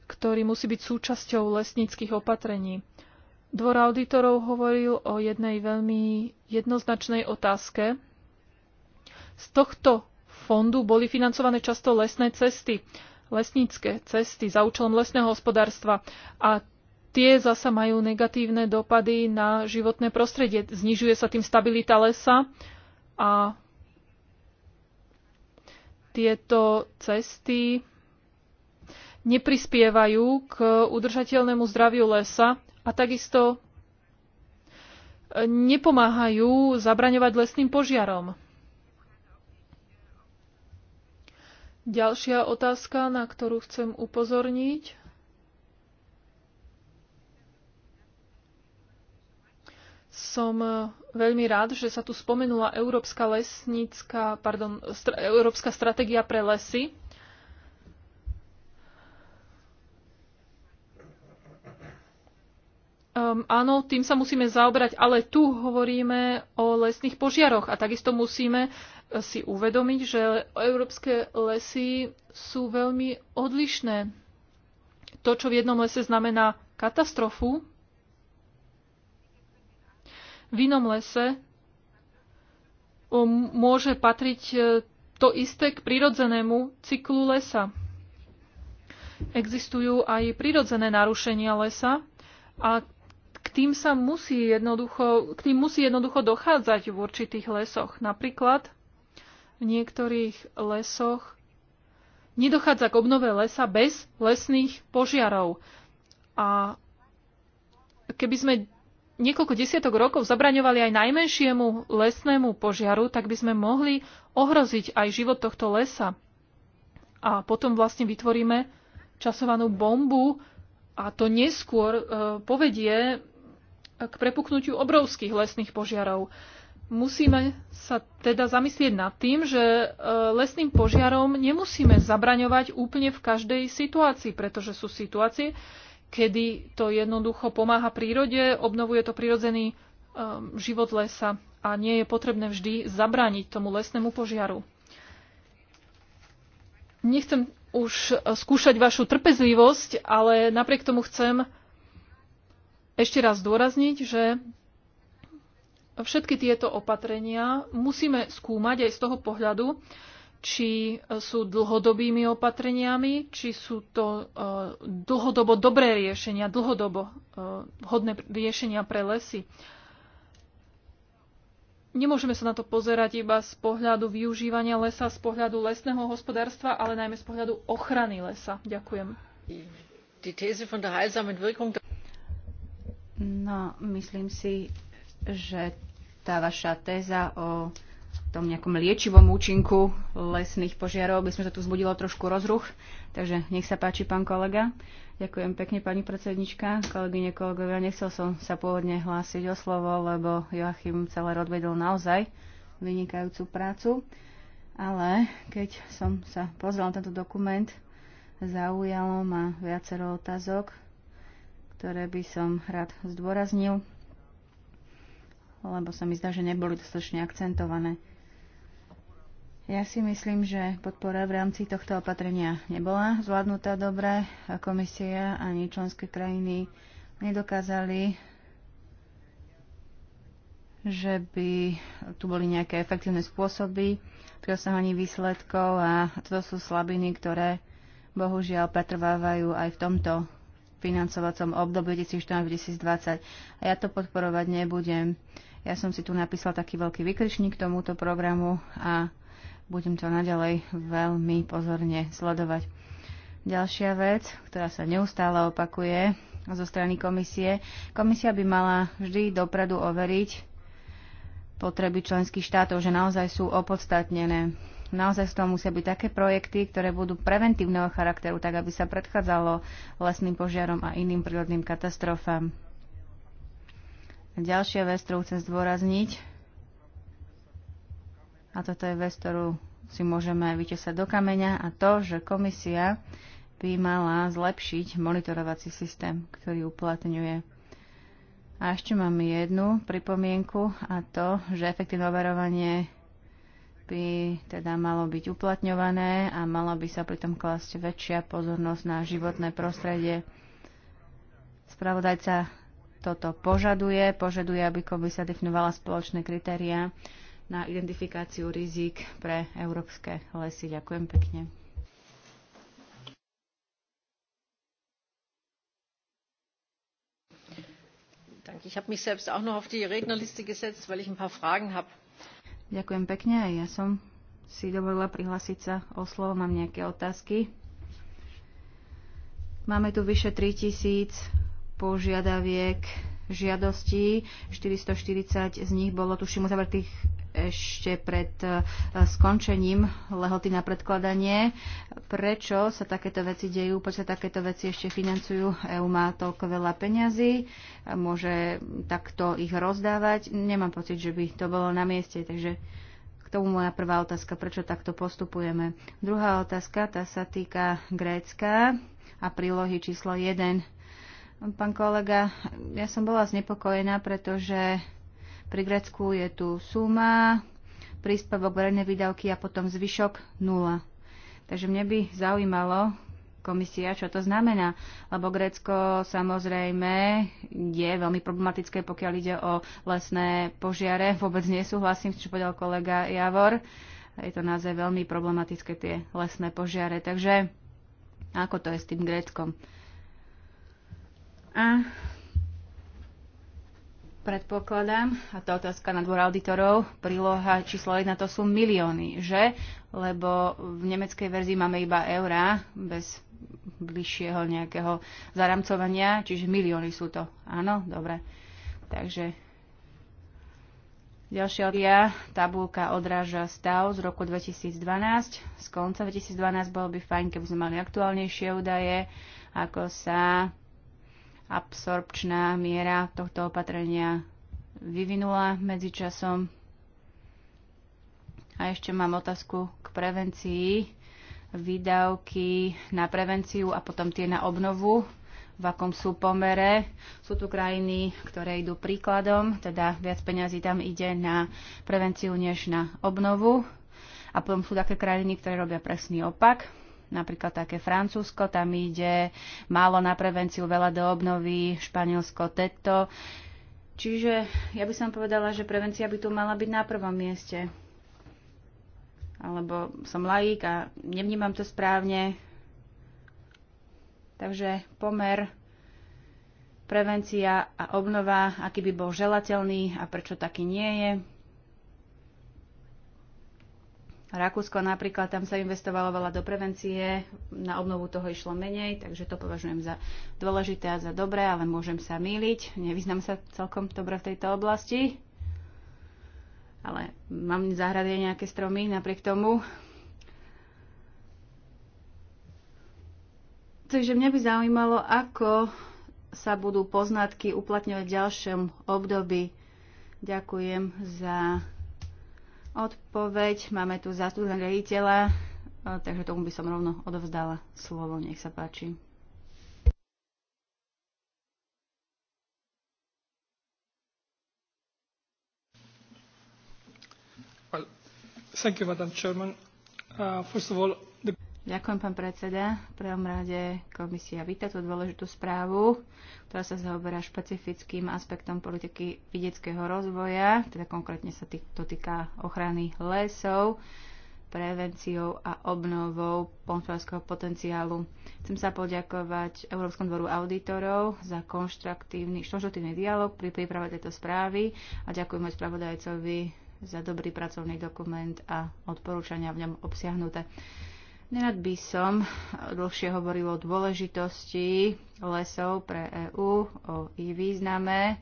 Speaker 3: ktorý musí byť súčasťou lesníckých opatrení. Dvor auditorov hovoril o jednej veľmi jednoznačnej otázke, z tohto fondu boli financované často lesné cesty, lesnícke cesty za účelom lesného hospodárstva a tie zasa majú negatívne dopady na životné prostredie. Znižuje sa tým stabilita lesa a tieto cesty neprispievajú k udržateľnému zdraviu lesa a takisto nepomáhajú zabraňovať lesným požiarom. Ďalšia otázka, na ktorú chcem upozorniť. Som e, veľmi rád, že sa tu spomenula Európska lesnícka, pardon, Európska stratégia pre lesy. Um, áno, tým sa musíme zaobrať, ale tu hovoríme o lesných požiaroch a takisto musíme eh, si uvedomiť, že európske lesy sú veľmi odlišné. To, čo v jednom lese znamená katastrofu, v inom lese ehm, môže patriť eh, to isté k prirodzenému cyklu lesa. Existujú aj prirodzené narušenia lesa a tým sa musí jednoducho, k tým musí jednoducho dochádzať v určitých lesoch. Napríklad v niektorých lesoch nedochádza k obnove lesa bez lesných požiarov. A keby sme niekoľko desiatok rokov zabraňovali aj najmenšiemu lesnému požiaru, tak by sme mohli ohroziť aj život tohto lesa. A potom vlastne vytvoríme časovanú bombu a to neskôr e, povedie k prepuknutiu obrovských lesných požiarov. Musíme sa teda zamyslieť nad tým, že e, lesným požiarom nemusíme zabraňovať úplne v každej situácii, pretože sú situácie, kedy to jednoducho pomáha prírode, obnovuje to prírodzený e, život lesa a nie je potrebné vždy zabrániť tomu lesnému požiaru. Nechcem už e, skúšať vašu trpezlivosť, ale napriek tomu chcem ešte raz zdôrazniť, že všetky tieto opatrenia musíme skúmať aj z toho pohľadu, či sú dlhodobými opatreniami, či sú to e, dlhodobo dobré riešenia, dlhodobo e, hodné riešenia pre lesy. Nemôžeme sa na to pozerať iba z pohľadu využívania lesa, z pohľadu lesného hospodárstva, ale najmä z pohľadu ochrany lesa. Ďakujem.
Speaker 4: No, myslím si, že tá vaša téza o tom nejakom liečivom účinku lesných požiarov, by sme sa tu vzbudilo trošku rozruch. Takže nech sa páči, pán kolega. Ďakujem pekne, pani predsednička, kolegyne, kolegovia. Nechcel som sa pôvodne hlásiť o slovo, lebo Joachim celé odvedol naozaj vynikajúcu prácu. Ale keď som sa pozrel na tento dokument, zaujalo ma viacero otázok, ktoré by som rád zdôraznil, lebo sa mi zdá, že neboli dostatočne akcentované. Ja si myslím, že podpora v rámci tohto opatrenia nebola zvládnutá dobre. A komisia ani členské krajiny nedokázali, že by tu boli nejaké efektívne spôsoby pri osahovaní výsledkov a to sú slabiny, ktoré bohužiaľ pretrvávajú aj v tomto financovacom období 2014-2020. A ja to podporovať nebudem. Ja som si tu napísal taký veľký vykričník tomuto programu a budem to naďalej veľmi pozorne sledovať. Ďalšia vec, ktorá sa neustále opakuje zo strany komisie. Komisia by mala vždy dopredu overiť potreby členských štátov, že naozaj sú opodstatnené Naozaj z toho musia byť také projekty, ktoré budú preventívneho charakteru, tak aby sa predchádzalo lesným požiarom a iným prírodným katastrofám. Ďalšia vec, ktorú chcem zdôrazniť, a toto je vec, ktorú si môžeme vyčesať do kameňa, a to, že komisia by mala zlepšiť monitorovací systém, ktorý uplatňuje. A ešte mám jednu pripomienku a to, že efektívne overovanie by teda malo byť uplatňované a mala by sa pritom klásť väčšia pozornosť na životné prostredie. Spravodajca toto požaduje. Požaduje, aby komisia definovala spoločné kritériá na identifikáciu rizik pre európske lesy. Ďakujem pekne.
Speaker 1: Ich habe mich selbst auch noch auf die Rednerliste gesetzt, weil ich ein paar Fragen habe.
Speaker 4: Ďakujem pekne aj ja som si dovolila prihlásiť sa o slovo, mám nejaké otázky. Máme tu vyše 3000 požiadaviek žiadostí, 440 z nich bolo tuším uzavretých ešte pred e, skončením lehoty na predkladanie. Prečo sa takéto veci dejú, prečo sa takéto veci ešte financujú? EU má toľko veľa peňazí, môže takto ich rozdávať. Nemám pocit, že by to bolo na mieste, takže k tomu moja prvá otázka, prečo takto postupujeme. Druhá otázka, tá sa týka Grécka a prílohy číslo 1. Pán kolega, ja som bola znepokojená, pretože pri Grécku je tu suma, príspevok verejné výdavky a potom zvyšok nula. Takže mne by zaujímalo, komisia, čo to znamená. Lebo Grécko samozrejme je veľmi problematické, pokiaľ ide o lesné požiare. Vôbec nesúhlasím s čo povedal kolega Javor. Je to naozaj veľmi problematické tie lesné požiare. Takže ako to je s tým Gréckom? A predpokladám, a to otázka na dvor auditorov, príloha číslo 1 to sú milióny, že? Lebo v nemeckej verzii máme iba eurá, bez bližšieho nejakého zaramcovania, čiže milióny sú to. Áno, dobre. Takže ďalšia odia, tabulka odráža stav z roku 2012. Z konca 2012 bolo by fajn, keby sme mali aktuálnejšie údaje, ako sa absorpčná miera tohto opatrenia vyvinula medzičasom. A ešte mám otázku k prevencii. Výdavky na prevenciu a potom tie na obnovu, v akom sú pomere. Sú tu krajiny, ktoré idú príkladom, teda viac peňazí tam ide na prevenciu než na obnovu. A potom sú také krajiny, ktoré robia presný opak napríklad také Francúzsko, tam ide málo na prevenciu, veľa do obnovy, Španielsko, TETO. Čiže ja by som povedala, že prevencia by tu mala byť na prvom mieste. Alebo som laik a nevnímam to správne. Takže pomer prevencia a obnova, aký by bol želateľný a prečo taký nie je. Rakúsko napríklad, tam sa investovalo veľa do prevencie, na obnovu toho išlo menej, takže to považujem za dôležité a za dobré, ale môžem sa míliť. Nevyznam sa celkom dobre v tejto oblasti, ale mám v záhrade nejaké stromy napriek tomu. Takže mňa by zaujímalo, ako sa budú poznatky uplatňovať v ďalšom období. Ďakujem za odpoveď. Máme tu zástupca riaditeľa, e, takže tomu by som rovno odovzdala slovo. Nech sa páči. Well, thank you, Madam Chairman. Uh, first of all, Ďakujem, pán predseda. V prvom rade komisia víta tú dôležitú správu, ktorá sa zaoberá špecifickým aspektom politiky vidieckého rozvoja, teda konkrétne sa to týka ochrany lesov, prevenciou a obnovou pontvárského potenciálu. Chcem sa poďakovať Európskom dvoru auditorov za konštruktívny, konštruktívny dialog pri príprave tejto správy a ďakujem aj spravodajcovi za dobrý pracovný dokument a odporúčania v ňom obsiahnuté. Nerad by som dlhšie hovoril o dôležitosti lesov pre EÚ, o ich význame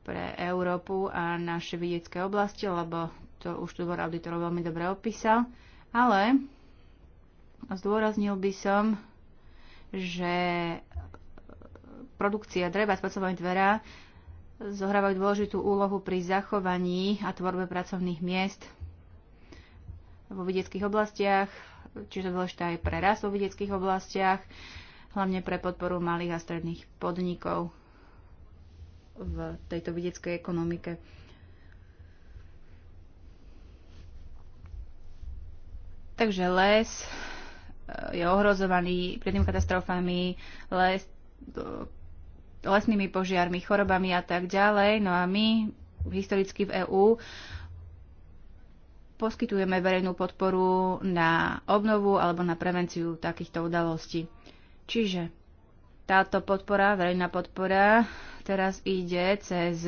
Speaker 4: pre Európu a naše vidiecké oblasti, lebo to už tu dvor auditorov veľmi dobre opísal. Ale zdôraznil by som, že produkcia dreva spacovania dvera zohrávajú dôležitú úlohu pri zachovaní a tvorbe pracovných miest vo vidieckých oblastiach, čiže to dôležité aj pre rast vo vidieckých oblastiach, hlavne pre podporu malých a stredných podnikov v tejto vidieckej ekonomike. Takže les eh, je ohrozovaný pred katastrofami, les, lesnými požiarmi, chorobami a tak ďalej. No a my historicky v EÚ poskytujeme verejnú podporu na obnovu alebo na prevenciu takýchto udalostí. Čiže táto podpora, verejná podpora, teraz ide cez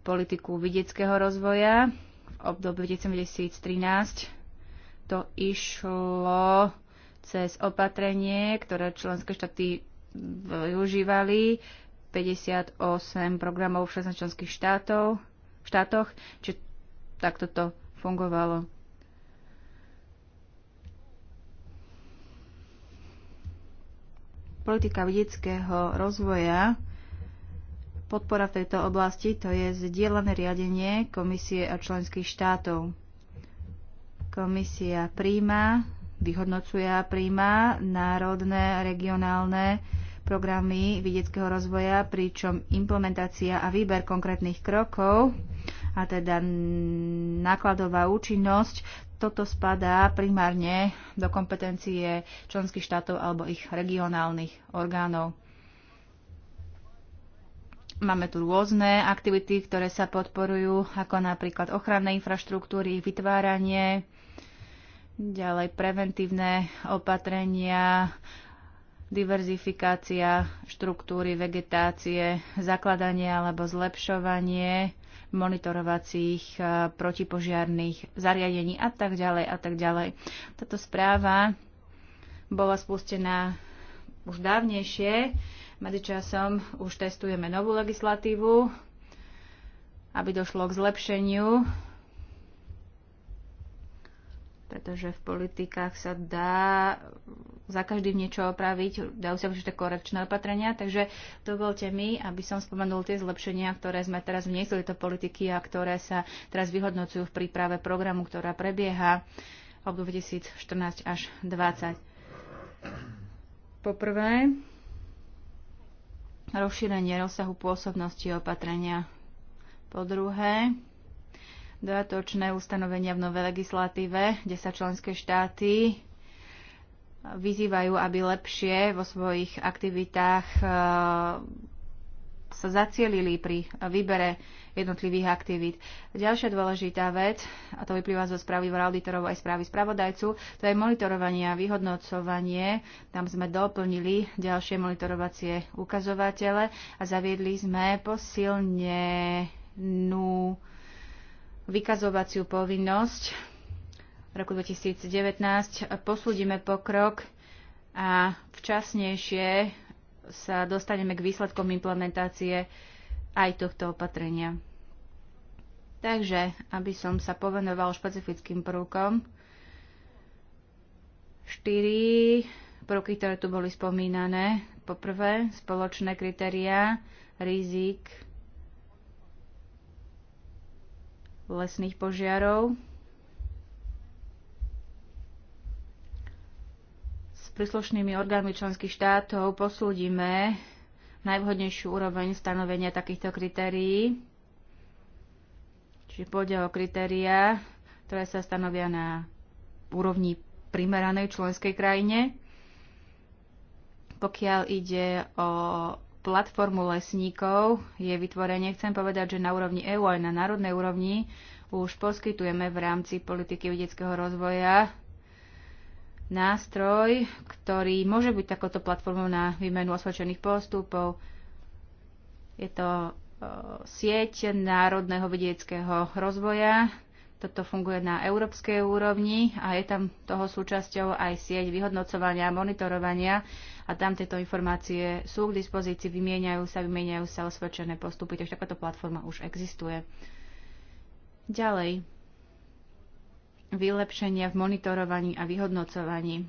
Speaker 4: politiku vidieckého rozvoja. V období 2013 to išlo cez opatrenie, ktoré členské štáty využívali, 58 programov v 16 členských štátov, štátoch, čiže takto to fungovalo. Politika vedeckého rozvoja, podpora v tejto oblasti, to je zdieľané riadenie komisie a členských štátov. Komisia príjma, vyhodnocuje a príjma národné, regionálne programy vedeckého rozvoja, pričom implementácia a výber konkrétnych krokov a teda nákladová účinnosť. Toto spadá primárne do kompetencie členských štátov alebo ich regionálnych orgánov. Máme tu rôzne aktivity, ktoré sa podporujú, ako napríklad ochranné infraštruktúry, ich vytváranie, ďalej preventívne opatrenia, diverzifikácia štruktúry vegetácie, zakladanie alebo zlepšovanie monitorovacích e, protipožiarných zariadení a tak ďalej a tak ďalej. Táto správa bola spustená už dávnejšie. Medzičasom už testujeme novú legislatívu, aby došlo k zlepšeniu pretože v politikách sa dá za každým niečo opraviť, dajú sa určite korekčné opatrenia, takže dovolte mi, aby som spomenul tie zlepšenia, ktoré sme teraz vniesli do politiky a ktoré sa teraz vyhodnocujú v príprave programu, ktorá prebieha v období 2014 až 2020. Poprvé, rozšírenie rozsahu pôsobnosti opatrenia. Po druhé, dodatočné ustanovenia v novej legislatíve, kde sa členské štáty vyzývajú, aby lepšie vo svojich aktivitách e, sa zacielili pri výbere jednotlivých aktivít. Ďalšia dôležitá vec, a to vyplýva zo správy auditorov aj správy spravodajcu, to je monitorovanie a vyhodnocovanie. Tam sme doplnili ďalšie monitorovacie ukazovatele a zaviedli sme posilnenú vykazovaciu povinnosť v roku 2019 posúdime pokrok a včasnejšie sa dostaneme k výsledkom implementácie aj tohto opatrenia. Takže, aby som sa povenoval špecifickým prvkom, štyri prvky, ktoré tu boli spomínané. Poprvé, spoločné kritériá rizik lesných požiarov. S príslušnými orgánmi členských štátov posúdime najvhodnejšiu úroveň stanovenia takýchto kritérií. Čiže pôjde o kritériá, ktoré sa stanovia na úrovni primeranej členskej krajine. Pokiaľ ide o platformu lesníkov je vytvorenie. Chcem povedať, že na úrovni EU aj na národnej úrovni už poskytujeme v rámci politiky vedeckého rozvoja nástroj, ktorý môže byť takouto platformou na výmenu osvedčených postupov. Je to e, sieť národného vedeckého rozvoja, toto funguje na európskej úrovni a je tam toho súčasťou aj sieť vyhodnocovania a monitorovania a tam tieto informácie sú k dispozícii, vymieňajú sa, vymieňajú sa osvedčené postupy, takže takáto platforma už existuje. Ďalej, vylepšenia v monitorovaní a vyhodnocovaní.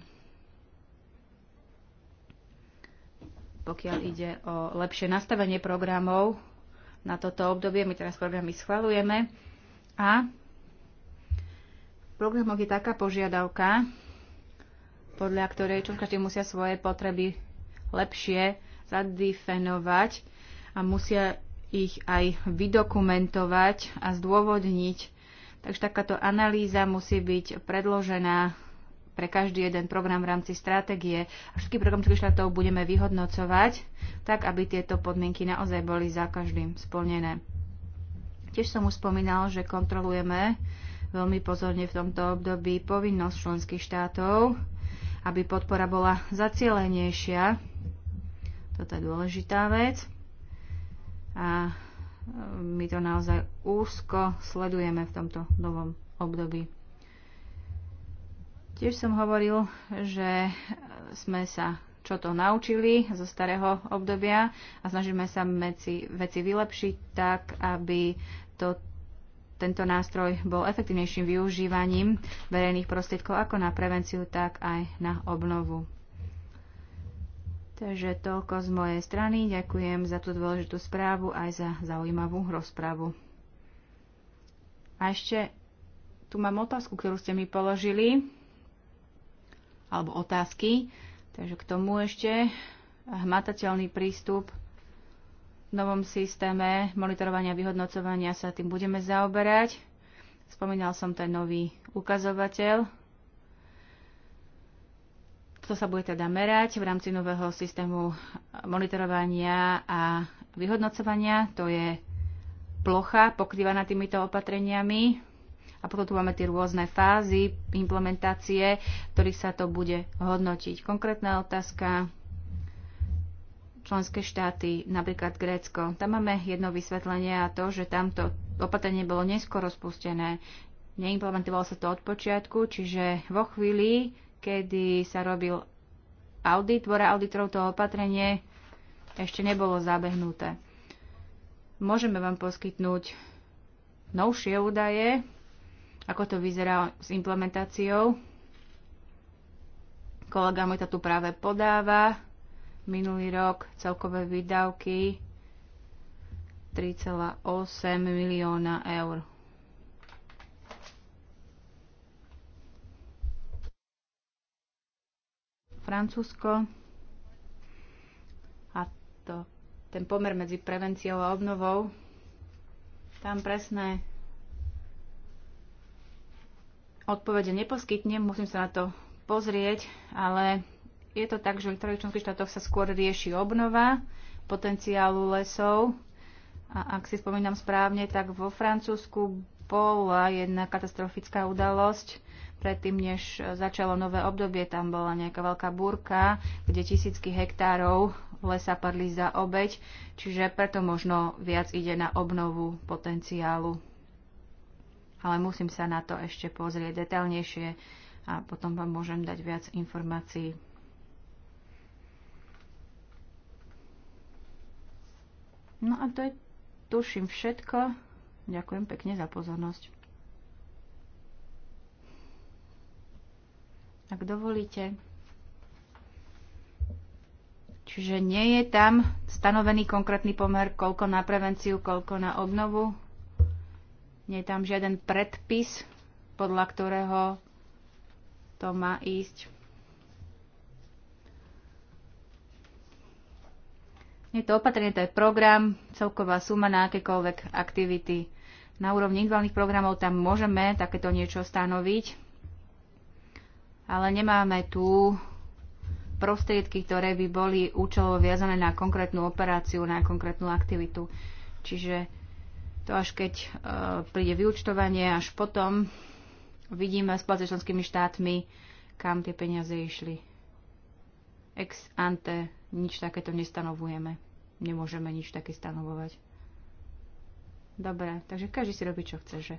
Speaker 4: Pokiaľ ide o lepšie nastavenie programov na toto obdobie, my teraz programy schvalujeme a programoch je taká požiadavka, podľa ktorej čo každý musia svoje potreby lepšie zadefinovať a musia ich aj vydokumentovať a zdôvodniť. Takže takáto analýza musí byť predložená pre každý jeden program v rámci stratégie a všetky program členských štátov budeme vyhodnocovať, tak aby tieto podmienky naozaj boli za každým splnené. Tiež som už spomínal, že kontrolujeme veľmi pozorne v tomto období povinnosť členských štátov, aby podpora bola zacielenejšia. Toto je dôležitá vec. A e, my to naozaj úzko sledujeme v tomto novom období. Tiež som hovoril, že e, sme sa čo to naučili zo starého obdobia a snažíme sa veci, veci vylepšiť tak, aby to tento nástroj bol efektívnejším využívaním verejných prostriedkov ako na prevenciu, tak aj na obnovu. Takže toľko z mojej strany. Ďakujem za tú dôležitú správu aj za zaujímavú rozpravu. A ešte tu mám otázku, ktorú ste mi položili, alebo otázky. Takže k tomu ešte hmatateľný prístup novom systéme monitorovania a vyhodnocovania sa tým budeme zaoberať. Spomínal som ten nový ukazovateľ. To sa bude teda merať v rámci nového systému monitorovania a vyhodnocovania. To je plocha pokrývaná týmito opatreniami. A potom tu máme tie rôzne fázy implementácie, ktorých sa to bude hodnotiť. Konkrétna otázka, členské štáty, napríklad Grécko. Tam máme jedno vysvetlenie a to, že tamto opatrenie bolo neskoro spustené. Neimplementovalo sa to od počiatku, čiže vo chvíli, kedy sa robil audit, dvora auditorov to opatrenie ešte nebolo zabehnuté. Môžeme vám poskytnúť novšie údaje, ako to vyzerá s implementáciou. Kolega môj to tu práve podáva Minulý rok celkové výdavky 3,8 milióna eur. Francúzsko a to, ten pomer medzi prevenciou a obnovou, tam presné odpovede neposkytnem, musím sa na to pozrieť, ale je to tak, že v niektorých členských štátoch sa skôr rieši obnova potenciálu lesov. A ak si spomínam správne, tak vo Francúzsku bola jedna katastrofická udalosť. Predtým, než začalo nové obdobie, tam bola nejaká veľká búrka, kde tisícky hektárov lesa padli za obeď, čiže preto možno viac ide na obnovu potenciálu. Ale musím sa na to ešte pozrieť detailnejšie a potom vám môžem dať viac informácií. No a to je, tuším, všetko. Ďakujem pekne za pozornosť. Ak dovolíte. Čiže nie je tam stanovený konkrétny pomer, koľko na prevenciu, koľko na obnovu. Nie je tam žiaden predpis, podľa ktorého to má ísť. Je to opatrenie, to je program, celková suma na akékoľvek aktivity. Na úrovni individuálnych programov tam môžeme takéto niečo stanoviť, ale nemáme tu prostriedky, ktoré by boli účelovo viazané na konkrétnu operáciu, na konkrétnu aktivitu. Čiže to až keď e, príde vyučtovanie, až potom vidíme s členskými štátmi, kam tie peniaze išli. Ex ante nič takéto nestanovujeme. Nemôžeme nič také stanovovať. Dobre, takže každý si robí, čo chce, že?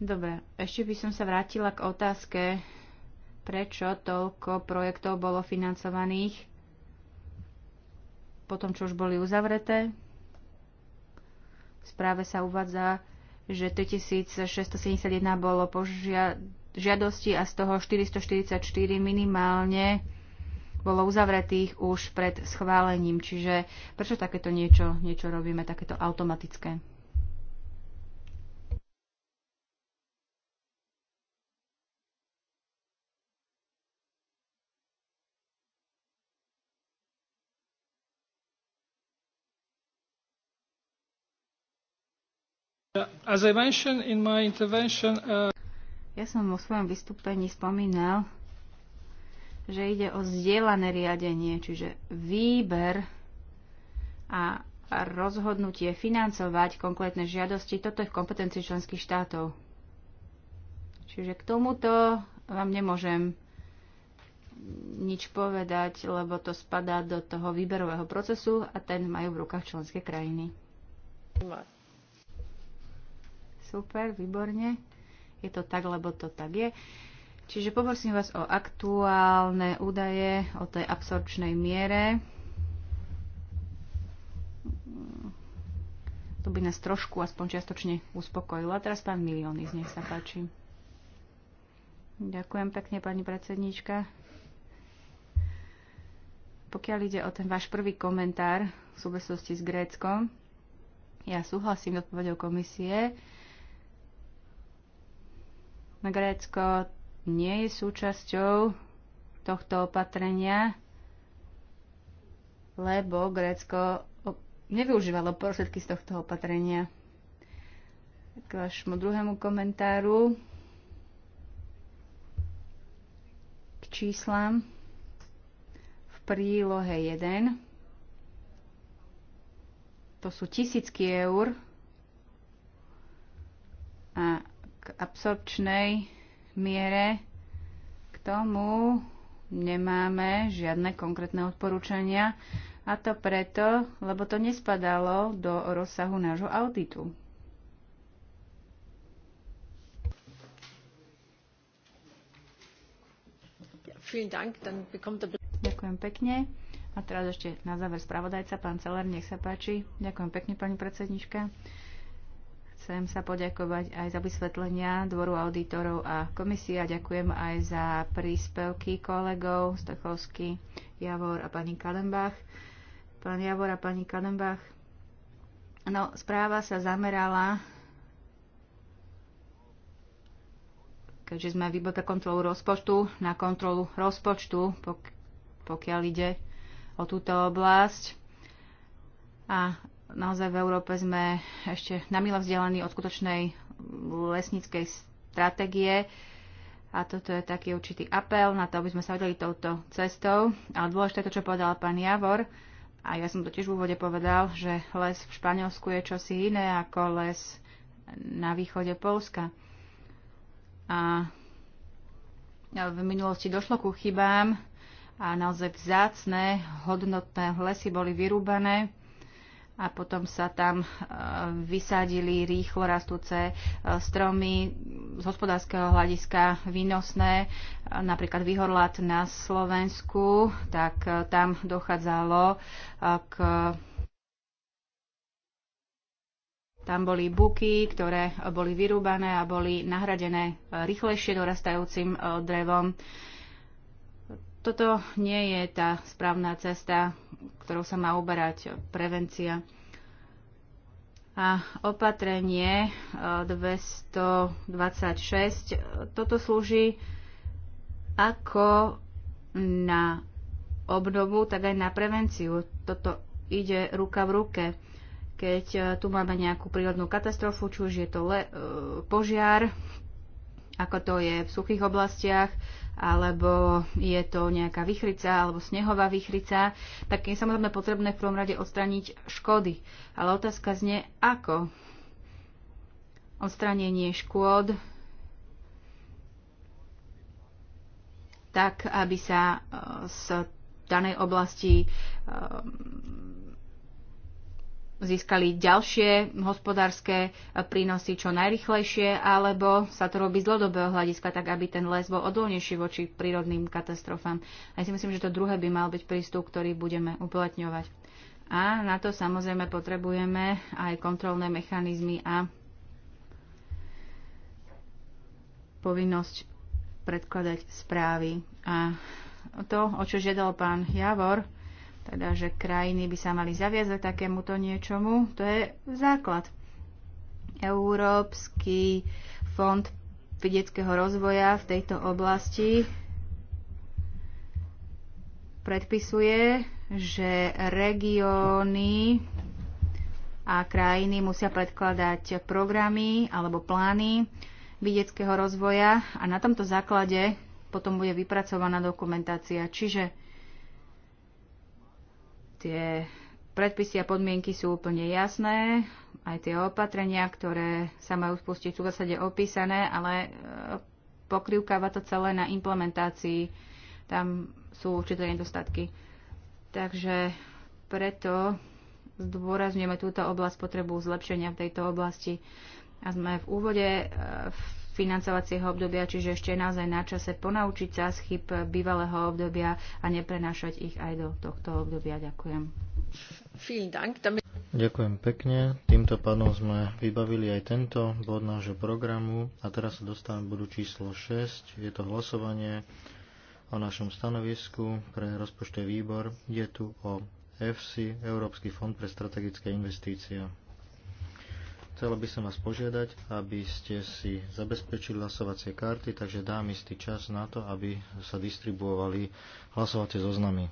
Speaker 4: Dobre, ešte by som sa vrátila k otázke, prečo toľko projektov bolo financovaných po tom, čo už boli uzavreté. V správe sa uvádza, že 3671 bolo žiadosti a z toho 444 minimálne bolo uzavretých už pred schválením. Čiže prečo takéto niečo, niečo robíme, takéto automatické? Uh, ja som vo svojom vystúpení spomínal, že ide o zdieľané riadenie, čiže výber a rozhodnutie financovať konkrétne žiadosti, toto je v kompetencii členských štátov. Čiže k tomuto vám nemôžem nič povedať, lebo to spadá do toho výberového procesu a ten majú v rukách členské krajiny. Super, výborne. Je to tak, lebo to tak je. Čiže poprosím vás o aktuálne údaje o tej absorpčnej miere. To by nás trošku aspoň čiastočne uspokojilo. A teraz pán Milióny, z nech sa páči. Ďakujem pekne, pani predsednička. Pokiaľ ide o ten váš prvý komentár v súvislosti s Gréckom, ja súhlasím s odpovedou komisie. Na Grécko nie je súčasťou tohto opatrenia, lebo Grécko nevyužívalo prostriedky z tohto opatrenia. K vašmu druhému komentáru k číslam v prílohe 1. To sú tisícky eur a k absorpčnej miere k tomu nemáme žiadne konkrétne odporúčania a to preto, lebo to nespadalo do rozsahu nášho auditu. Ďakujem pekne. A teraz ešte na záver spravodajca, pán Celer, nech sa páči. Ďakujem pekne, pani predsednička. Chcem sa poďakovať aj za vysvetlenia dvoru auditorov a komisia. Ďakujem aj za príspevky kolegov Stochovský, Javor a pani Kalenbach. Pán Javor a pani Kalenbach. No, správa sa zamerala keďže sme výbor pre kontrolu rozpočtu, na kontrolu rozpočtu, pokiaľ ide o túto oblasť. A Naozaj v Európe sme ešte namilo vzdialení od skutočnej lesníckej stratégie a toto je taký určitý apel na to, aby sme sa vedeli touto cestou. Ale dôležité to, čo povedal pán Javor, a ja som to tiež v úvode povedal, že les v Španielsku je čosi iné ako les na východe Polska. A v minulosti došlo ku chybám a naozaj vzácne, hodnotné lesy boli vyrúbané a potom sa tam e, vysadili rýchlo rastúce e, stromy z hospodárskeho hľadiska výnosné, e, napríklad Vyhorlat na Slovensku, tak tam dochádzalo k tam boli buky, ktoré boli vyrúbané a boli nahradené rýchlejšie dorastajúcim drevom. Toto nie je tá správna cesta ktorou sa má uberať prevencia. A opatrenie 226, e, e, toto slúži ako na obnovu, tak aj na prevenciu. Toto ide ruka v ruke. Keď e, tu máme nejakú prírodnú katastrofu, či už je to le- požiar, ako to je v suchých oblastiach, alebo je to nejaká vychrica alebo snehová vychrica, tak je samozrejme potrebné v prvom rade odstraniť škody. Ale otázka znie, ako odstranenie škôd tak, aby sa e, z danej oblasti e, získali ďalšie hospodárske e, prínosy čo najrychlejšie, alebo sa to robí z dlhodobého hľadiska, tak aby ten les bol odolnejší voči prírodným katastrofám. A ja si myslím, že to druhé by mal byť prístup, ktorý budeme uplatňovať. A na to samozrejme potrebujeme aj kontrolné mechanizmy a povinnosť predkladať správy. A to, o čo žiadal pán Javor, teda že krajiny by sa mali zaviazať takémuto niečomu. To je základ. Európsky fond vedeckého rozvoja v tejto oblasti predpisuje, že regióny a krajiny musia predkladať programy alebo plány vedeckého rozvoja a na tomto základe potom bude vypracovaná dokumentácia. Čiže Tie predpisy a podmienky sú úplne jasné, aj tie opatrenia, ktoré sa majú spustiť, sú v zásade opísané, ale e, pokrývkáva to celé na implementácii. Tam sú určité nedostatky. Takže preto zdôrazňujeme túto oblasť, potrebu zlepšenia v tejto oblasti. A sme v úvode e, v financovacieho obdobia, čiže ešte je naozaj na čase ponaučiť sa z chyb bývalého obdobia a neprenášať
Speaker 1: ich aj do tohto obdobia. Ďakujem.
Speaker 2: Ďakujem pekne. Týmto pádom sme vybavili aj tento bod nášho programu a teraz sa dostávame bodu číslo 6. Je to hlasovanie o našom stanovisku pre rozpočtový výbor. Je tu o EFSI, Európsky fond pre strategické investície. Chcela by som vás požiadať, aby ste si zabezpečili hlasovacie karty, takže dám istý čas na to, aby sa distribuovali hlasovacie zoznamy.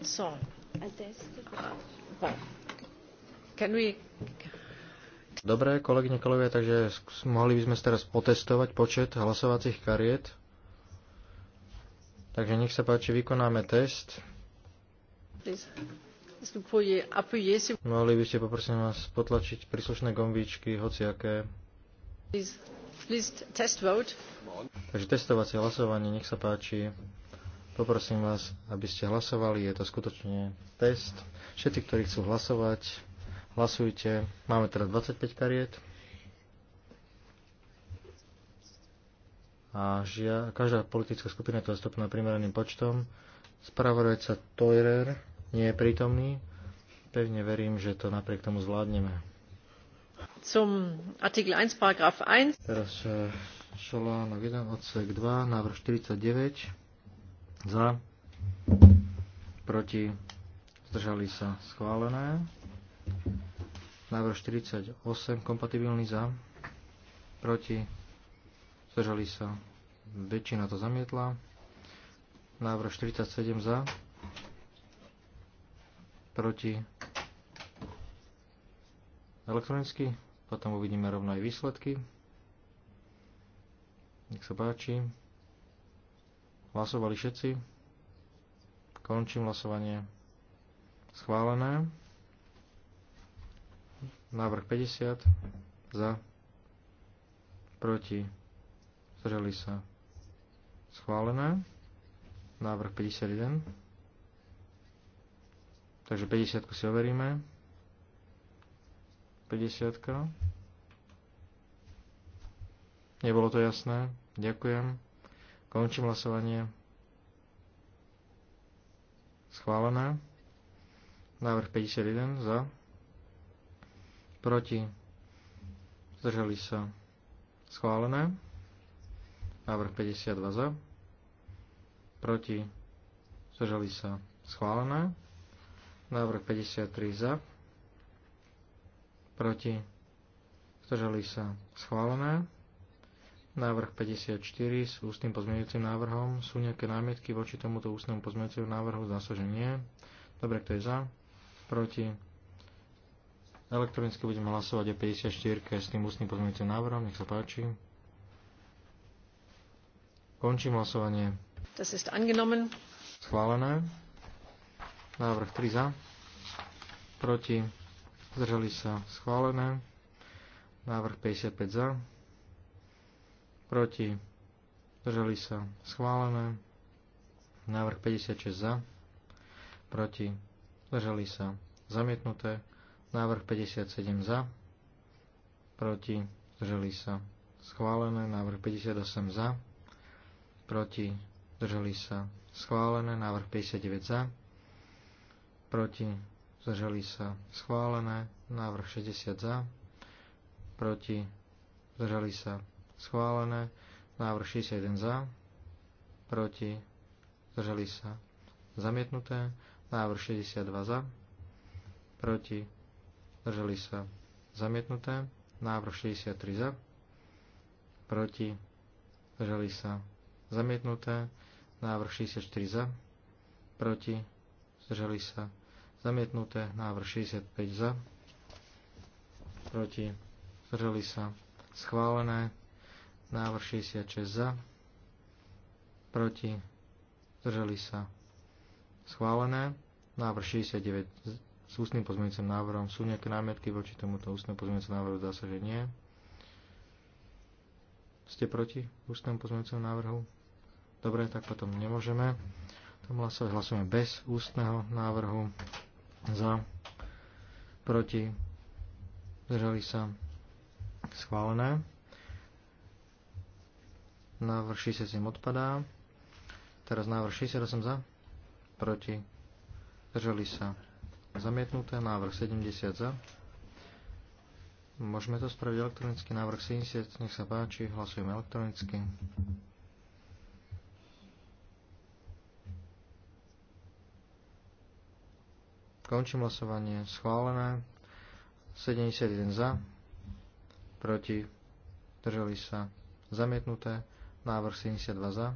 Speaker 2: So. Dobre, kolegyne, kolegovia, takže mohli by sme teraz potestovať počet hlasovacích kariet. Takže nech sa páči, vykonáme test. Mohli by ste poprosím vás potlačiť príslušné gombíčky, hociaké. Takže testovacie hlasovanie, nech sa páči. Poprosím vás, aby ste hlasovali. Je to skutočne test. Všetci, ktorí chcú hlasovať, hlasujte. Máme teda 25 kariet. A žia, každá politická skupina je to zastupná primeraným počtom. Spravodajca Teurer nie je prítomný. Pevne verím, že to napriek tomu zvládneme.
Speaker 1: Zum Artikel 1, Paragraf 1.
Speaker 2: Teraz článok eh, 1, odsek 2, návrh 49. Za. Proti. Zdržali sa. Schválené. Návrh 48. Kompatibilný za. Proti. Zdržali sa. Väčšina to zamietla. Návrh 47 za. Proti. Elektronicky. Potom uvidíme rovno aj výsledky. Nech sa páči. Hlasovali všetci? Končím hlasovanie. Schválené. Návrh 50. Za. Proti. Zdržali sa. Schválené. Návrh 51. Takže 50 si overíme. 50. Nebolo to jasné. Ďakujem. Končím hlasovanie. Schválené. Návrh 51 za. Proti. Zdržali sa. Schválené. Návrh 52 za. Proti. Zdržali sa. Schválené. Návrh 53 za. Proti. Zdržali sa. Schválené. Návrh 54 s ústnym pozmeňujúcim návrhom. Sú nejaké námietky voči tomuto ústnemu pozmeňujúcemu návrhu? Zdá sa, že nie. Dobre, kto je za? Proti? Elektronicky budeme hlasovať o 54 s tým ústnym pozmeňujúcim návrhom. Nech sa páči. Končím hlasovanie.
Speaker 1: Das ist angenommen.
Speaker 2: Schválené. Návrh 3 za. Proti. Zdržali sa. Schválené. Návrh 55 za proti, zdržali sa schválené, návrh 56 za, proti, zdržali sa zamietnuté, návrh 57 za, proti, zdržali sa schválené, návrh 58 za, proti, zdržali sa schválené, návrh 59 za, proti, zdržali sa schválené, návrh 60 za, proti, zdržali sa schválené, návrh 61 za, proti, zdržali sa, zamietnuté, návrh 62 za, proti, zdržali sa, zamietnuté, návrh 63 za, proti, zdržali sa, zamietnuté, návrh 64 za, proti, zdržali sa, zamietnuté, návrh 65 za, proti, zdržali sa, schválené, Návrh 66 za. Proti. Zdržali sa. Schválené. Návrh 69 s ústnym pozmeňujúcim návrhom. Sú nejaké námietky voči tomuto ústnemu pozmeňujúcemu návrhu? Dá sa, že nie. Ste proti ústnemu pozmeňujúcemu návrhu? Dobre, tak potom nemôžeme. Tam hlasovať hlasujeme bez ústneho návrhu. Za. Proti. Zdržali sa. Schválené. Návrh 67 odpadá. Teraz návrh 68 za. Proti. Zdržali sa. Zamietnuté. Návrh 70 za. Môžeme to spraviť elektronicky. Návrh 70. Nech sa páči. Hlasujeme elektronicky. Končím hlasovanie. Schválené. 71 za. Proti. Držali sa. Zamietnuté. Návrh 72 za.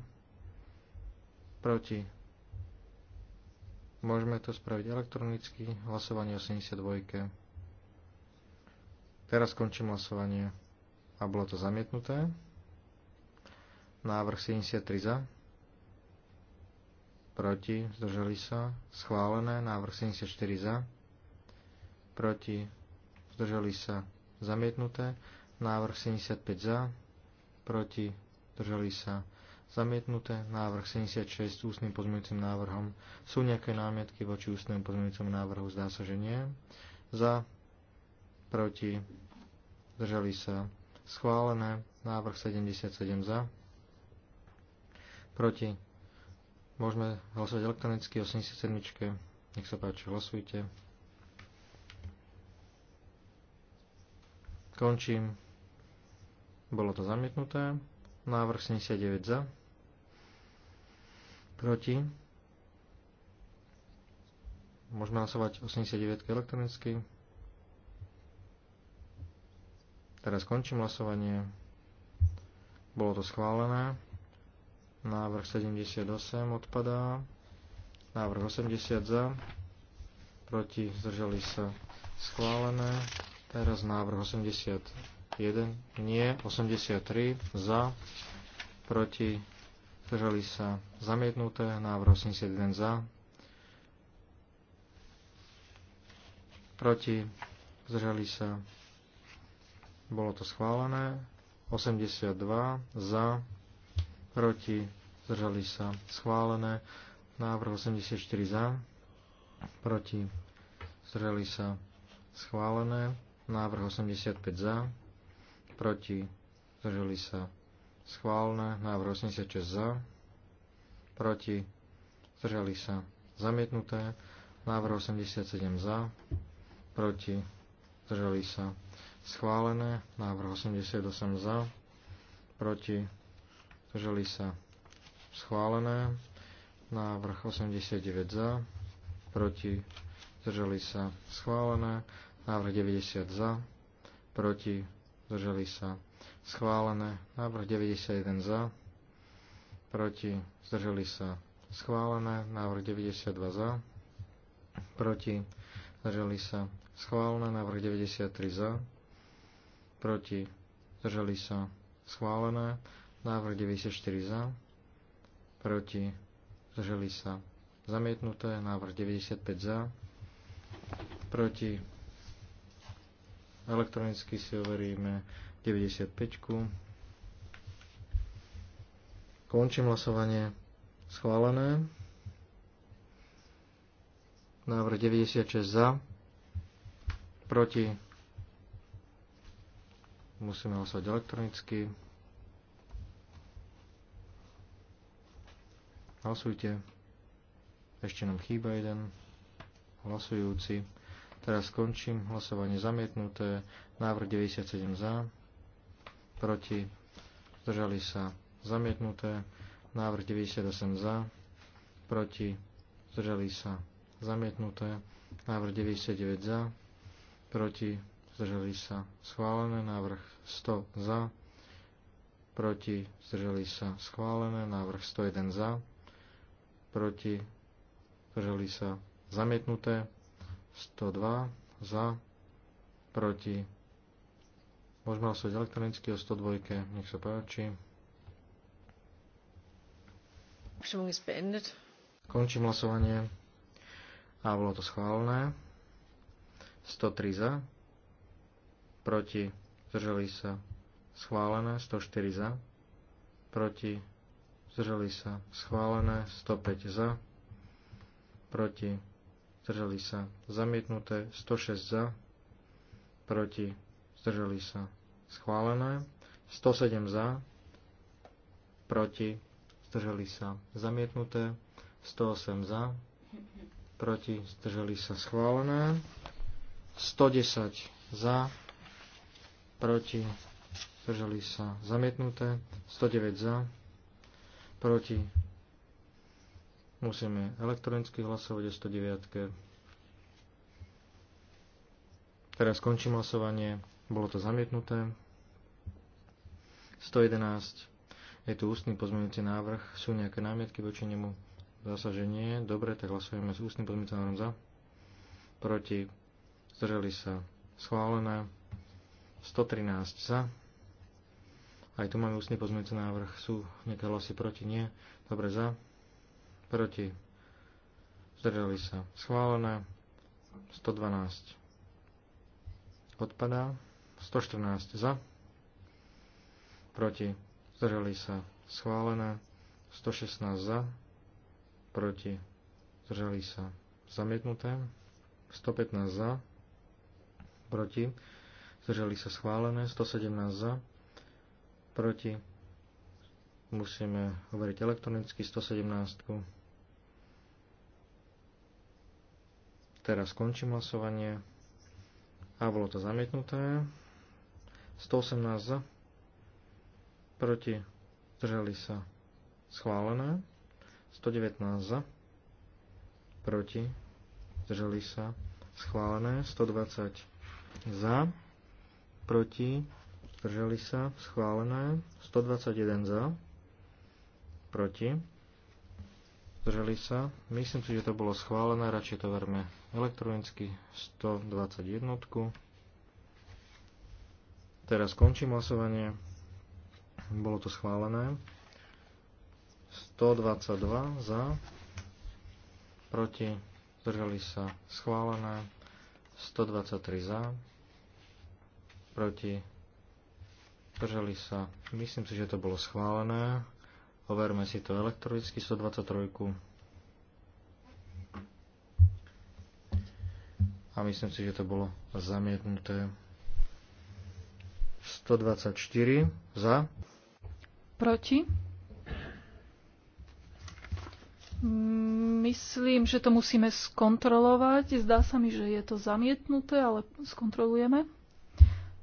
Speaker 2: Proti. Môžeme to spraviť elektronicky. Hlasovanie o 72. Teraz skončím hlasovanie. A bolo to zamietnuté. Návrh 73 za. Proti. Zdržali sa. Schválené. Návrh 74 za. Proti. Zdržali sa. Zamietnuté. Návrh 75 za. Proti. Držali sa zamietnuté. Návrh 76 s ústnym pozmeňujúcim návrhom. Sú nejaké námietky voči ústnemu pozmeňujúcemu návrhu? Zdá sa, že nie. Za, proti, držali sa schválené. Návrh 77 za, proti. Môžeme hlasovať elektronicky 87. Nech sa páči, hlasujte. Končím. Bolo to zamietnuté. Návrh 79 za. Proti. Môžeme hlasovať 89 elektronicky. Teraz skončím hlasovanie. Bolo to schválené. Návrh 78 odpadá. Návrh 80 za. Proti zdržali sa schválené. Teraz návrh 80. 1 nie, 83 za, proti, zdržali sa zamietnuté, návrh 81 za, proti, zdržali sa, bolo to schválené, 82 za, proti, zdržali sa, schválené, návrh 84 za, proti, zdržali sa, schválené, návrh 85 za, proti, zdržali sa schválne, návrh 86 za, proti, zdržali sa zamietnuté, návrh 87 za, proti, zdržali sa schválené, návrh 88 za, proti, zdržali sa schválené, návrh 89 za, proti, zdržali sa schválené, návrh 90 za, proti, zdržali sa schválené. Návrh 91 za, proti, zdržali sa schválené. Návrh 92 za, proti, zdržali sa schválené. Návrh 93 za, proti, zdržali sa schválené. Návrh 94 za, proti, zdržali sa zamietnuté. Návrh 95 za, proti, Elektronicky si overíme 95. Končím hlasovanie. Schválené. Návrh 96 za. Proti. Musíme hlasovať elektronicky. Hlasujte. Ešte nám chýba jeden hlasujúci. Teraz skončím hlasovanie zamietnuté. Návrh 97 za, proti, zdržali sa zamietnuté. Návrh 98 za, proti, zdržali sa zamietnuté. Návrh 99 za, proti, zdržali sa schválené. Návrh 100 za, proti, zdržali sa schválené. Návrh 101 za, proti, zdržali sa zamietnuté. 102 za, proti. Môžeme hlasovať elektronicky o 102, nech sa páči. Končím hlasovanie. A bolo to schválené. 103 za, proti, zdržali sa, schválené, 104 za, proti, zdržali sa, schválené, 105 za, proti, zdržali sa, zamietnuté 106 za, proti, zdržali sa, schválené 107 za, proti, zdržali sa, zamietnuté 108 za, proti, zdržali sa, schválené 110 za, proti, zdržali sa, zamietnuté 109 za, proti, Musíme elektronicky hlasovať o 109. Teraz skončím hlasovanie. Bolo to zamietnuté. 111. Je tu ústny pozmeňujúci návrh. Sú nejaké námietky voči nemu? Zasa, sa, že nie. Dobre, tak hlasujeme s ústnym pozmeňujúcim návrhom za. Proti. Zdržali sa. Schválené. 113 za. Aj tu máme ústny pozmeňujúci návrh. Sú nejaké hlasy proti? Nie. Dobre, za proti, zdržali sa, schválené, 112 odpadá, 114 za, proti, zdržali sa, schválené, 116 za, proti, zdržali sa, zamietnuté, 115 za, proti, zdržali sa schválené, 117 za, proti, Musíme overiť elektronicky 117. Teraz skončím hlasovanie. A bolo to zamietnuté. 118 za. Proti. Zdržali sa. Schválené. 119 za. Proti. Zdržali sa. Schválené. 120 za. Proti. Zdržali sa. Schválené. 121 za proti, zdržali sa. Myslím si, že to bolo schválené, radšej to verme elektronicky 121. Teraz končím hlasovanie. Bolo to schválené. 122 za, proti, zdržali sa, schválené. 123 za, proti, zdržali sa. Myslím si, že to bolo schválené. Overme si to elektronicky 123. A myslím si, že to bolo zamietnuté. 124 za.
Speaker 3: Proti. Myslím, že to musíme skontrolovať. Zdá sa mi, že je to zamietnuté, ale skontrolujeme.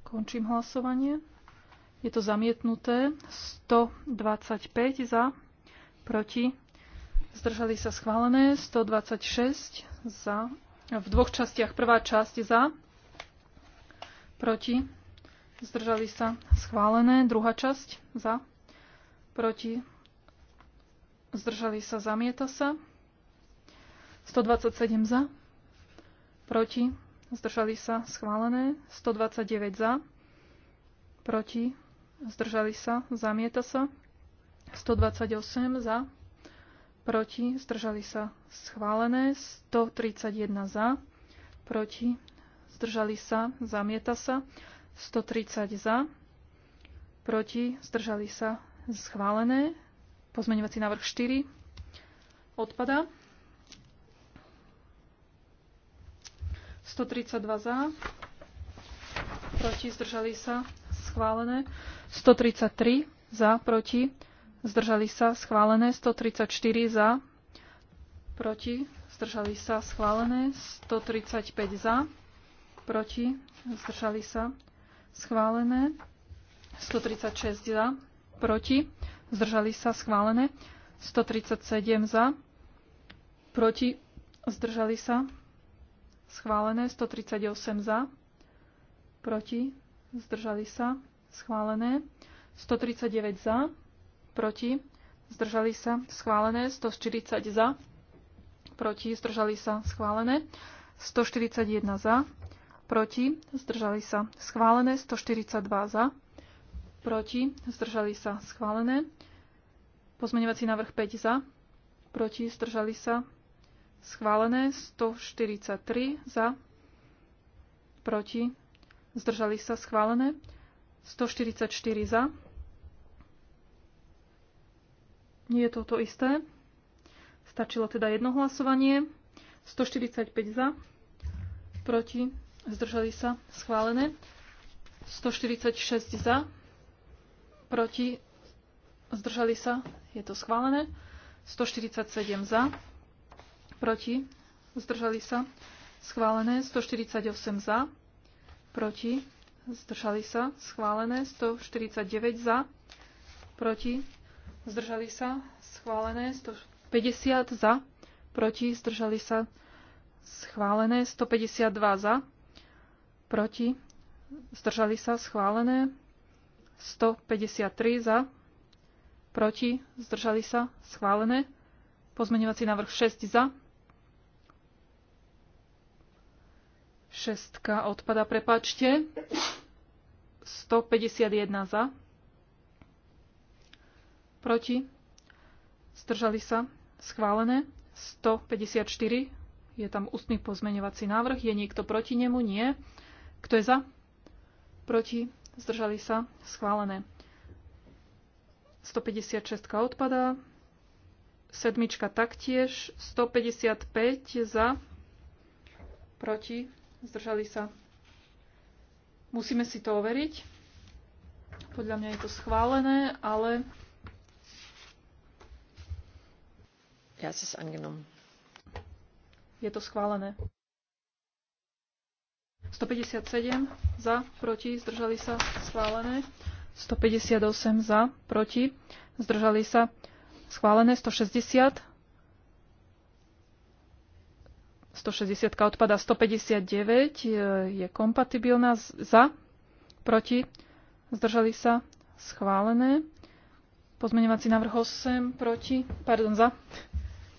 Speaker 3: Končím hlasovanie. Je to zamietnuté. 125 za, proti. Zdržali sa schválené. 126 za. V dvoch častiach. Prvá časť za, proti. Zdržali sa schválené. Druhá časť za, proti. Zdržali sa, zamieta sa. 127 za, proti. Zdržali sa schválené. 129 za, proti zdržali sa, zamieta sa. 128 za, proti, zdržali sa, schválené. 131 za, proti, zdržali sa, zamieta sa. 130 za, proti, zdržali sa, schválené. Pozmeňovací návrh 4 odpada. 132 za, proti, zdržali sa, schválené. 133 za, proti, zdržali sa, schválené. 134 za, proti, zdržali sa, schválené. 135 za, proti, zdržali sa, schválené. 136 za, proti, zdržali sa, schválené. 137 za, proti, zdržali sa, schválené. 138 za, proti, zdržali sa, schválené. 139 za, proti, zdržali sa, schválené. 140 za, proti, zdržali sa, schválené. 141 za, proti, zdržali sa, schválené. 142 za, proti, zdržali sa, schválené. Pozmeňovací návrh 5 za, proti, zdržali sa, schválené. 143 za, proti, zdržali sa schválené, 144 za. Nie je toto isté. Stačilo teda jedno hlasovanie. 145 za, proti, zdržali sa, schválené. 146 za, proti, zdržali sa, je to schválené. 147 za, proti, zdržali sa, schválené. 148 za, proti, zdržali sa, schválené. 149 za, proti, zdržali sa, schválené. 150 za, proti, zdržali sa, schválené. 152 za, proti, zdržali sa, schválené. 153 za, proti, zdržali sa, schválené. Pozmeňovací návrh 6 za, Šestka odpada, prepačte. 151 za. Proti. Zdržali sa. Schválené. 154. Je tam ústny pozmeňovací návrh. Je niekto proti nemu? Nie. Kto je za? Proti. Zdržali sa. Schválené. 156 odpadá. Sedmička taktiež. 155 za. Proti Zdržali sa. Musíme si to overiť. Podľa mňa je to schválené, ale... Ja sa Angenom. Je to schválené. 157 za, proti, zdržali sa, schválené. 158 za, proti, zdržali sa, schválené. 160 160 odpada 159 e, je kompatibilná za, proti, zdržali sa, schválené. Pozmeňovací návrh 8 proti, pardon, za,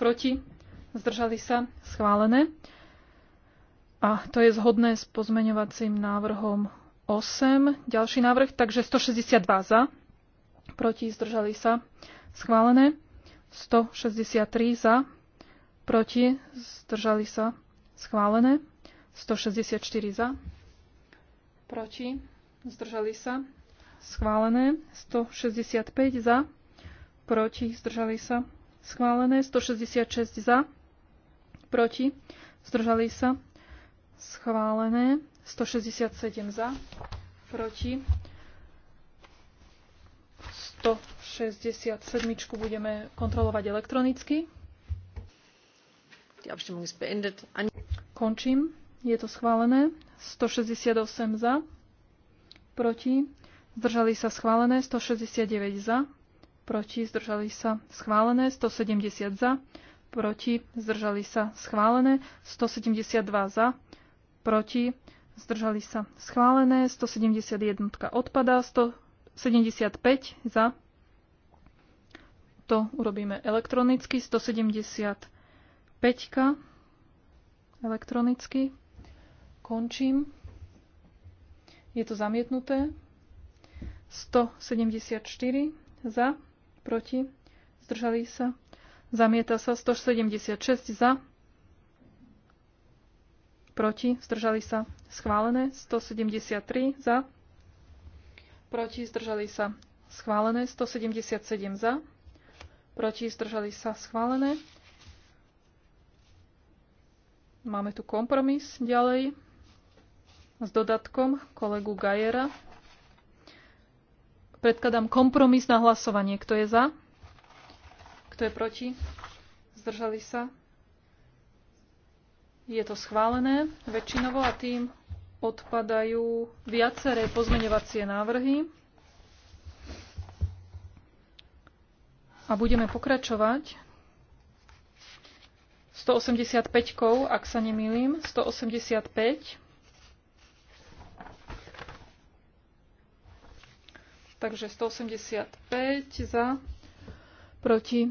Speaker 3: proti, zdržali sa, schválené. A to je zhodné s pozmeňovacím návrhom 8. Ďalší návrh, takže 162 za, proti, zdržali sa, schválené. 163 za, proti, zdržali sa, schválené. 164 za, proti, zdržali sa, schválené. 165 za, proti, zdržali sa, schválené. 166 za, proti, zdržali sa, schválené. 167 za, proti. 167 budeme kontrolovať elektronicky. Končím. Je to schválené. 168 za. Proti. Zdržali sa schválené. 169 za. Proti. Zdržali sa schválené. 170 za. Proti. Zdržali sa schválené. 172 za. Proti. Zdržali sa schválené. 171 odpadá. 175 za. To urobíme elektronicky. 175 Peťka elektronicky. Končím. Je to zamietnuté. 174 za, proti, zdržali sa. Zamieta sa 176 za, proti, zdržali sa. Schválené 173 za, proti, zdržali sa. Schválené 177 za, proti, zdržali sa. Schválené Máme tu kompromis ďalej s dodatkom kolegu Gajera. Predkladám kompromis na hlasovanie. Kto je za? Kto je proti? Zdržali sa? Je to schválené väčšinovo a tým odpadajú viaceré pozmeňovacie návrhy. A budeme pokračovať 185, ak sa nemýlim. 185. Takže 185 za, proti.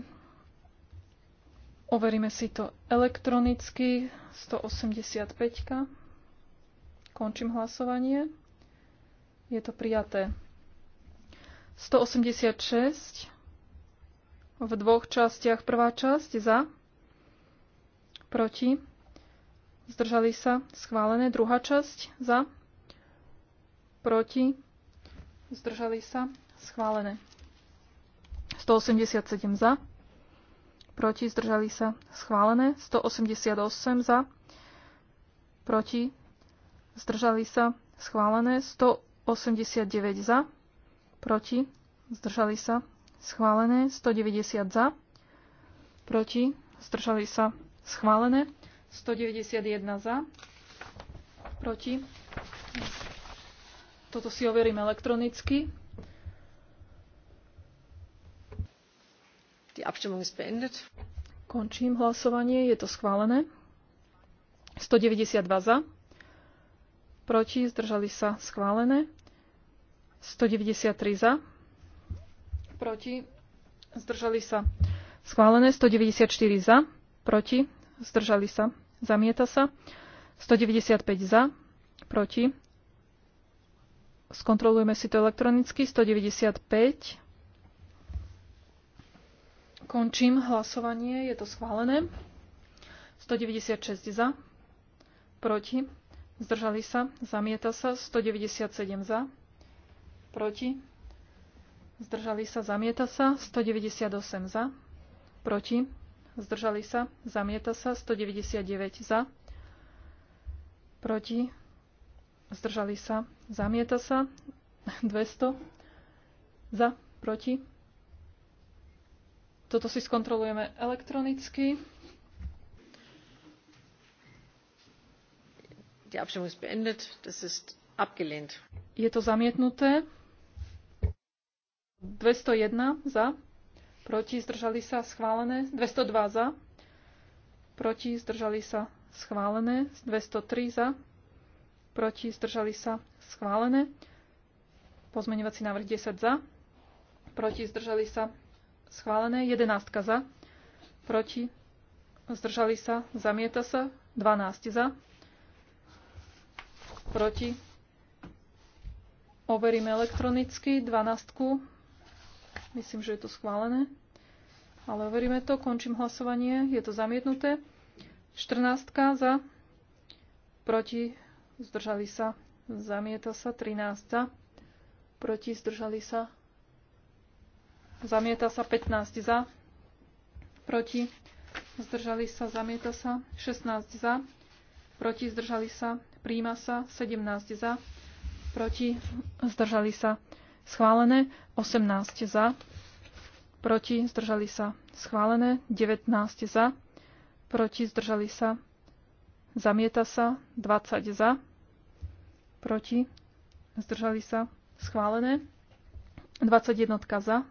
Speaker 3: Overíme si to elektronicky. 185. -ka. Končím hlasovanie. Je to prijaté. 186 v dvoch častiach. Prvá časť za, proti, zdržali sa, schválené. Druhá časť za, proti, zdržali sa, schválené. 187 za, proti, zdržali sa, schválené. 188 za, proti, zdržali sa, schválené. 189 za, proti, zdržali sa, schválené. 190 za, proti, zdržali sa, Schválené. 191 za. Proti. Toto si overím elektronicky. Die Abstimmung ist beendet. Končím hlasovanie. Je to schválené. 192 za. Proti. Zdržali sa. Schválené. 193 za. Proti. Zdržali sa. Schválené. 194 za proti, zdržali sa, zamieta sa. 195 za, proti. Skontrolujeme si to elektronicky. 195. Končím hlasovanie, je to schválené. 196 za, proti, zdržali sa, zamieta sa, 197 za, proti, zdržali sa, zamieta sa, 198 za, proti, zdržali sa, zamieta sa, 199 za, proti, zdržali sa, zamieta sa, 200 za, proti. Toto si skontrolujeme elektronicky. Die Abstimmung ist beendet. Das ist abgelehnt. Je to zamietnuté. 201 za, proti, zdržali sa, schválené. 202 za, proti, zdržali sa, schválené. 203 za, proti, zdržali sa, schválené. Pozmeňovací návrh 10 za, proti, zdržali sa, schválené. 11 za, proti, zdržali sa, zamieta sa, 12 za, proti, overíme elektronicky, 12 Myslím, že je to schválené. Ale overíme to. Končím hlasovanie. Je to zamietnuté. 14 za. Proti. Zdržali sa. Zamieta sa. 13 za. Proti. Zdržali sa. Zamieta sa. 15 za. Proti. Zdržali sa. Zamieta sa. 16 za. Proti. Zdržali sa. Príjma sa. 17 za. Proti. Zdržali sa schválené, 18 za, proti, zdržali sa, schválené, 19 za, proti, zdržali sa, zamieta sa, 20 za, proti, zdržali sa, schválené, 21 za,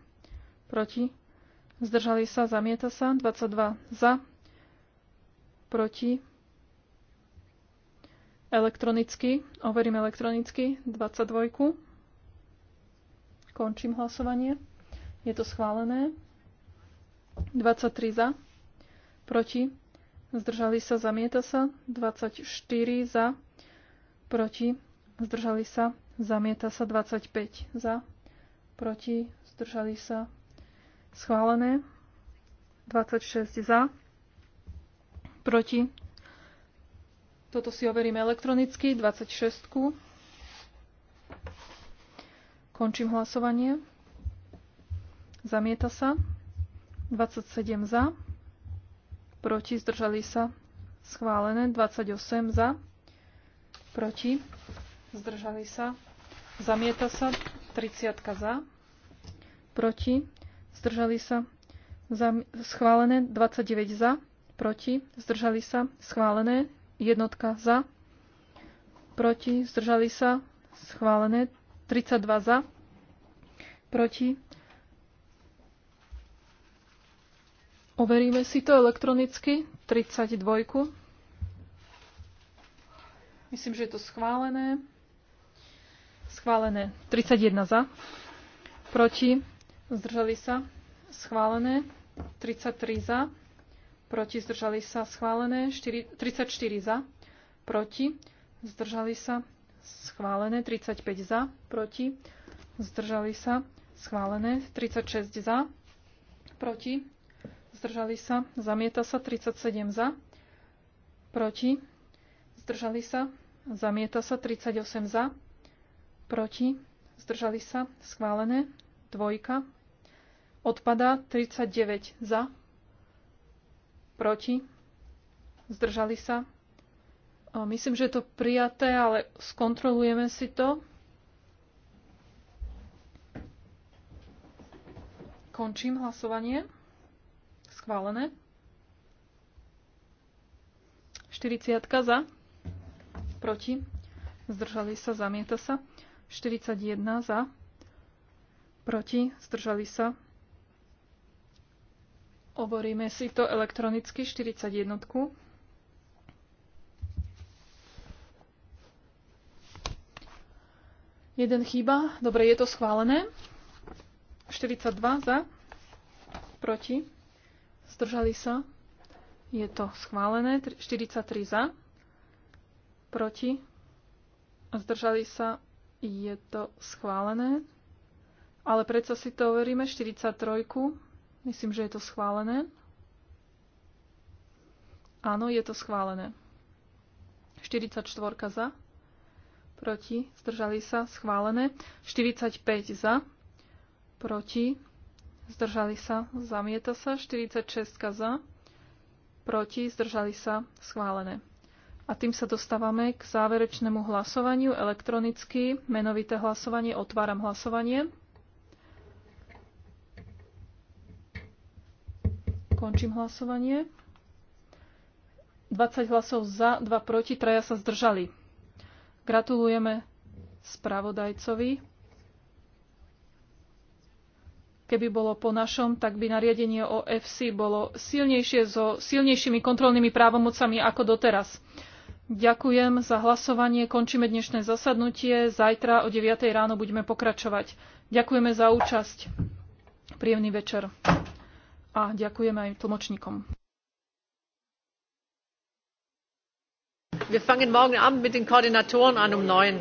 Speaker 3: proti, zdržali sa, zamieta sa, 22 za, proti, elektronicky, overím elektronicky, 22. Končím hlasovanie. Je to schválené. 23 za, proti, zdržali sa, zamieta sa. 24 za, proti, zdržali sa, zamieta sa. 25 za, proti, zdržali sa, schválené. 26 za, proti. Toto si overíme elektronicky, 26. Končím hlasovanie. Zamieta sa. 27 za. Proti. Zdržali sa. Schválené. 28 za. Proti. Zdržali sa. Zamieta sa. 30 za. Proti. Zdržali sa. schválené. 29 za. Proti. Zdržali sa. Schválené. Jednotka za. Proti. Zdržali sa. Schválené. 32 za, proti. Overíme si to elektronicky. 32. Myslím, že je to schválené. Schválené. 31 za. Proti. Zdržali sa. Schválené. 33 za. Proti. Zdržali sa. Schválené. 4, 34 za. Proti. Zdržali sa schválené, 35 za, proti, zdržali sa, schválené, 36 za, proti, zdržali sa, zamieta sa, 37 za, proti, zdržali sa, zamieta sa, 38 za, proti, zdržali sa, schválené, dvojka, odpadá, 39 za, proti, zdržali sa, Myslím, že je to prijaté, ale skontrolujeme si to. Končím hlasovanie. Schválené. 40 za. Proti. Zdržali sa. Zamieta sa. 41 za. Proti. Zdržali sa. Oboríme si to elektronicky. 41. -tku. Jeden chýba. Dobre, je to schválené. 42 za, proti, zdržali sa. Je to schválené. 43 za, proti, zdržali sa. Je to schválené. Ale predsa si to overíme. 43. Myslím, že je to schválené. Áno, je to schválené. 44 za proti, zdržali sa, schválené. 45 za, proti, zdržali sa, zamieta sa. 46 za, proti, zdržali sa, schválené. A tým sa dostávame k záverečnému hlasovaniu elektronicky. Menovité hlasovanie. Otváram hlasovanie. Končím hlasovanie. 20 hlasov za, 2 proti, traja sa zdržali. Gratulujeme spravodajcovi. Keby bolo po našom, tak by nariadenie o FC bolo silnejšie so silnejšími kontrolnými právomocami ako doteraz. Ďakujem za hlasovanie. Končíme dnešné zasadnutie. Zajtra o 9. ráno budeme pokračovať. Ďakujeme za účasť. Príjemný večer. A ďakujeme aj tlmočníkom.
Speaker 1: wir fangen morgen abend mit den koordinatoren an um. neun